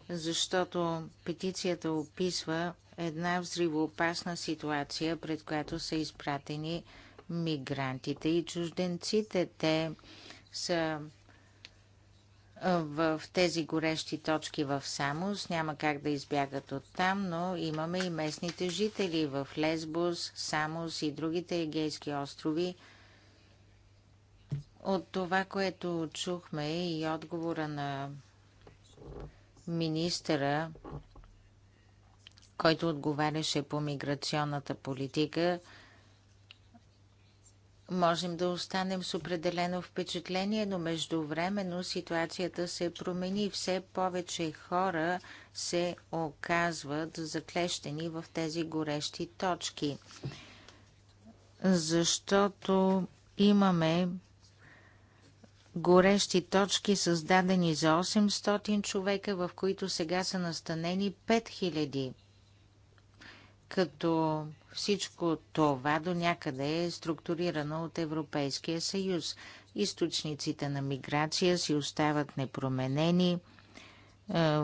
защото петицията описва една взривоопасна ситуация, пред която са изпратени мигрантите и чужденците. Те са в тези горещи точки в Самос. Няма как да избягат от там, но имаме и местните жители в Лесбос, Самос и другите егейски острови. От това, което чухме и отговора на министъра, който отговаряше по миграционната политика, Можем да останем с определено впечатление, но междувременно ситуацията се промени и все повече хора се оказват заклещени в тези горещи точки. Защото имаме горещи точки, създадени за 800 човека, в които сега са настанени 5000 като всичко това до някъде е структурирано от Европейския съюз. Източниците на миграция си остават непроменени, е,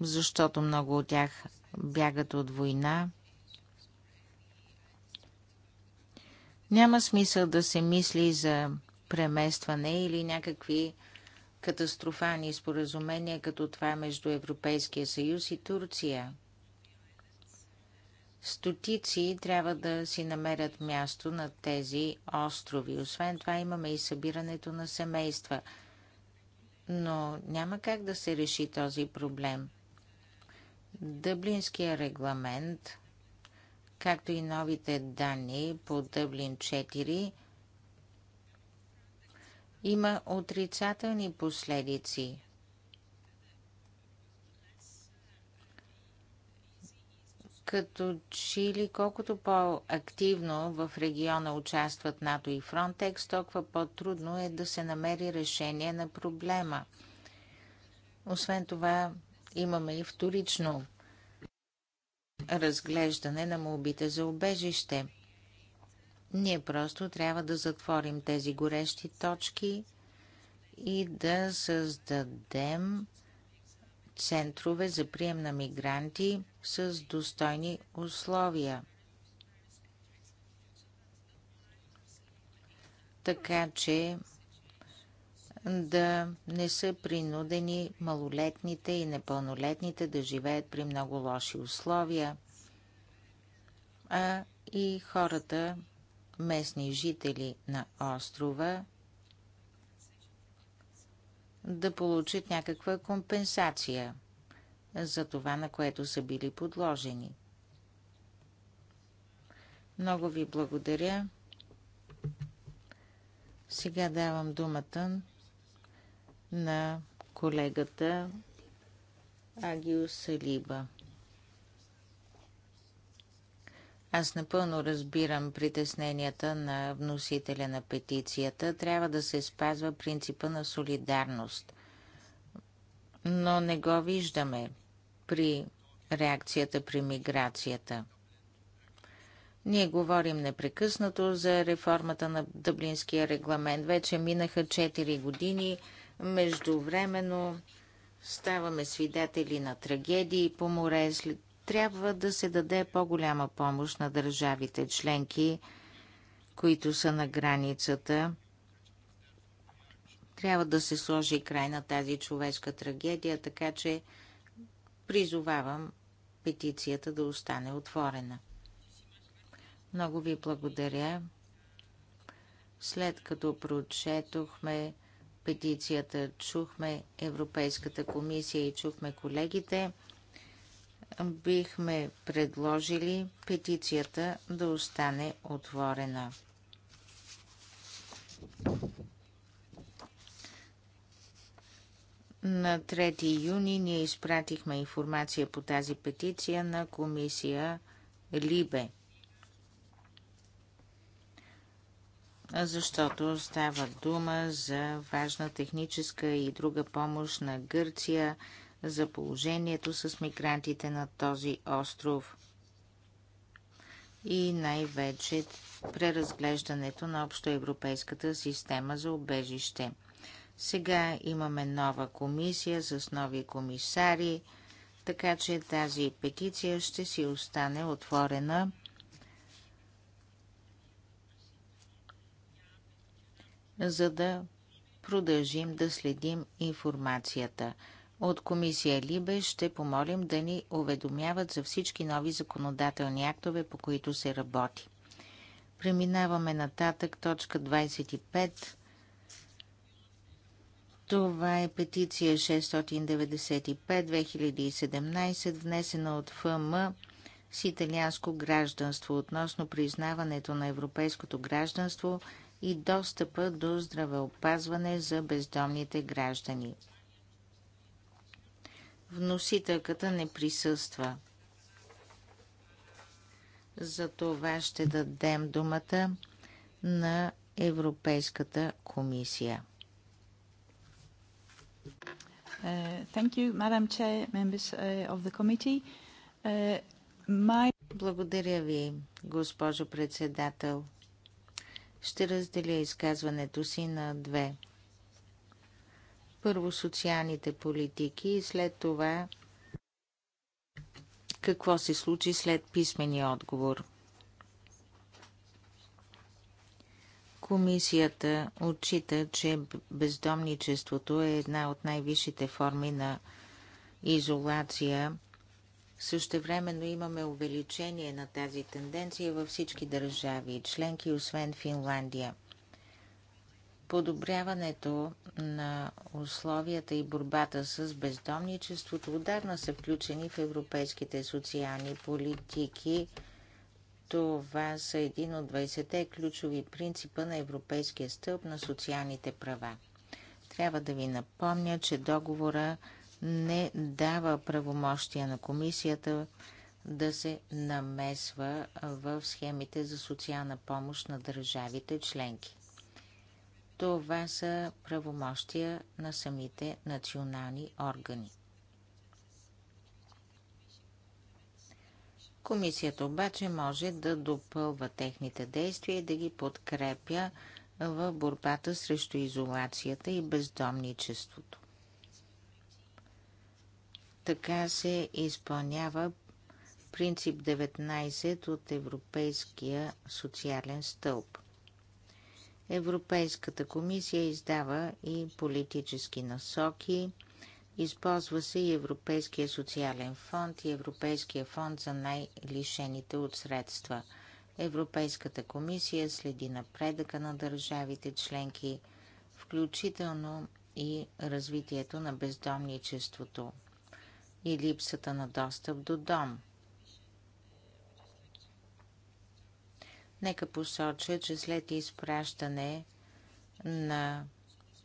защото много от тях бягат от война. Няма смисъл да се мисли за преместване или някакви катастрофални споразумения, като това между Европейския съюз и Турция – стотици трябва да си намерят място на тези острови. Освен това имаме и събирането на семейства. Но няма как да се реши този проблем. Дъблинския регламент, както и новите данни по Дъблин 4, има отрицателни последици като че ли колкото по-активно в региона участват НАТО и Фронтекс, толкова по-трудно е да се намери решение на проблема. Освен това, имаме и вторично разглеждане на молбите за убежище. Ние просто трябва да затворим тези горещи точки и да създадем центрове за прием на мигранти с достойни условия. Така че да не са принудени малолетните и непълнолетните да живеят при много лоши условия, а и хората, местни жители на острова, да получат някаква компенсация за това, на което са били подложени. Много ви благодаря. Сега давам думата на колегата Агио Салиба. Аз напълно разбирам притесненията на вносителя на петицията. Трябва да се спазва принципа на солидарност. Но не го виждаме при реакцията при миграцията. Ние говорим непрекъснато за реформата на Дъблинския регламент. Вече минаха 4 години. Междувременно ставаме свидетели на трагедии по море след трябва да се даде по-голяма помощ на държавите членки, които са на границата. Трябва да се сложи край на тази човешка трагедия, така че призовавам петицията да остане отворена. Много ви благодаря. След като прочетохме петицията, чухме Европейската комисия и чухме колегите, бихме предложили петицията да остане отворена. На 3 юни ние изпратихме информация по тази петиция на комисия Либе. Защото става дума за важна техническа и друга помощ на Гърция – за положението с мигрантите на този остров и най-вече преразглеждането на общоевропейската система за убежище. Сега имаме нова комисия с нови комисари, така че тази петиция ще си остане отворена. за да продължим да следим информацията от комисия Либе ще помолим да ни уведомяват за всички нови законодателни актове, по които се работи. Преминаваме нататък точка 25. Това е петиция 695-2017, внесена от ФМ с италианско гражданство относно признаването на европейското гражданство и достъпа до здравеопазване за бездомните граждани. Вносителката не присъства. За това ще дадем думата на Европейската комисия. Uh, thank you, Madam Chair, members е, of the committee. Uh, my... Благодаря ви, госпожо председател. Ще разделя изказването си на две първо социалните политики и след това какво се случи след писмения отговор. Комисията отчита, че бездомничеството е една от най-висшите форми на изолация. Същевременно имаме увеличение на тази тенденция във всички държави членки, освен Финландия – Подобряването на условията и борбата с бездомничеството отдавна са включени в европейските социални политики. Това са един от 20-те ключови принципа на Европейския стълб на социалните права. Трябва да ви напомня, че договора не дава правомощия на комисията да се намесва в схемите за социална помощ на държавите членки. Това са правомощия на самите национални органи. Комисията обаче може да допълва техните действия и да ги подкрепя в борбата срещу изолацията и бездомничеството. Така се изпълнява принцип 19 от Европейския социален стълб. Европейската комисия издава и политически насоки. Използва се и Европейския социален фонд и Европейския фонд за най-лишените от средства. Европейската комисия следи напредъка на държавите членки, включително и развитието на бездомничеството и липсата на достъп до дом. Нека посоча, че след изпращане на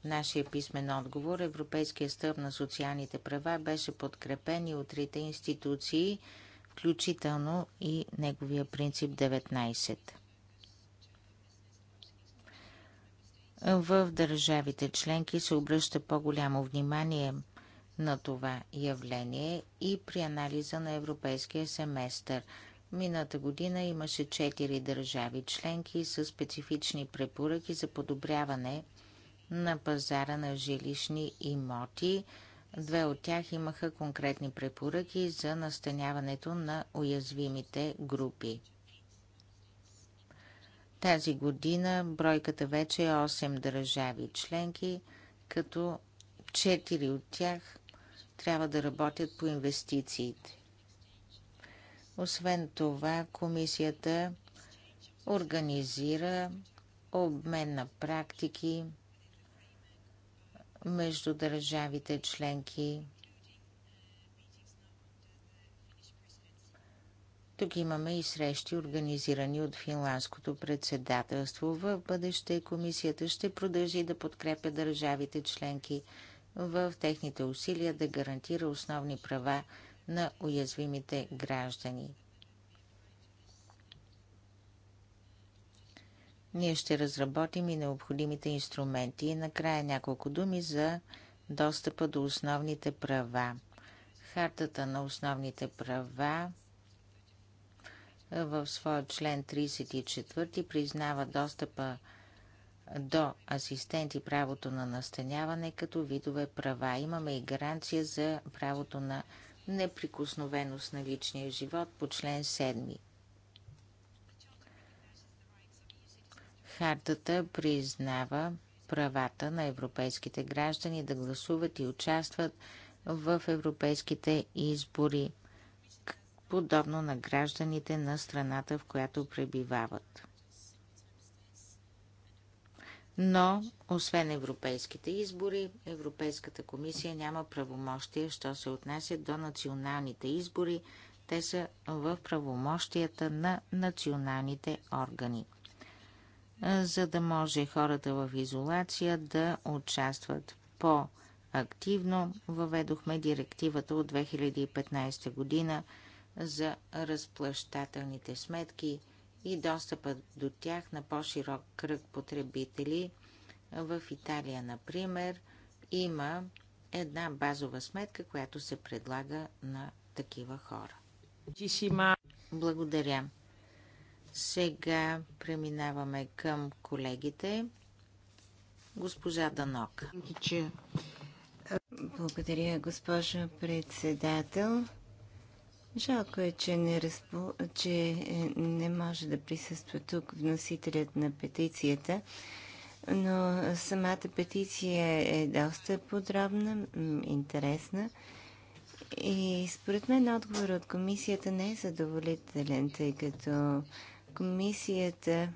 нашия писмен отговор, Европейския стъп на социалните права беше подкрепен и от трите институции, включително и неговия принцип 19. В държавите членки се обръща по-голямо внимание на това явление и при анализа на европейския семестър – Мината година имаше 4 държави членки с специфични препоръки за подобряване на пазара на жилищни имоти. Две от тях имаха конкретни препоръки за настаняването на уязвимите групи. Тази година бройката вече е 8 държави членки, като 4 от тях трябва да работят по инвестициите. Освен това, комисията организира обмен на практики между държавите членки. Тук имаме и срещи, организирани от финландското председателство. В бъдеще комисията ще продължи да подкрепя държавите членки в техните усилия да гарантира основни права на уязвимите граждани. Ние ще разработим и необходимите инструменти. И накрая няколко думи за достъпа до основните права. Хартата на основните права в своя член 34 признава достъпа до асистенти правото на настаняване като видове права. Имаме и гаранция за правото на неприкосновеност на личния живот по член 7. Хартата признава правата на европейските граждани да гласуват и участват в европейските избори, подобно на гражданите на страната, в която пребивават. Но, освен европейските избори, Европейската комисия няма правомощия, що се отнася до националните избори. Те са в правомощията на националните органи, за да може хората в изолация да участват по-активно. Въведохме директивата от 2015 година за разплащателните сметки – и достъпа до тях на по-широк кръг потребители. В Италия, например, има една базова сметка, която се предлага на такива хора. Благодаря. Сега преминаваме към колегите. Госпожа Данока. Благодаря, госпожа председател. Жалко е, че не, разпо... че е, не може да присъства тук вносителят на петицията, но самата петиция е доста подробна, интересна и според мен отговор от комисията не е задоволителен, тъй като комисията,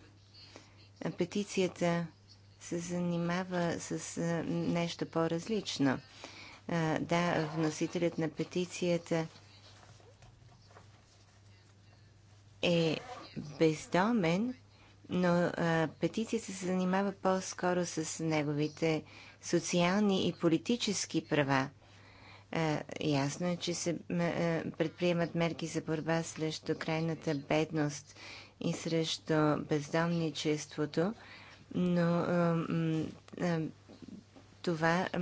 петицията се занимава с нещо по-различно. Да, вносителят на петицията е бездомен, но а, петицията се занимава по-скоро с неговите социални и политически права. А, ясно е, че се а, предприемат мерки за борба срещу крайната бедност и срещу бездомничеството, но а, а, това а,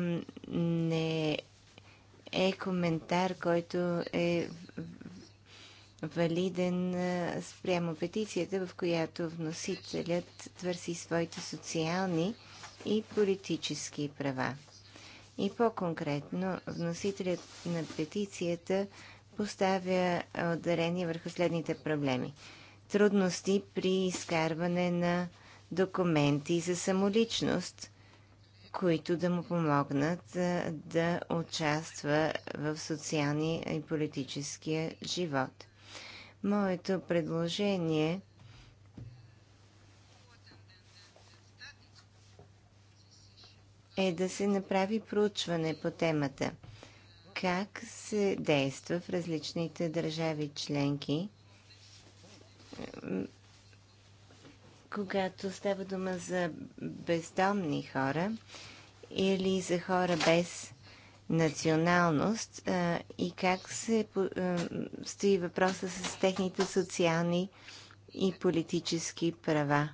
не е коментар, който е валиден спрямо петицията, в която вносителят търси своите социални и политически права. И по-конкретно, вносителят на петицията поставя ударение върху следните проблеми. Трудности при изкарване на документи за самоличност, които да му помогнат да участва в социалния и политическия живот. Моето предложение е да се направи проучване по темата. Как се действа в различните държави членки, когато става дума за бездомни хора или за хора без националност а, и как се а, стои въпроса с техните социални и политически права.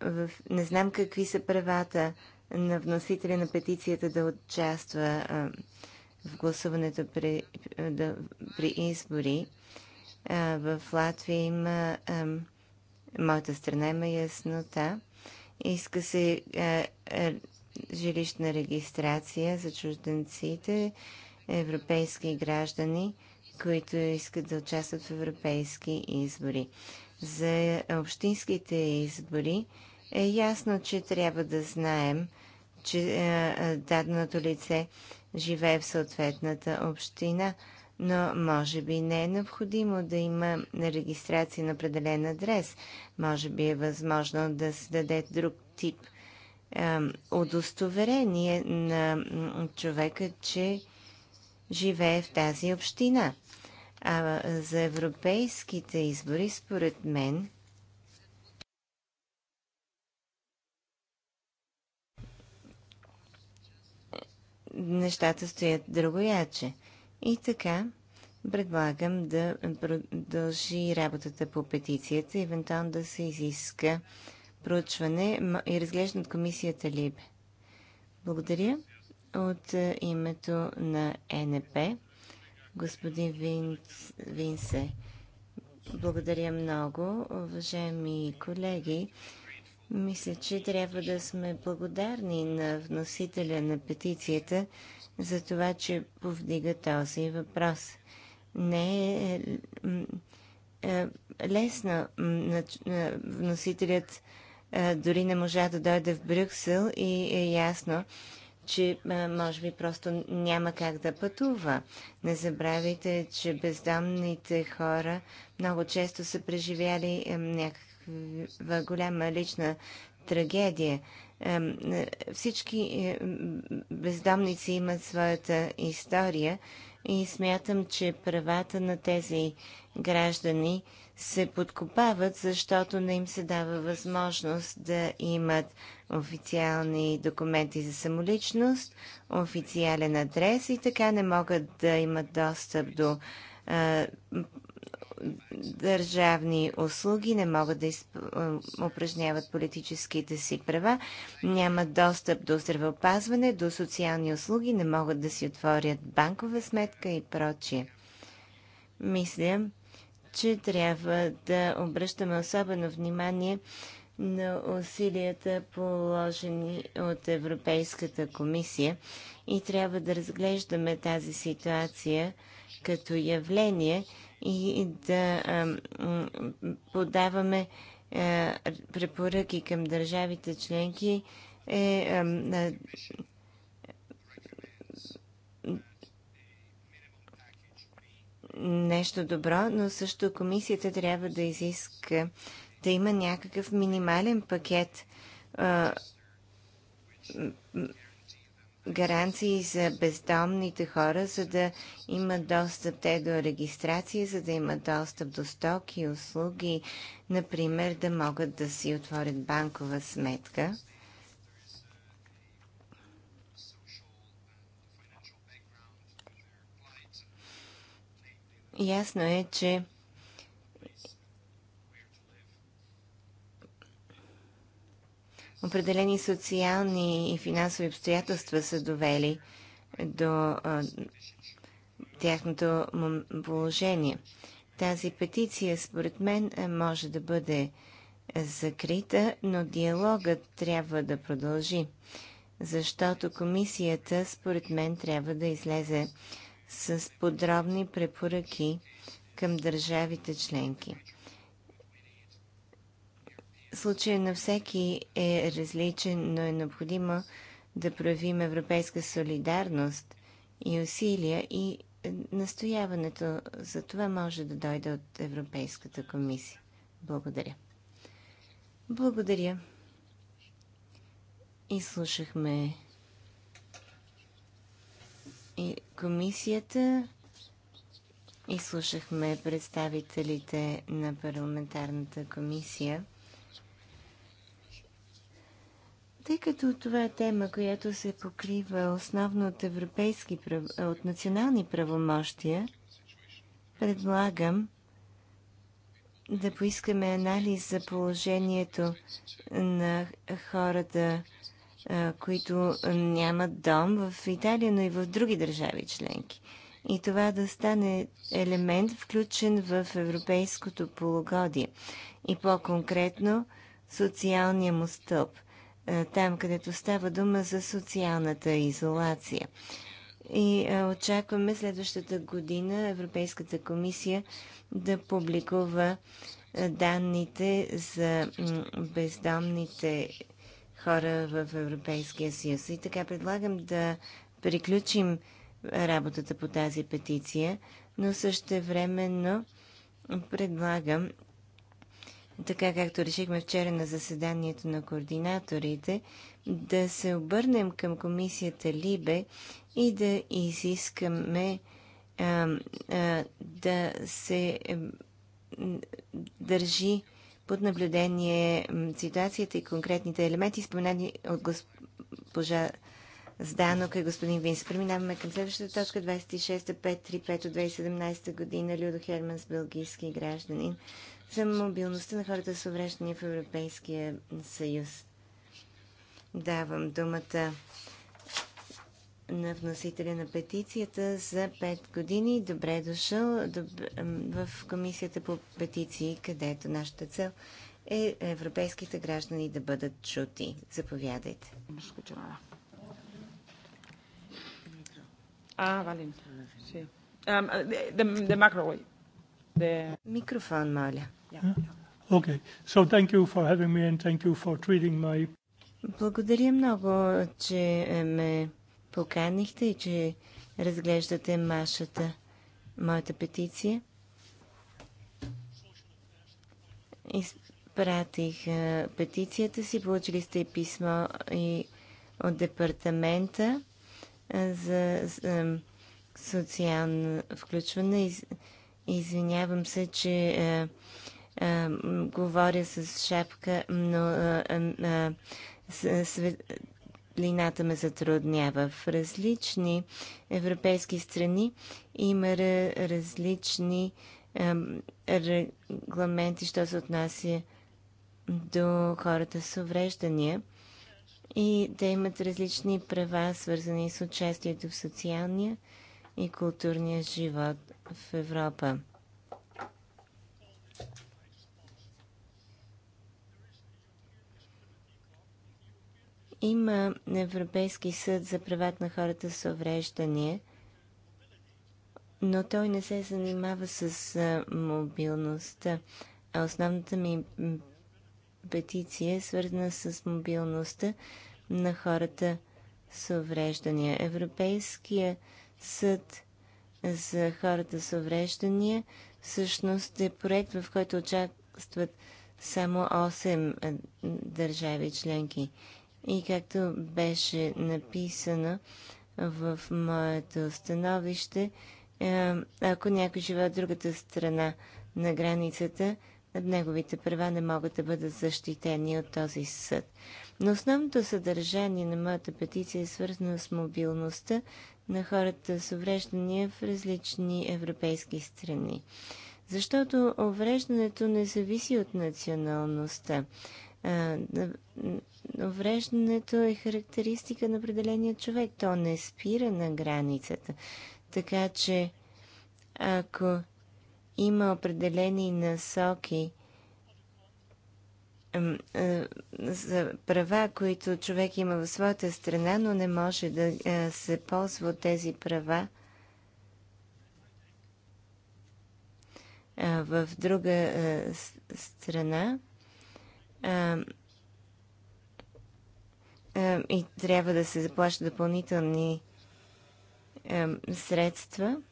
В, не знам какви са правата на вносителя на петицията да участва а, в гласуването при, да, при избори. А, в Латвия има, а, моята страна има яснота. Иска се а, жилищна регистрация за чужденците, европейски граждани, които искат да участват в европейски избори. За общинските избори е ясно, че трябва да знаем, че е, даденото лице живее в съответната община, но може би не е необходимо да има регистрация на определен адрес. Може би е възможно да се даде друг тип удостоверение на човека, че живее в тази община. А за европейските избори, според мен, нещата стоят другояче. И така, предлагам да продължи работата по петицията, евентуално да се изиска проучване и разглеждан от комисията Либе. Благодаря. От е, името на НП, господин Винс, Винсе. Благодаря много, уважаеми колеги. Мисля, че трябва да сме благодарни на вносителя на петицията за това, че повдига този въпрос. Не е, е лесно е, вносителят е, дори не можа да дойде в Брюксел и е ясно, че е, може би просто няма как да пътува. Не забравяйте, че бездомните хора много често са преживяли е, някаква голяма лична трагедия. Всички бездомници имат своята история и смятам, че правата на тези граждани се подкопават, защото не им се дава възможност да имат официални документи за самоличност, официален адрес и така не могат да имат достъп до държавни услуги, не могат да изп... упражняват политическите си права, нямат достъп до здравеопазване, до социални услуги, не могат да си отворят банкова сметка и прочие. Мисля, че трябва да обръщаме особено внимание на усилията положени от Европейската комисия и трябва да разглеждаме тази ситуация като явление, и да подаваме е, препоръки към държавите членки е нещо добро, но също комисията трябва да изиска да има някакъв минимален пакет гаранции за бездомните хора, за да имат достъп те до регистрация, за да имат достъп до стоки и услуги, например да могат да си отворят банкова сметка. Ясно е, че определени социални и финансови обстоятелства са довели до а, тяхното положение. Тази петиция, според мен, е, може да бъде закрита, но диалогът трябва да продължи, защото комисията, според мен, трябва да излезе с подробни препоръки към държавите членки. Случай на всеки е различен, но е необходимо да проявим европейска солидарност и усилия и е, настояването за това може да дойде от Европейската комисия. Благодаря. Благодаря. И слушахме и комисията, и слушахме представителите на парламентарната комисия. Тъй като това е тема, която се покрива основно от, европейски, от национални правомощия, предлагам да поискаме анализ за положението на хората, които нямат дом в Италия, но и в други държави членки. И това да стане елемент, включен в европейското полугодие. И по-конкретно социалния му стълб – е, там, където става дума за социалната изолация. И е, очакваме следващата година Европейската комисия да публикува е, данните за бездомните хора в Европейския съюз. И така предлагам да приключим работата по тази петиция, но също времено предлагам така както решихме вчера на заседанието на координаторите, да се обърнем към комисията Либе и да изискаме а, а, да се а, държи под наблюдение ситуацията и конкретните елементи, споменани от госпожа Зданок и господин Винс. Преминаваме към следващата точка 26.535 от 2017 година Людо Херманс, бългийски гражданин за мобилността на хората с увреждания в Европейския съюз. Давам думата на вносителя на петицията за 5 години. Добре дошъл доб... в Комисията по петиции, където нашата цел е европейските граждани да бъдат чути. Заповядайте. А, Валин. Да, макровей the... Микрофон, моля. Yeah. Okay. So thank you for having me and thank you for treating my... Благодаря много, че е, ме поканихте и че разглеждате машата, моята петиция. Изпратих е, петицията си, получили сте и писмо и от департамента е, за социално включване и Извинявам се, че а, е, а, е, говоря с шапка, но а, е, а, светлината ме затруднява. В различни европейски страни има различни а, регламенти, що се отнася до хората с увреждания и да имат различни права, свързани с участието в социалния и културния живот в Европа. Има Европейски съд за правата на хората с увреждания, но той не се занимава с мобилността. А основната ми петиция е свързана с мобилността на хората с увреждания. Европейския съд за хората с увреждания всъщност е проект, в който участват само 8 държави членки. И както беше написано в моето становище, е, ако някой живее от другата страна на границата, неговите права не могат да бъдат защитени от този съд. Но основното съдържание на моята петиция е свързано с мобилността на хората с увреждания в различни европейски страни. Защото увреждането не зависи от националността. Увреждането е характеристика на определения човек. То не спира на границата. Така че, ако има определени насоки е, за права, които човек има в своята страна, но не може да е, се ползва от тези права е, в друга страна. И трябва да се заплащат допълнителни средства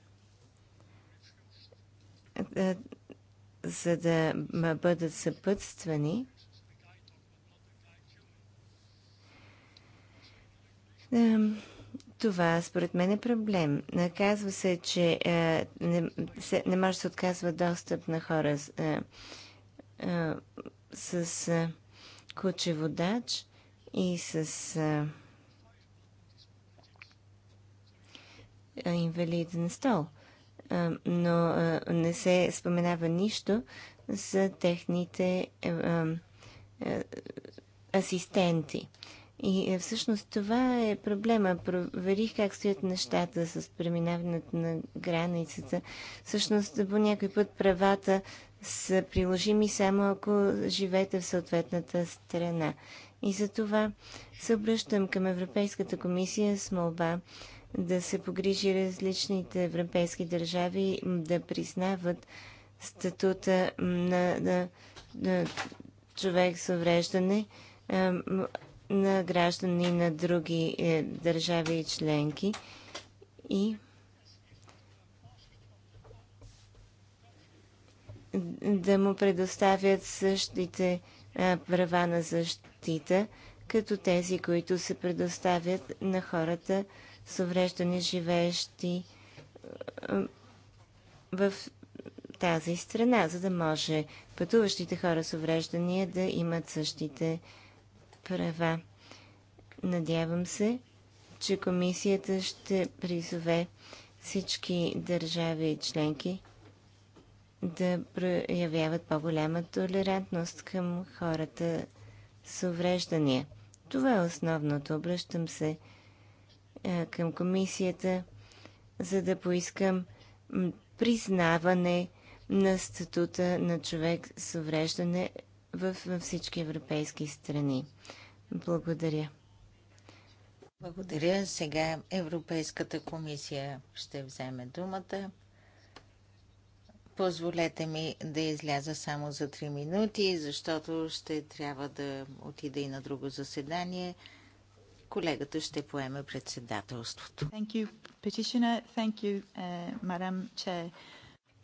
за да бъдат съпътствани Това според мен е проблем. Казва се, че е, не, може да се отказва достъп на хора с, е, е, с кучеводач и с инвалиден стол. но не се споменава нищо за техните асистенти. И е, всъщност това е проблема. Проверих как стоят нещата с преминаването на границата. Всъщност по някой път правата са приложими само ако живеете в съответната страна. И за това се обръщам към Европейската комисия с молба да се погрижи различните европейски държави да признават статута на, на, на човек с увреждане на граждани на други е, държави и членки и да му предоставят същите е, права на защита, като тези, които се предоставят на хората с увреждане, живеещи е, в тази страна, за да може пътуващите хора с увреждания да имат същите права права. Надявам се, че комисията ще призове всички държави и членки да проявяват по-голяма толерантност към хората с увреждания. Това е основното. Обръщам се е, към комисията, за да поискам признаване на статута на човек с увреждане във всички европейски страни. Благодаря. Благодаря. Сега Европейската комисия ще вземе думата. Позволете ми да изляза само за 3 минути, защото ще трябва да отида и на друго заседание. Колегата ще поеме председателството. Thank you, Petitioner. Thank you, uh, Madam Chair.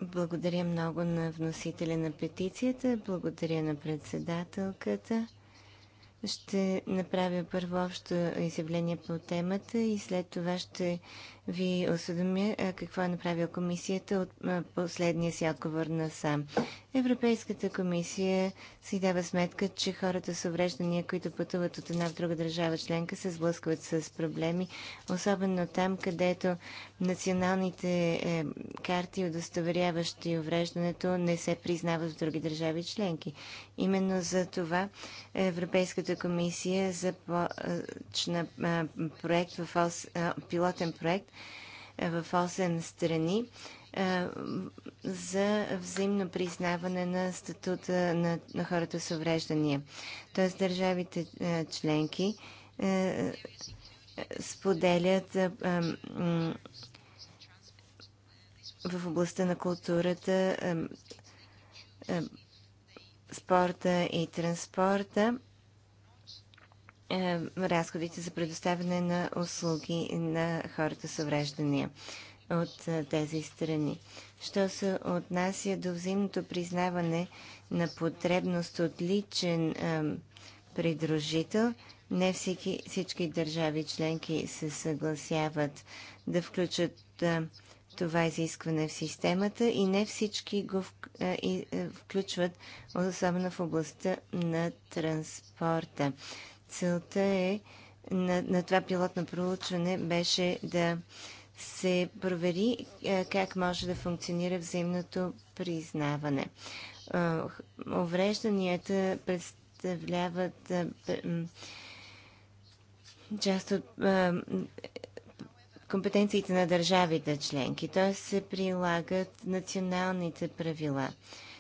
Благодаря много на вносителя на петицията, благодаря на председателката. Ще направя първо общо изявление по темата и след това ще ви осъдомя какво е направила комисията от последния си отговор на сам. Европейската комисия си дава сметка, че хората с увреждания, които пътуват от една в друга държава членка, се сблъскват с проблеми, особено там, където националните е, карти, удостоверяващи увреждането, не се признават в други държави членки. Именно за това Европейската комисия започна проект в ОС, пилотен проект е, в 8 страни е, за взаимно признаване на статута на, на хората с увреждания. Тоест държавите е, членки споделят в областта на културата, спорта и транспорта е, разходите за предоставяне на услуги на хората с увреждания от е, тези страни. Що се отнася до взаимното признаване на потребност от личен е, придружител, не всички, всички държави членки се съгласяват да включат това изискване в системата и не всички го включват, особено в областта на транспорта целта е на, на това пилотно проучване беше да се провери как може да функционира взаимното признаване. Уврежданията представляват част от компетенциите на държавите членки, т.е. се прилагат националните правила.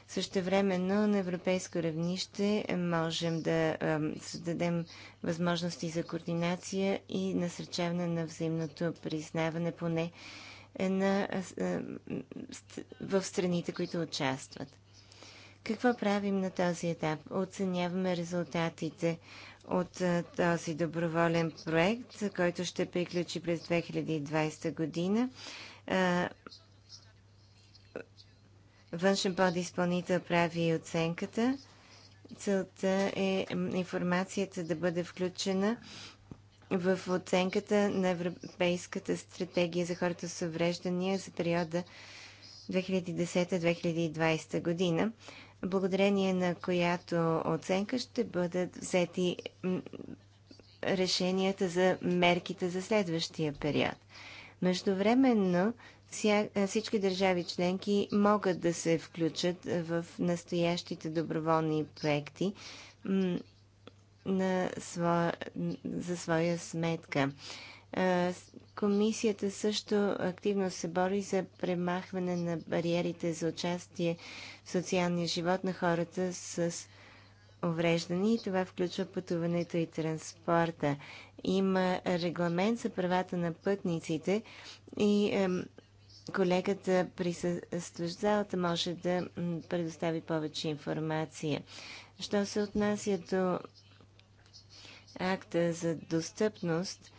Същевременно на европейско равнище можем да създадем възможности за координация и насърчаване на взаимното признаване поне е, на, в страните, които участват. Какво правим на този етап? Оценяваме резултатите от този доброволен проект, който ще приключи през 2020 година външен подиспълнител прави оценката. Целта е информацията да бъде включена в оценката на Европейската стратегия за хората с увреждания за периода 2010-2020 година, благодарение на която оценка ще бъдат взети решенията за мерките за следващия период. Междувременно е, всички държави членки могат да се включат е, в настоящите доброволни проекти на своя, за своя сметка. Е, комисията също активно се бори за премахване на бариерите за участие в социалния живот на хората с увреждани и това включва пътуването и транспорта. Има регламент за правата на пътниците и колегата присъстващ залата може да предостави повече информация. Що се отнася до акта за достъпност,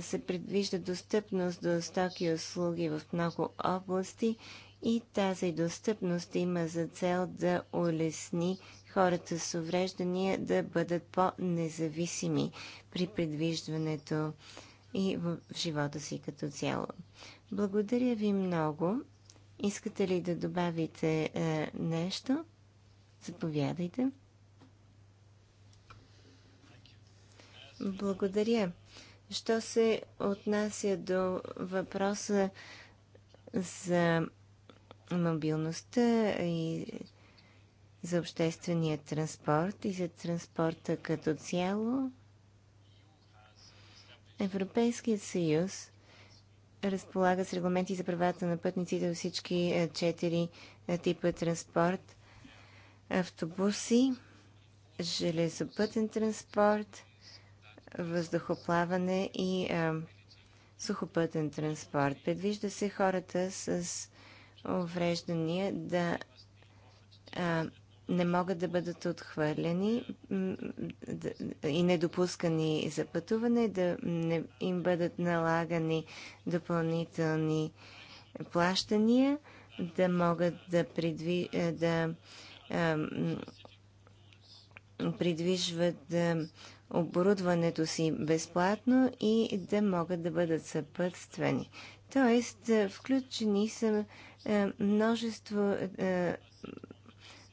се предвижда достъпност до стоки и услуги в много области и тази достъпност има за цел да улесни хората с увреждания да бъдат по-независими при предвиждането и в живота си като цяло. Благодаря ви много. Искате ли да добавите е, нещо? Заповядайте. Благодаря. Що се отнася до въпроса за мобилността и за обществения транспорт и за транспорта като цяло, Европейският съюз разполага с регламенти за правата на пътниците до всички е, четири е, типа транспорт. Автобуси, железопътен транспорт, въздухоплаване и а, е, сухопътен транспорт. Предвижда се хората с увреждания да а, не могат да бъдат отхвърляни и недопускани за пътуване, да не им бъдат налагани допълнителни плащания, да могат да, придви, е, да а, придвижват да е, оборудването си безплатно и да могат да бъдат съпътствани. Тоест, е, включени са а, множество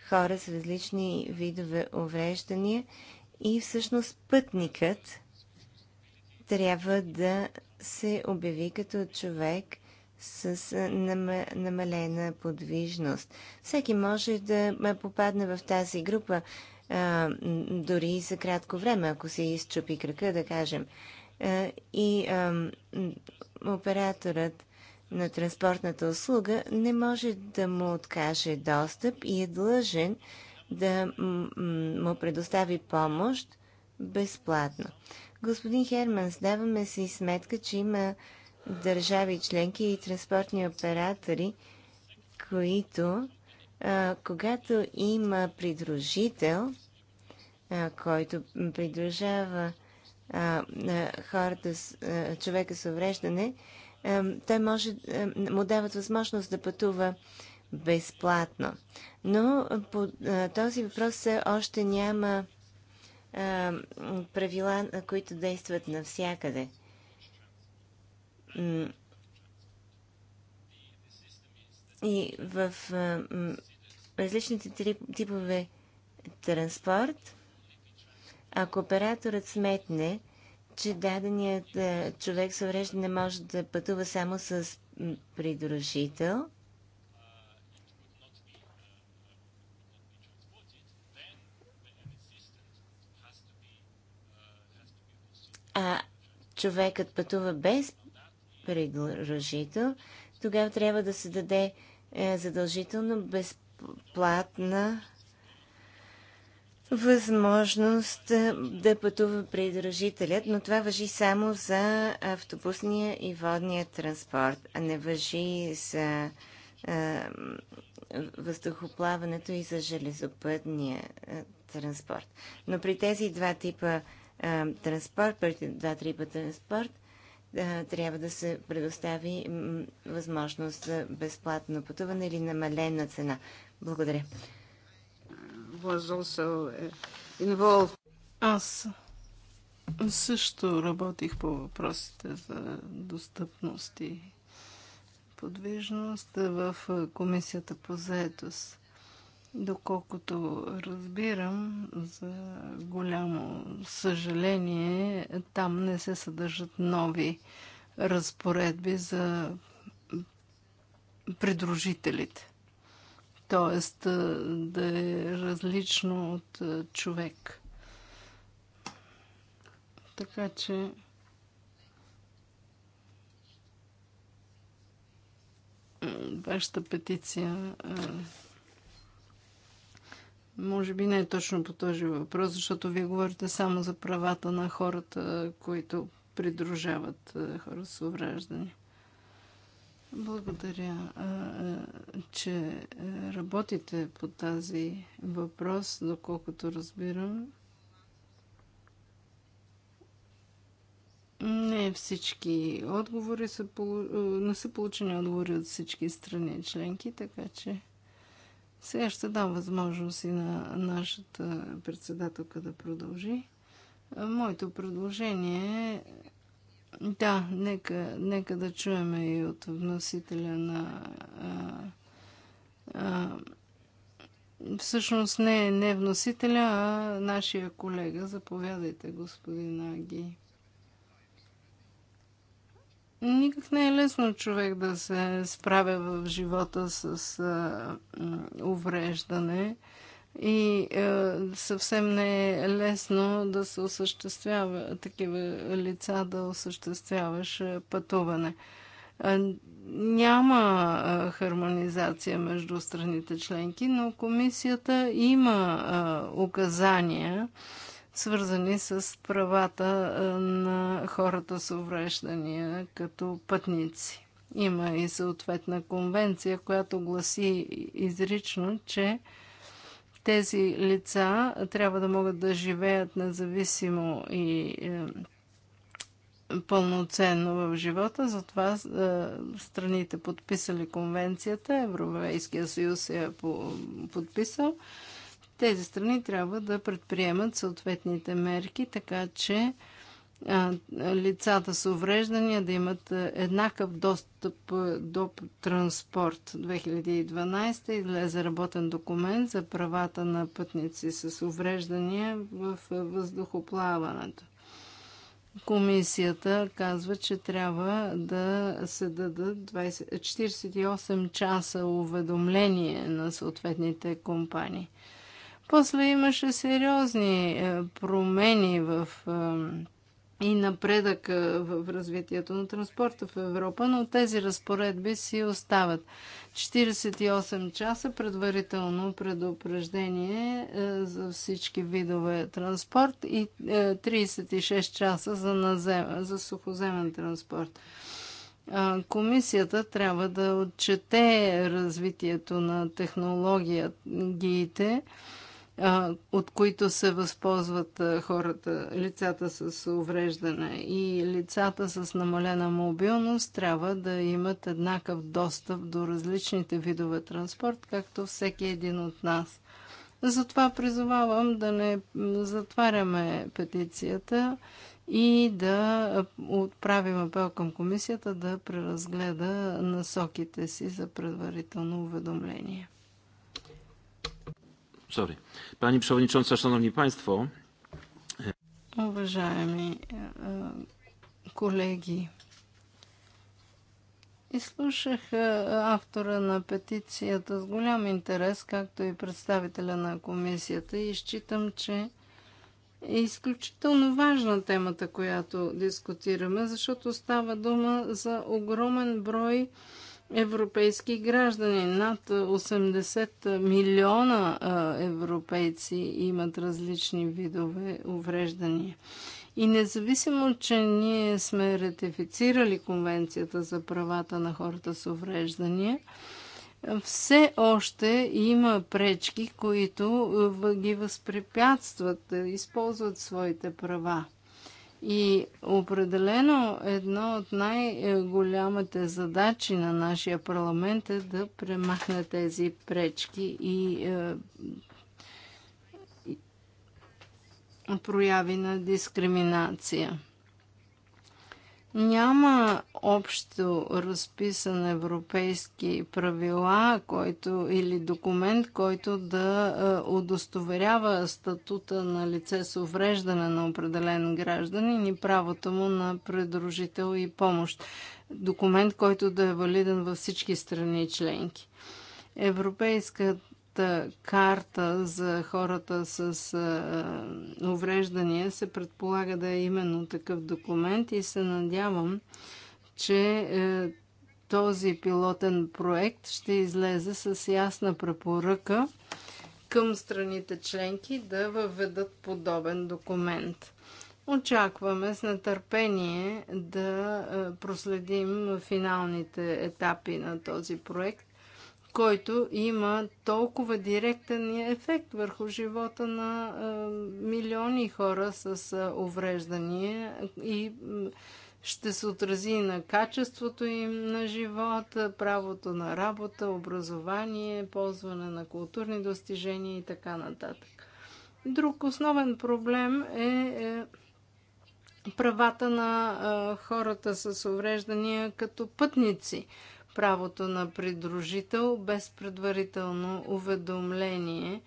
хора с различни видове увреждания и всъщност пътникът трябва да се обяви като човек с намалена подвижност. Всеки може да попадне в тази група дори за кратко време, ако се изчупи крака, да кажем. И операторът на транспортната услуга, не може да му откаже достъп и е длъжен да му предостави помощ безплатно. Господин Херманс, даваме си сметка, че има държави членки и транспортни оператори, които, а, когато има придружител, а, който придружава а, хората, с, човека с увреждане, той може, му дават възможност да пътува безплатно. Но е, по е, този въпрос още няма е, правила, които действат навсякъде. И в различните типове транспорт, ако операторът сметне, че даденият е, човек с увреждане може да пътува само с придружител, а човекът пътува без придружител, тогава трябва да се даде е, задължително безплатна възможност да пътува придружителят, но това въжи само за автобусния и водния транспорт, а не въжи за а, въздухоплаването и за железопътния а, транспорт. Но при тези два типа а, транспорт, при два типа транспорт, трябва да се предостави възможност за безплатно пътуване или намалена цена. Благодаря was also uh, involved. Аз също работих по въпросите за достъпност и подвижност в Комисията по заетост. Доколкото разбирам, за голямо съжаление, там не се съдържат нови разпоредби за придружителите т.е. да е различно от човек. Така че вашата петиция може би не е точно по този въпрос, защото вие говорите само за правата на хората, които придружават хора с увреждания. Благодаря, че работите по тази въпрос, доколкото разбирам. Не всички отговори са, не са получени отговори от всички страни членки, така че сега ще дам възможност и на нашата председателка да продължи. Моето предложение е да, нека, нека да чуем и от вносителя на. А, а, всъщност не, не вносителя, а нашия колега. Заповядайте, господин Аги. Никак не е лесно човек да се справя в живота с а, увреждане. А, и е, съвсем не е лесно да се осъществява такива лица, да осъществяваш е, пътуване. Няма е, хармонизация между страните членки, но комисията има е, указания, свързани с правата на хората с увреждания като пътници. Има и съответна конвенция, която гласи изрично, че тези лица трябва да могат да живеят независимо и е, пълноценно в живота. Затова е, страните подписали конвенцията, Европейския съюз я е подписал. Тези страни трябва да предприемат съответните мерки, така че лицата с увреждания да имат еднакъв достъп до транспорт. 2012 излезе работен документ за правата на пътници с увреждания в въздухоплаването. Комисията казва, че трябва да се дадат 20, 48 часа уведомление на съответните компании. После имаше сериозни промени в и напредък в развитието на транспорта в Европа, но тези разпоредби си остават. 48 часа предварително предупреждение е, за всички видове транспорт и 36 е, часа за, назем, за сухоземен транспорт. Комисията трябва да отчете развитието на технологиите, от които се възползват хората, лицата с увреждане и лицата с намалена мобилност, трябва да имат еднакъв достъп до различните видове транспорт, както всеки един от нас. Затова призовавам да не затваряме петицията и да отправим апел към комисията да преразгледа насоките си за предварително уведомление. Sorry. Pani przewodnicząca, szanowni państwo. Уважаеми е, е, колеги, изслушах е, автора на петицията с голям интерес, както и представителя на комисията и считам, че е изключително важна темата, която дискутираме, защото става дума за огромен брой европейски граждани. Над 80 милиона европейци имат различни видове увреждания. И независимо, че ние сме ратифицирали Конвенцията за правата на хората с увреждания, все още има пречки, които ги възпрепятстват да използват своите права. И определено едно от най-голямите задачи на нашия парламент е да премахне тези пречки и, е, и прояви на дискриминация. Няма общо разписан европейски правила който, или документ, който да е, удостоверява статута на лице с увреждане на определен гражданин и правото му на предружител и помощ. Документ, който да е валиден във всички страни членки. Европейската пътната карта за хората с увреждания се предполага да е именно такъв документ и се надявам, че е, този пилотен проект ще излезе с ясна препоръка към страните членки да въведат подобен документ. Очакваме с нетърпение да е, проследим финалните етапи на този проект който има толкова директен ефект върху живота на милиони хора с увреждания и ще се отрази и на качеството им на живота, правото на работа, образование, ползване на културни достижения и така нататък. Друг основен проблем е, е правата на хората с увреждания като пътници правото на придружител без предварително уведомление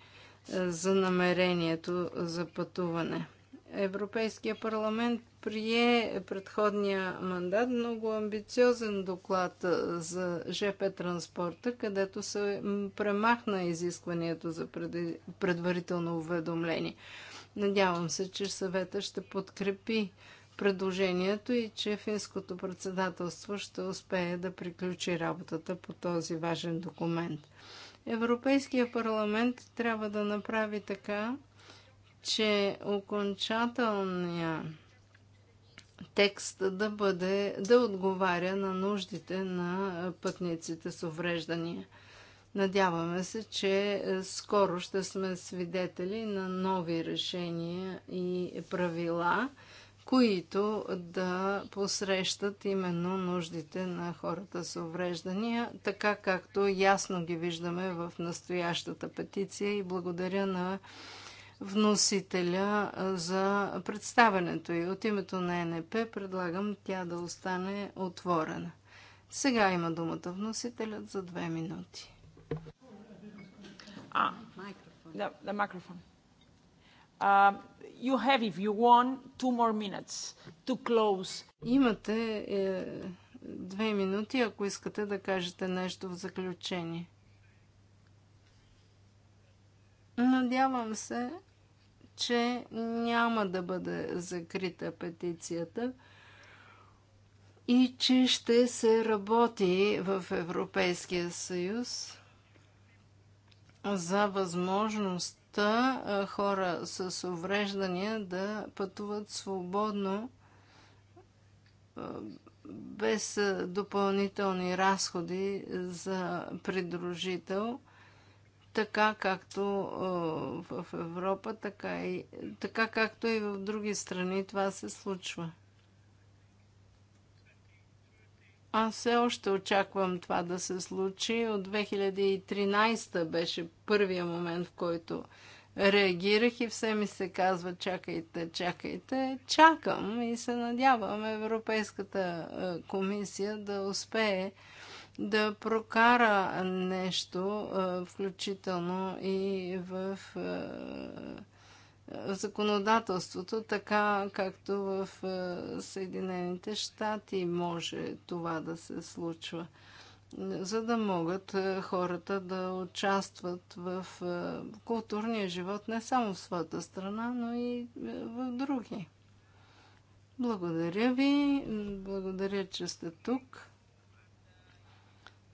е, за намерението за пътуване. Европейския парламент прие предходния мандат много амбициозен доклад е, за ЖП транспорта, където се премахна изискването за предварително уведомление. Надявам се, че съвета ще подкрепи предложението и че финското председателство ще успее да приключи работата по този важен документ. Европейския парламент трябва да направи така, че окончателният текст да, бъде, да отговаря на нуждите на пътниците с увреждания. Надяваме се, че скоро ще сме свидетели на нови решения и правила – които да посрещат именно нуждите на хората с увреждания, така както ясно ги виждаме в настоящата петиция и благодаря на вносителя за представенето и от името на НП предлагам тя да остане отворена. Сега има думата вносителят за две минути. А, да, да, микрофон. You have, if you want, two more minutes to close. Имате е, две минути, ако искате да кажете нещо в заключение. Надявам се, че няма да бъде закрита петицията и че ще се работи в Европейския съюз за възможност възможността хора с увреждания да пътуват свободно без допълнителни разходи за придружител, така както в Европа, така, и, така както и в други страни това се случва. Аз все още очаквам това да се случи. От 2013 беше първия момент, в който реагирах и все ми се казва чакайте, чакайте. Чакам и се надявам Европейската е, комисия да успее да прокара нещо, е, включително и в е, законодателството, така както в е, Съединените щати може това да се случва, за да могат е, хората да участват в е, културния живот не само в своята страна, но и в други. Благодаря ви, благодаря, че сте тук.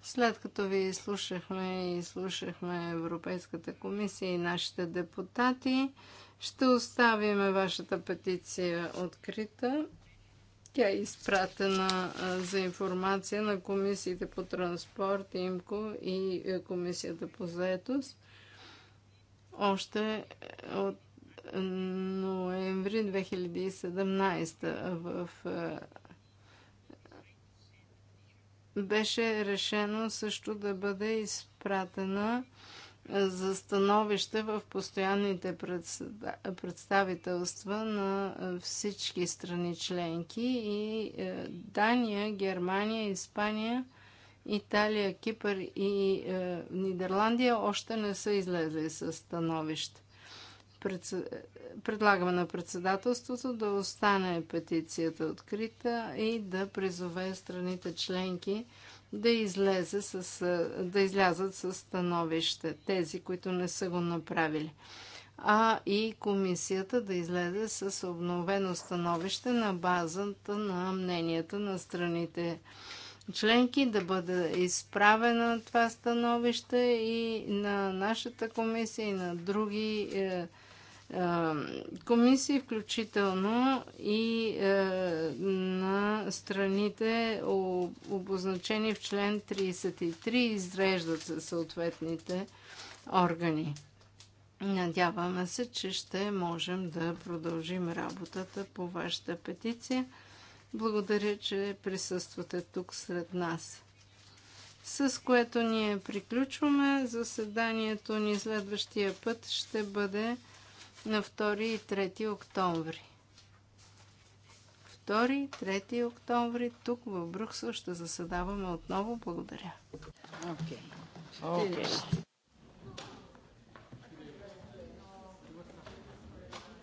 След като ви слушахме и слушахме Европейската комисия и нашите депутати, ще оставим вашата петиция открита. Тя е изпратена за информация на комисиите по транспорт, ИМКО и е, комисията по заетост. Още е, от ноември 2017 в е, беше решено също да бъде изпратена за становище в постоянните представителства на всички страни членки и е, Дания, Германия, Испания, Италия, Кипър и е, Нидерландия още не са излезли с становище. Предлагаме на председателството да остане петицията открита и да призове страните членки – да, излезе с, да излязат с становище тези, които не са го направили. А и комисията да излезе с обновено становище на базата на мненията на страните членки, да бъде изправено това становище и на нашата комисия, и на други е, комисии, включително и на страните, обозначени в член 33, изреждат се съответните органи. Надяваме се, че ще можем да продължим работата по вашата петиция. Благодаря, че присъствате тук сред нас. С което ние приключваме заседанието ни следващия път ще бъде на 2 и 3 октомври. 2 и 3 октомври тук в Брюксел ще заседаваме отново. Благодаря. Okay. Okay.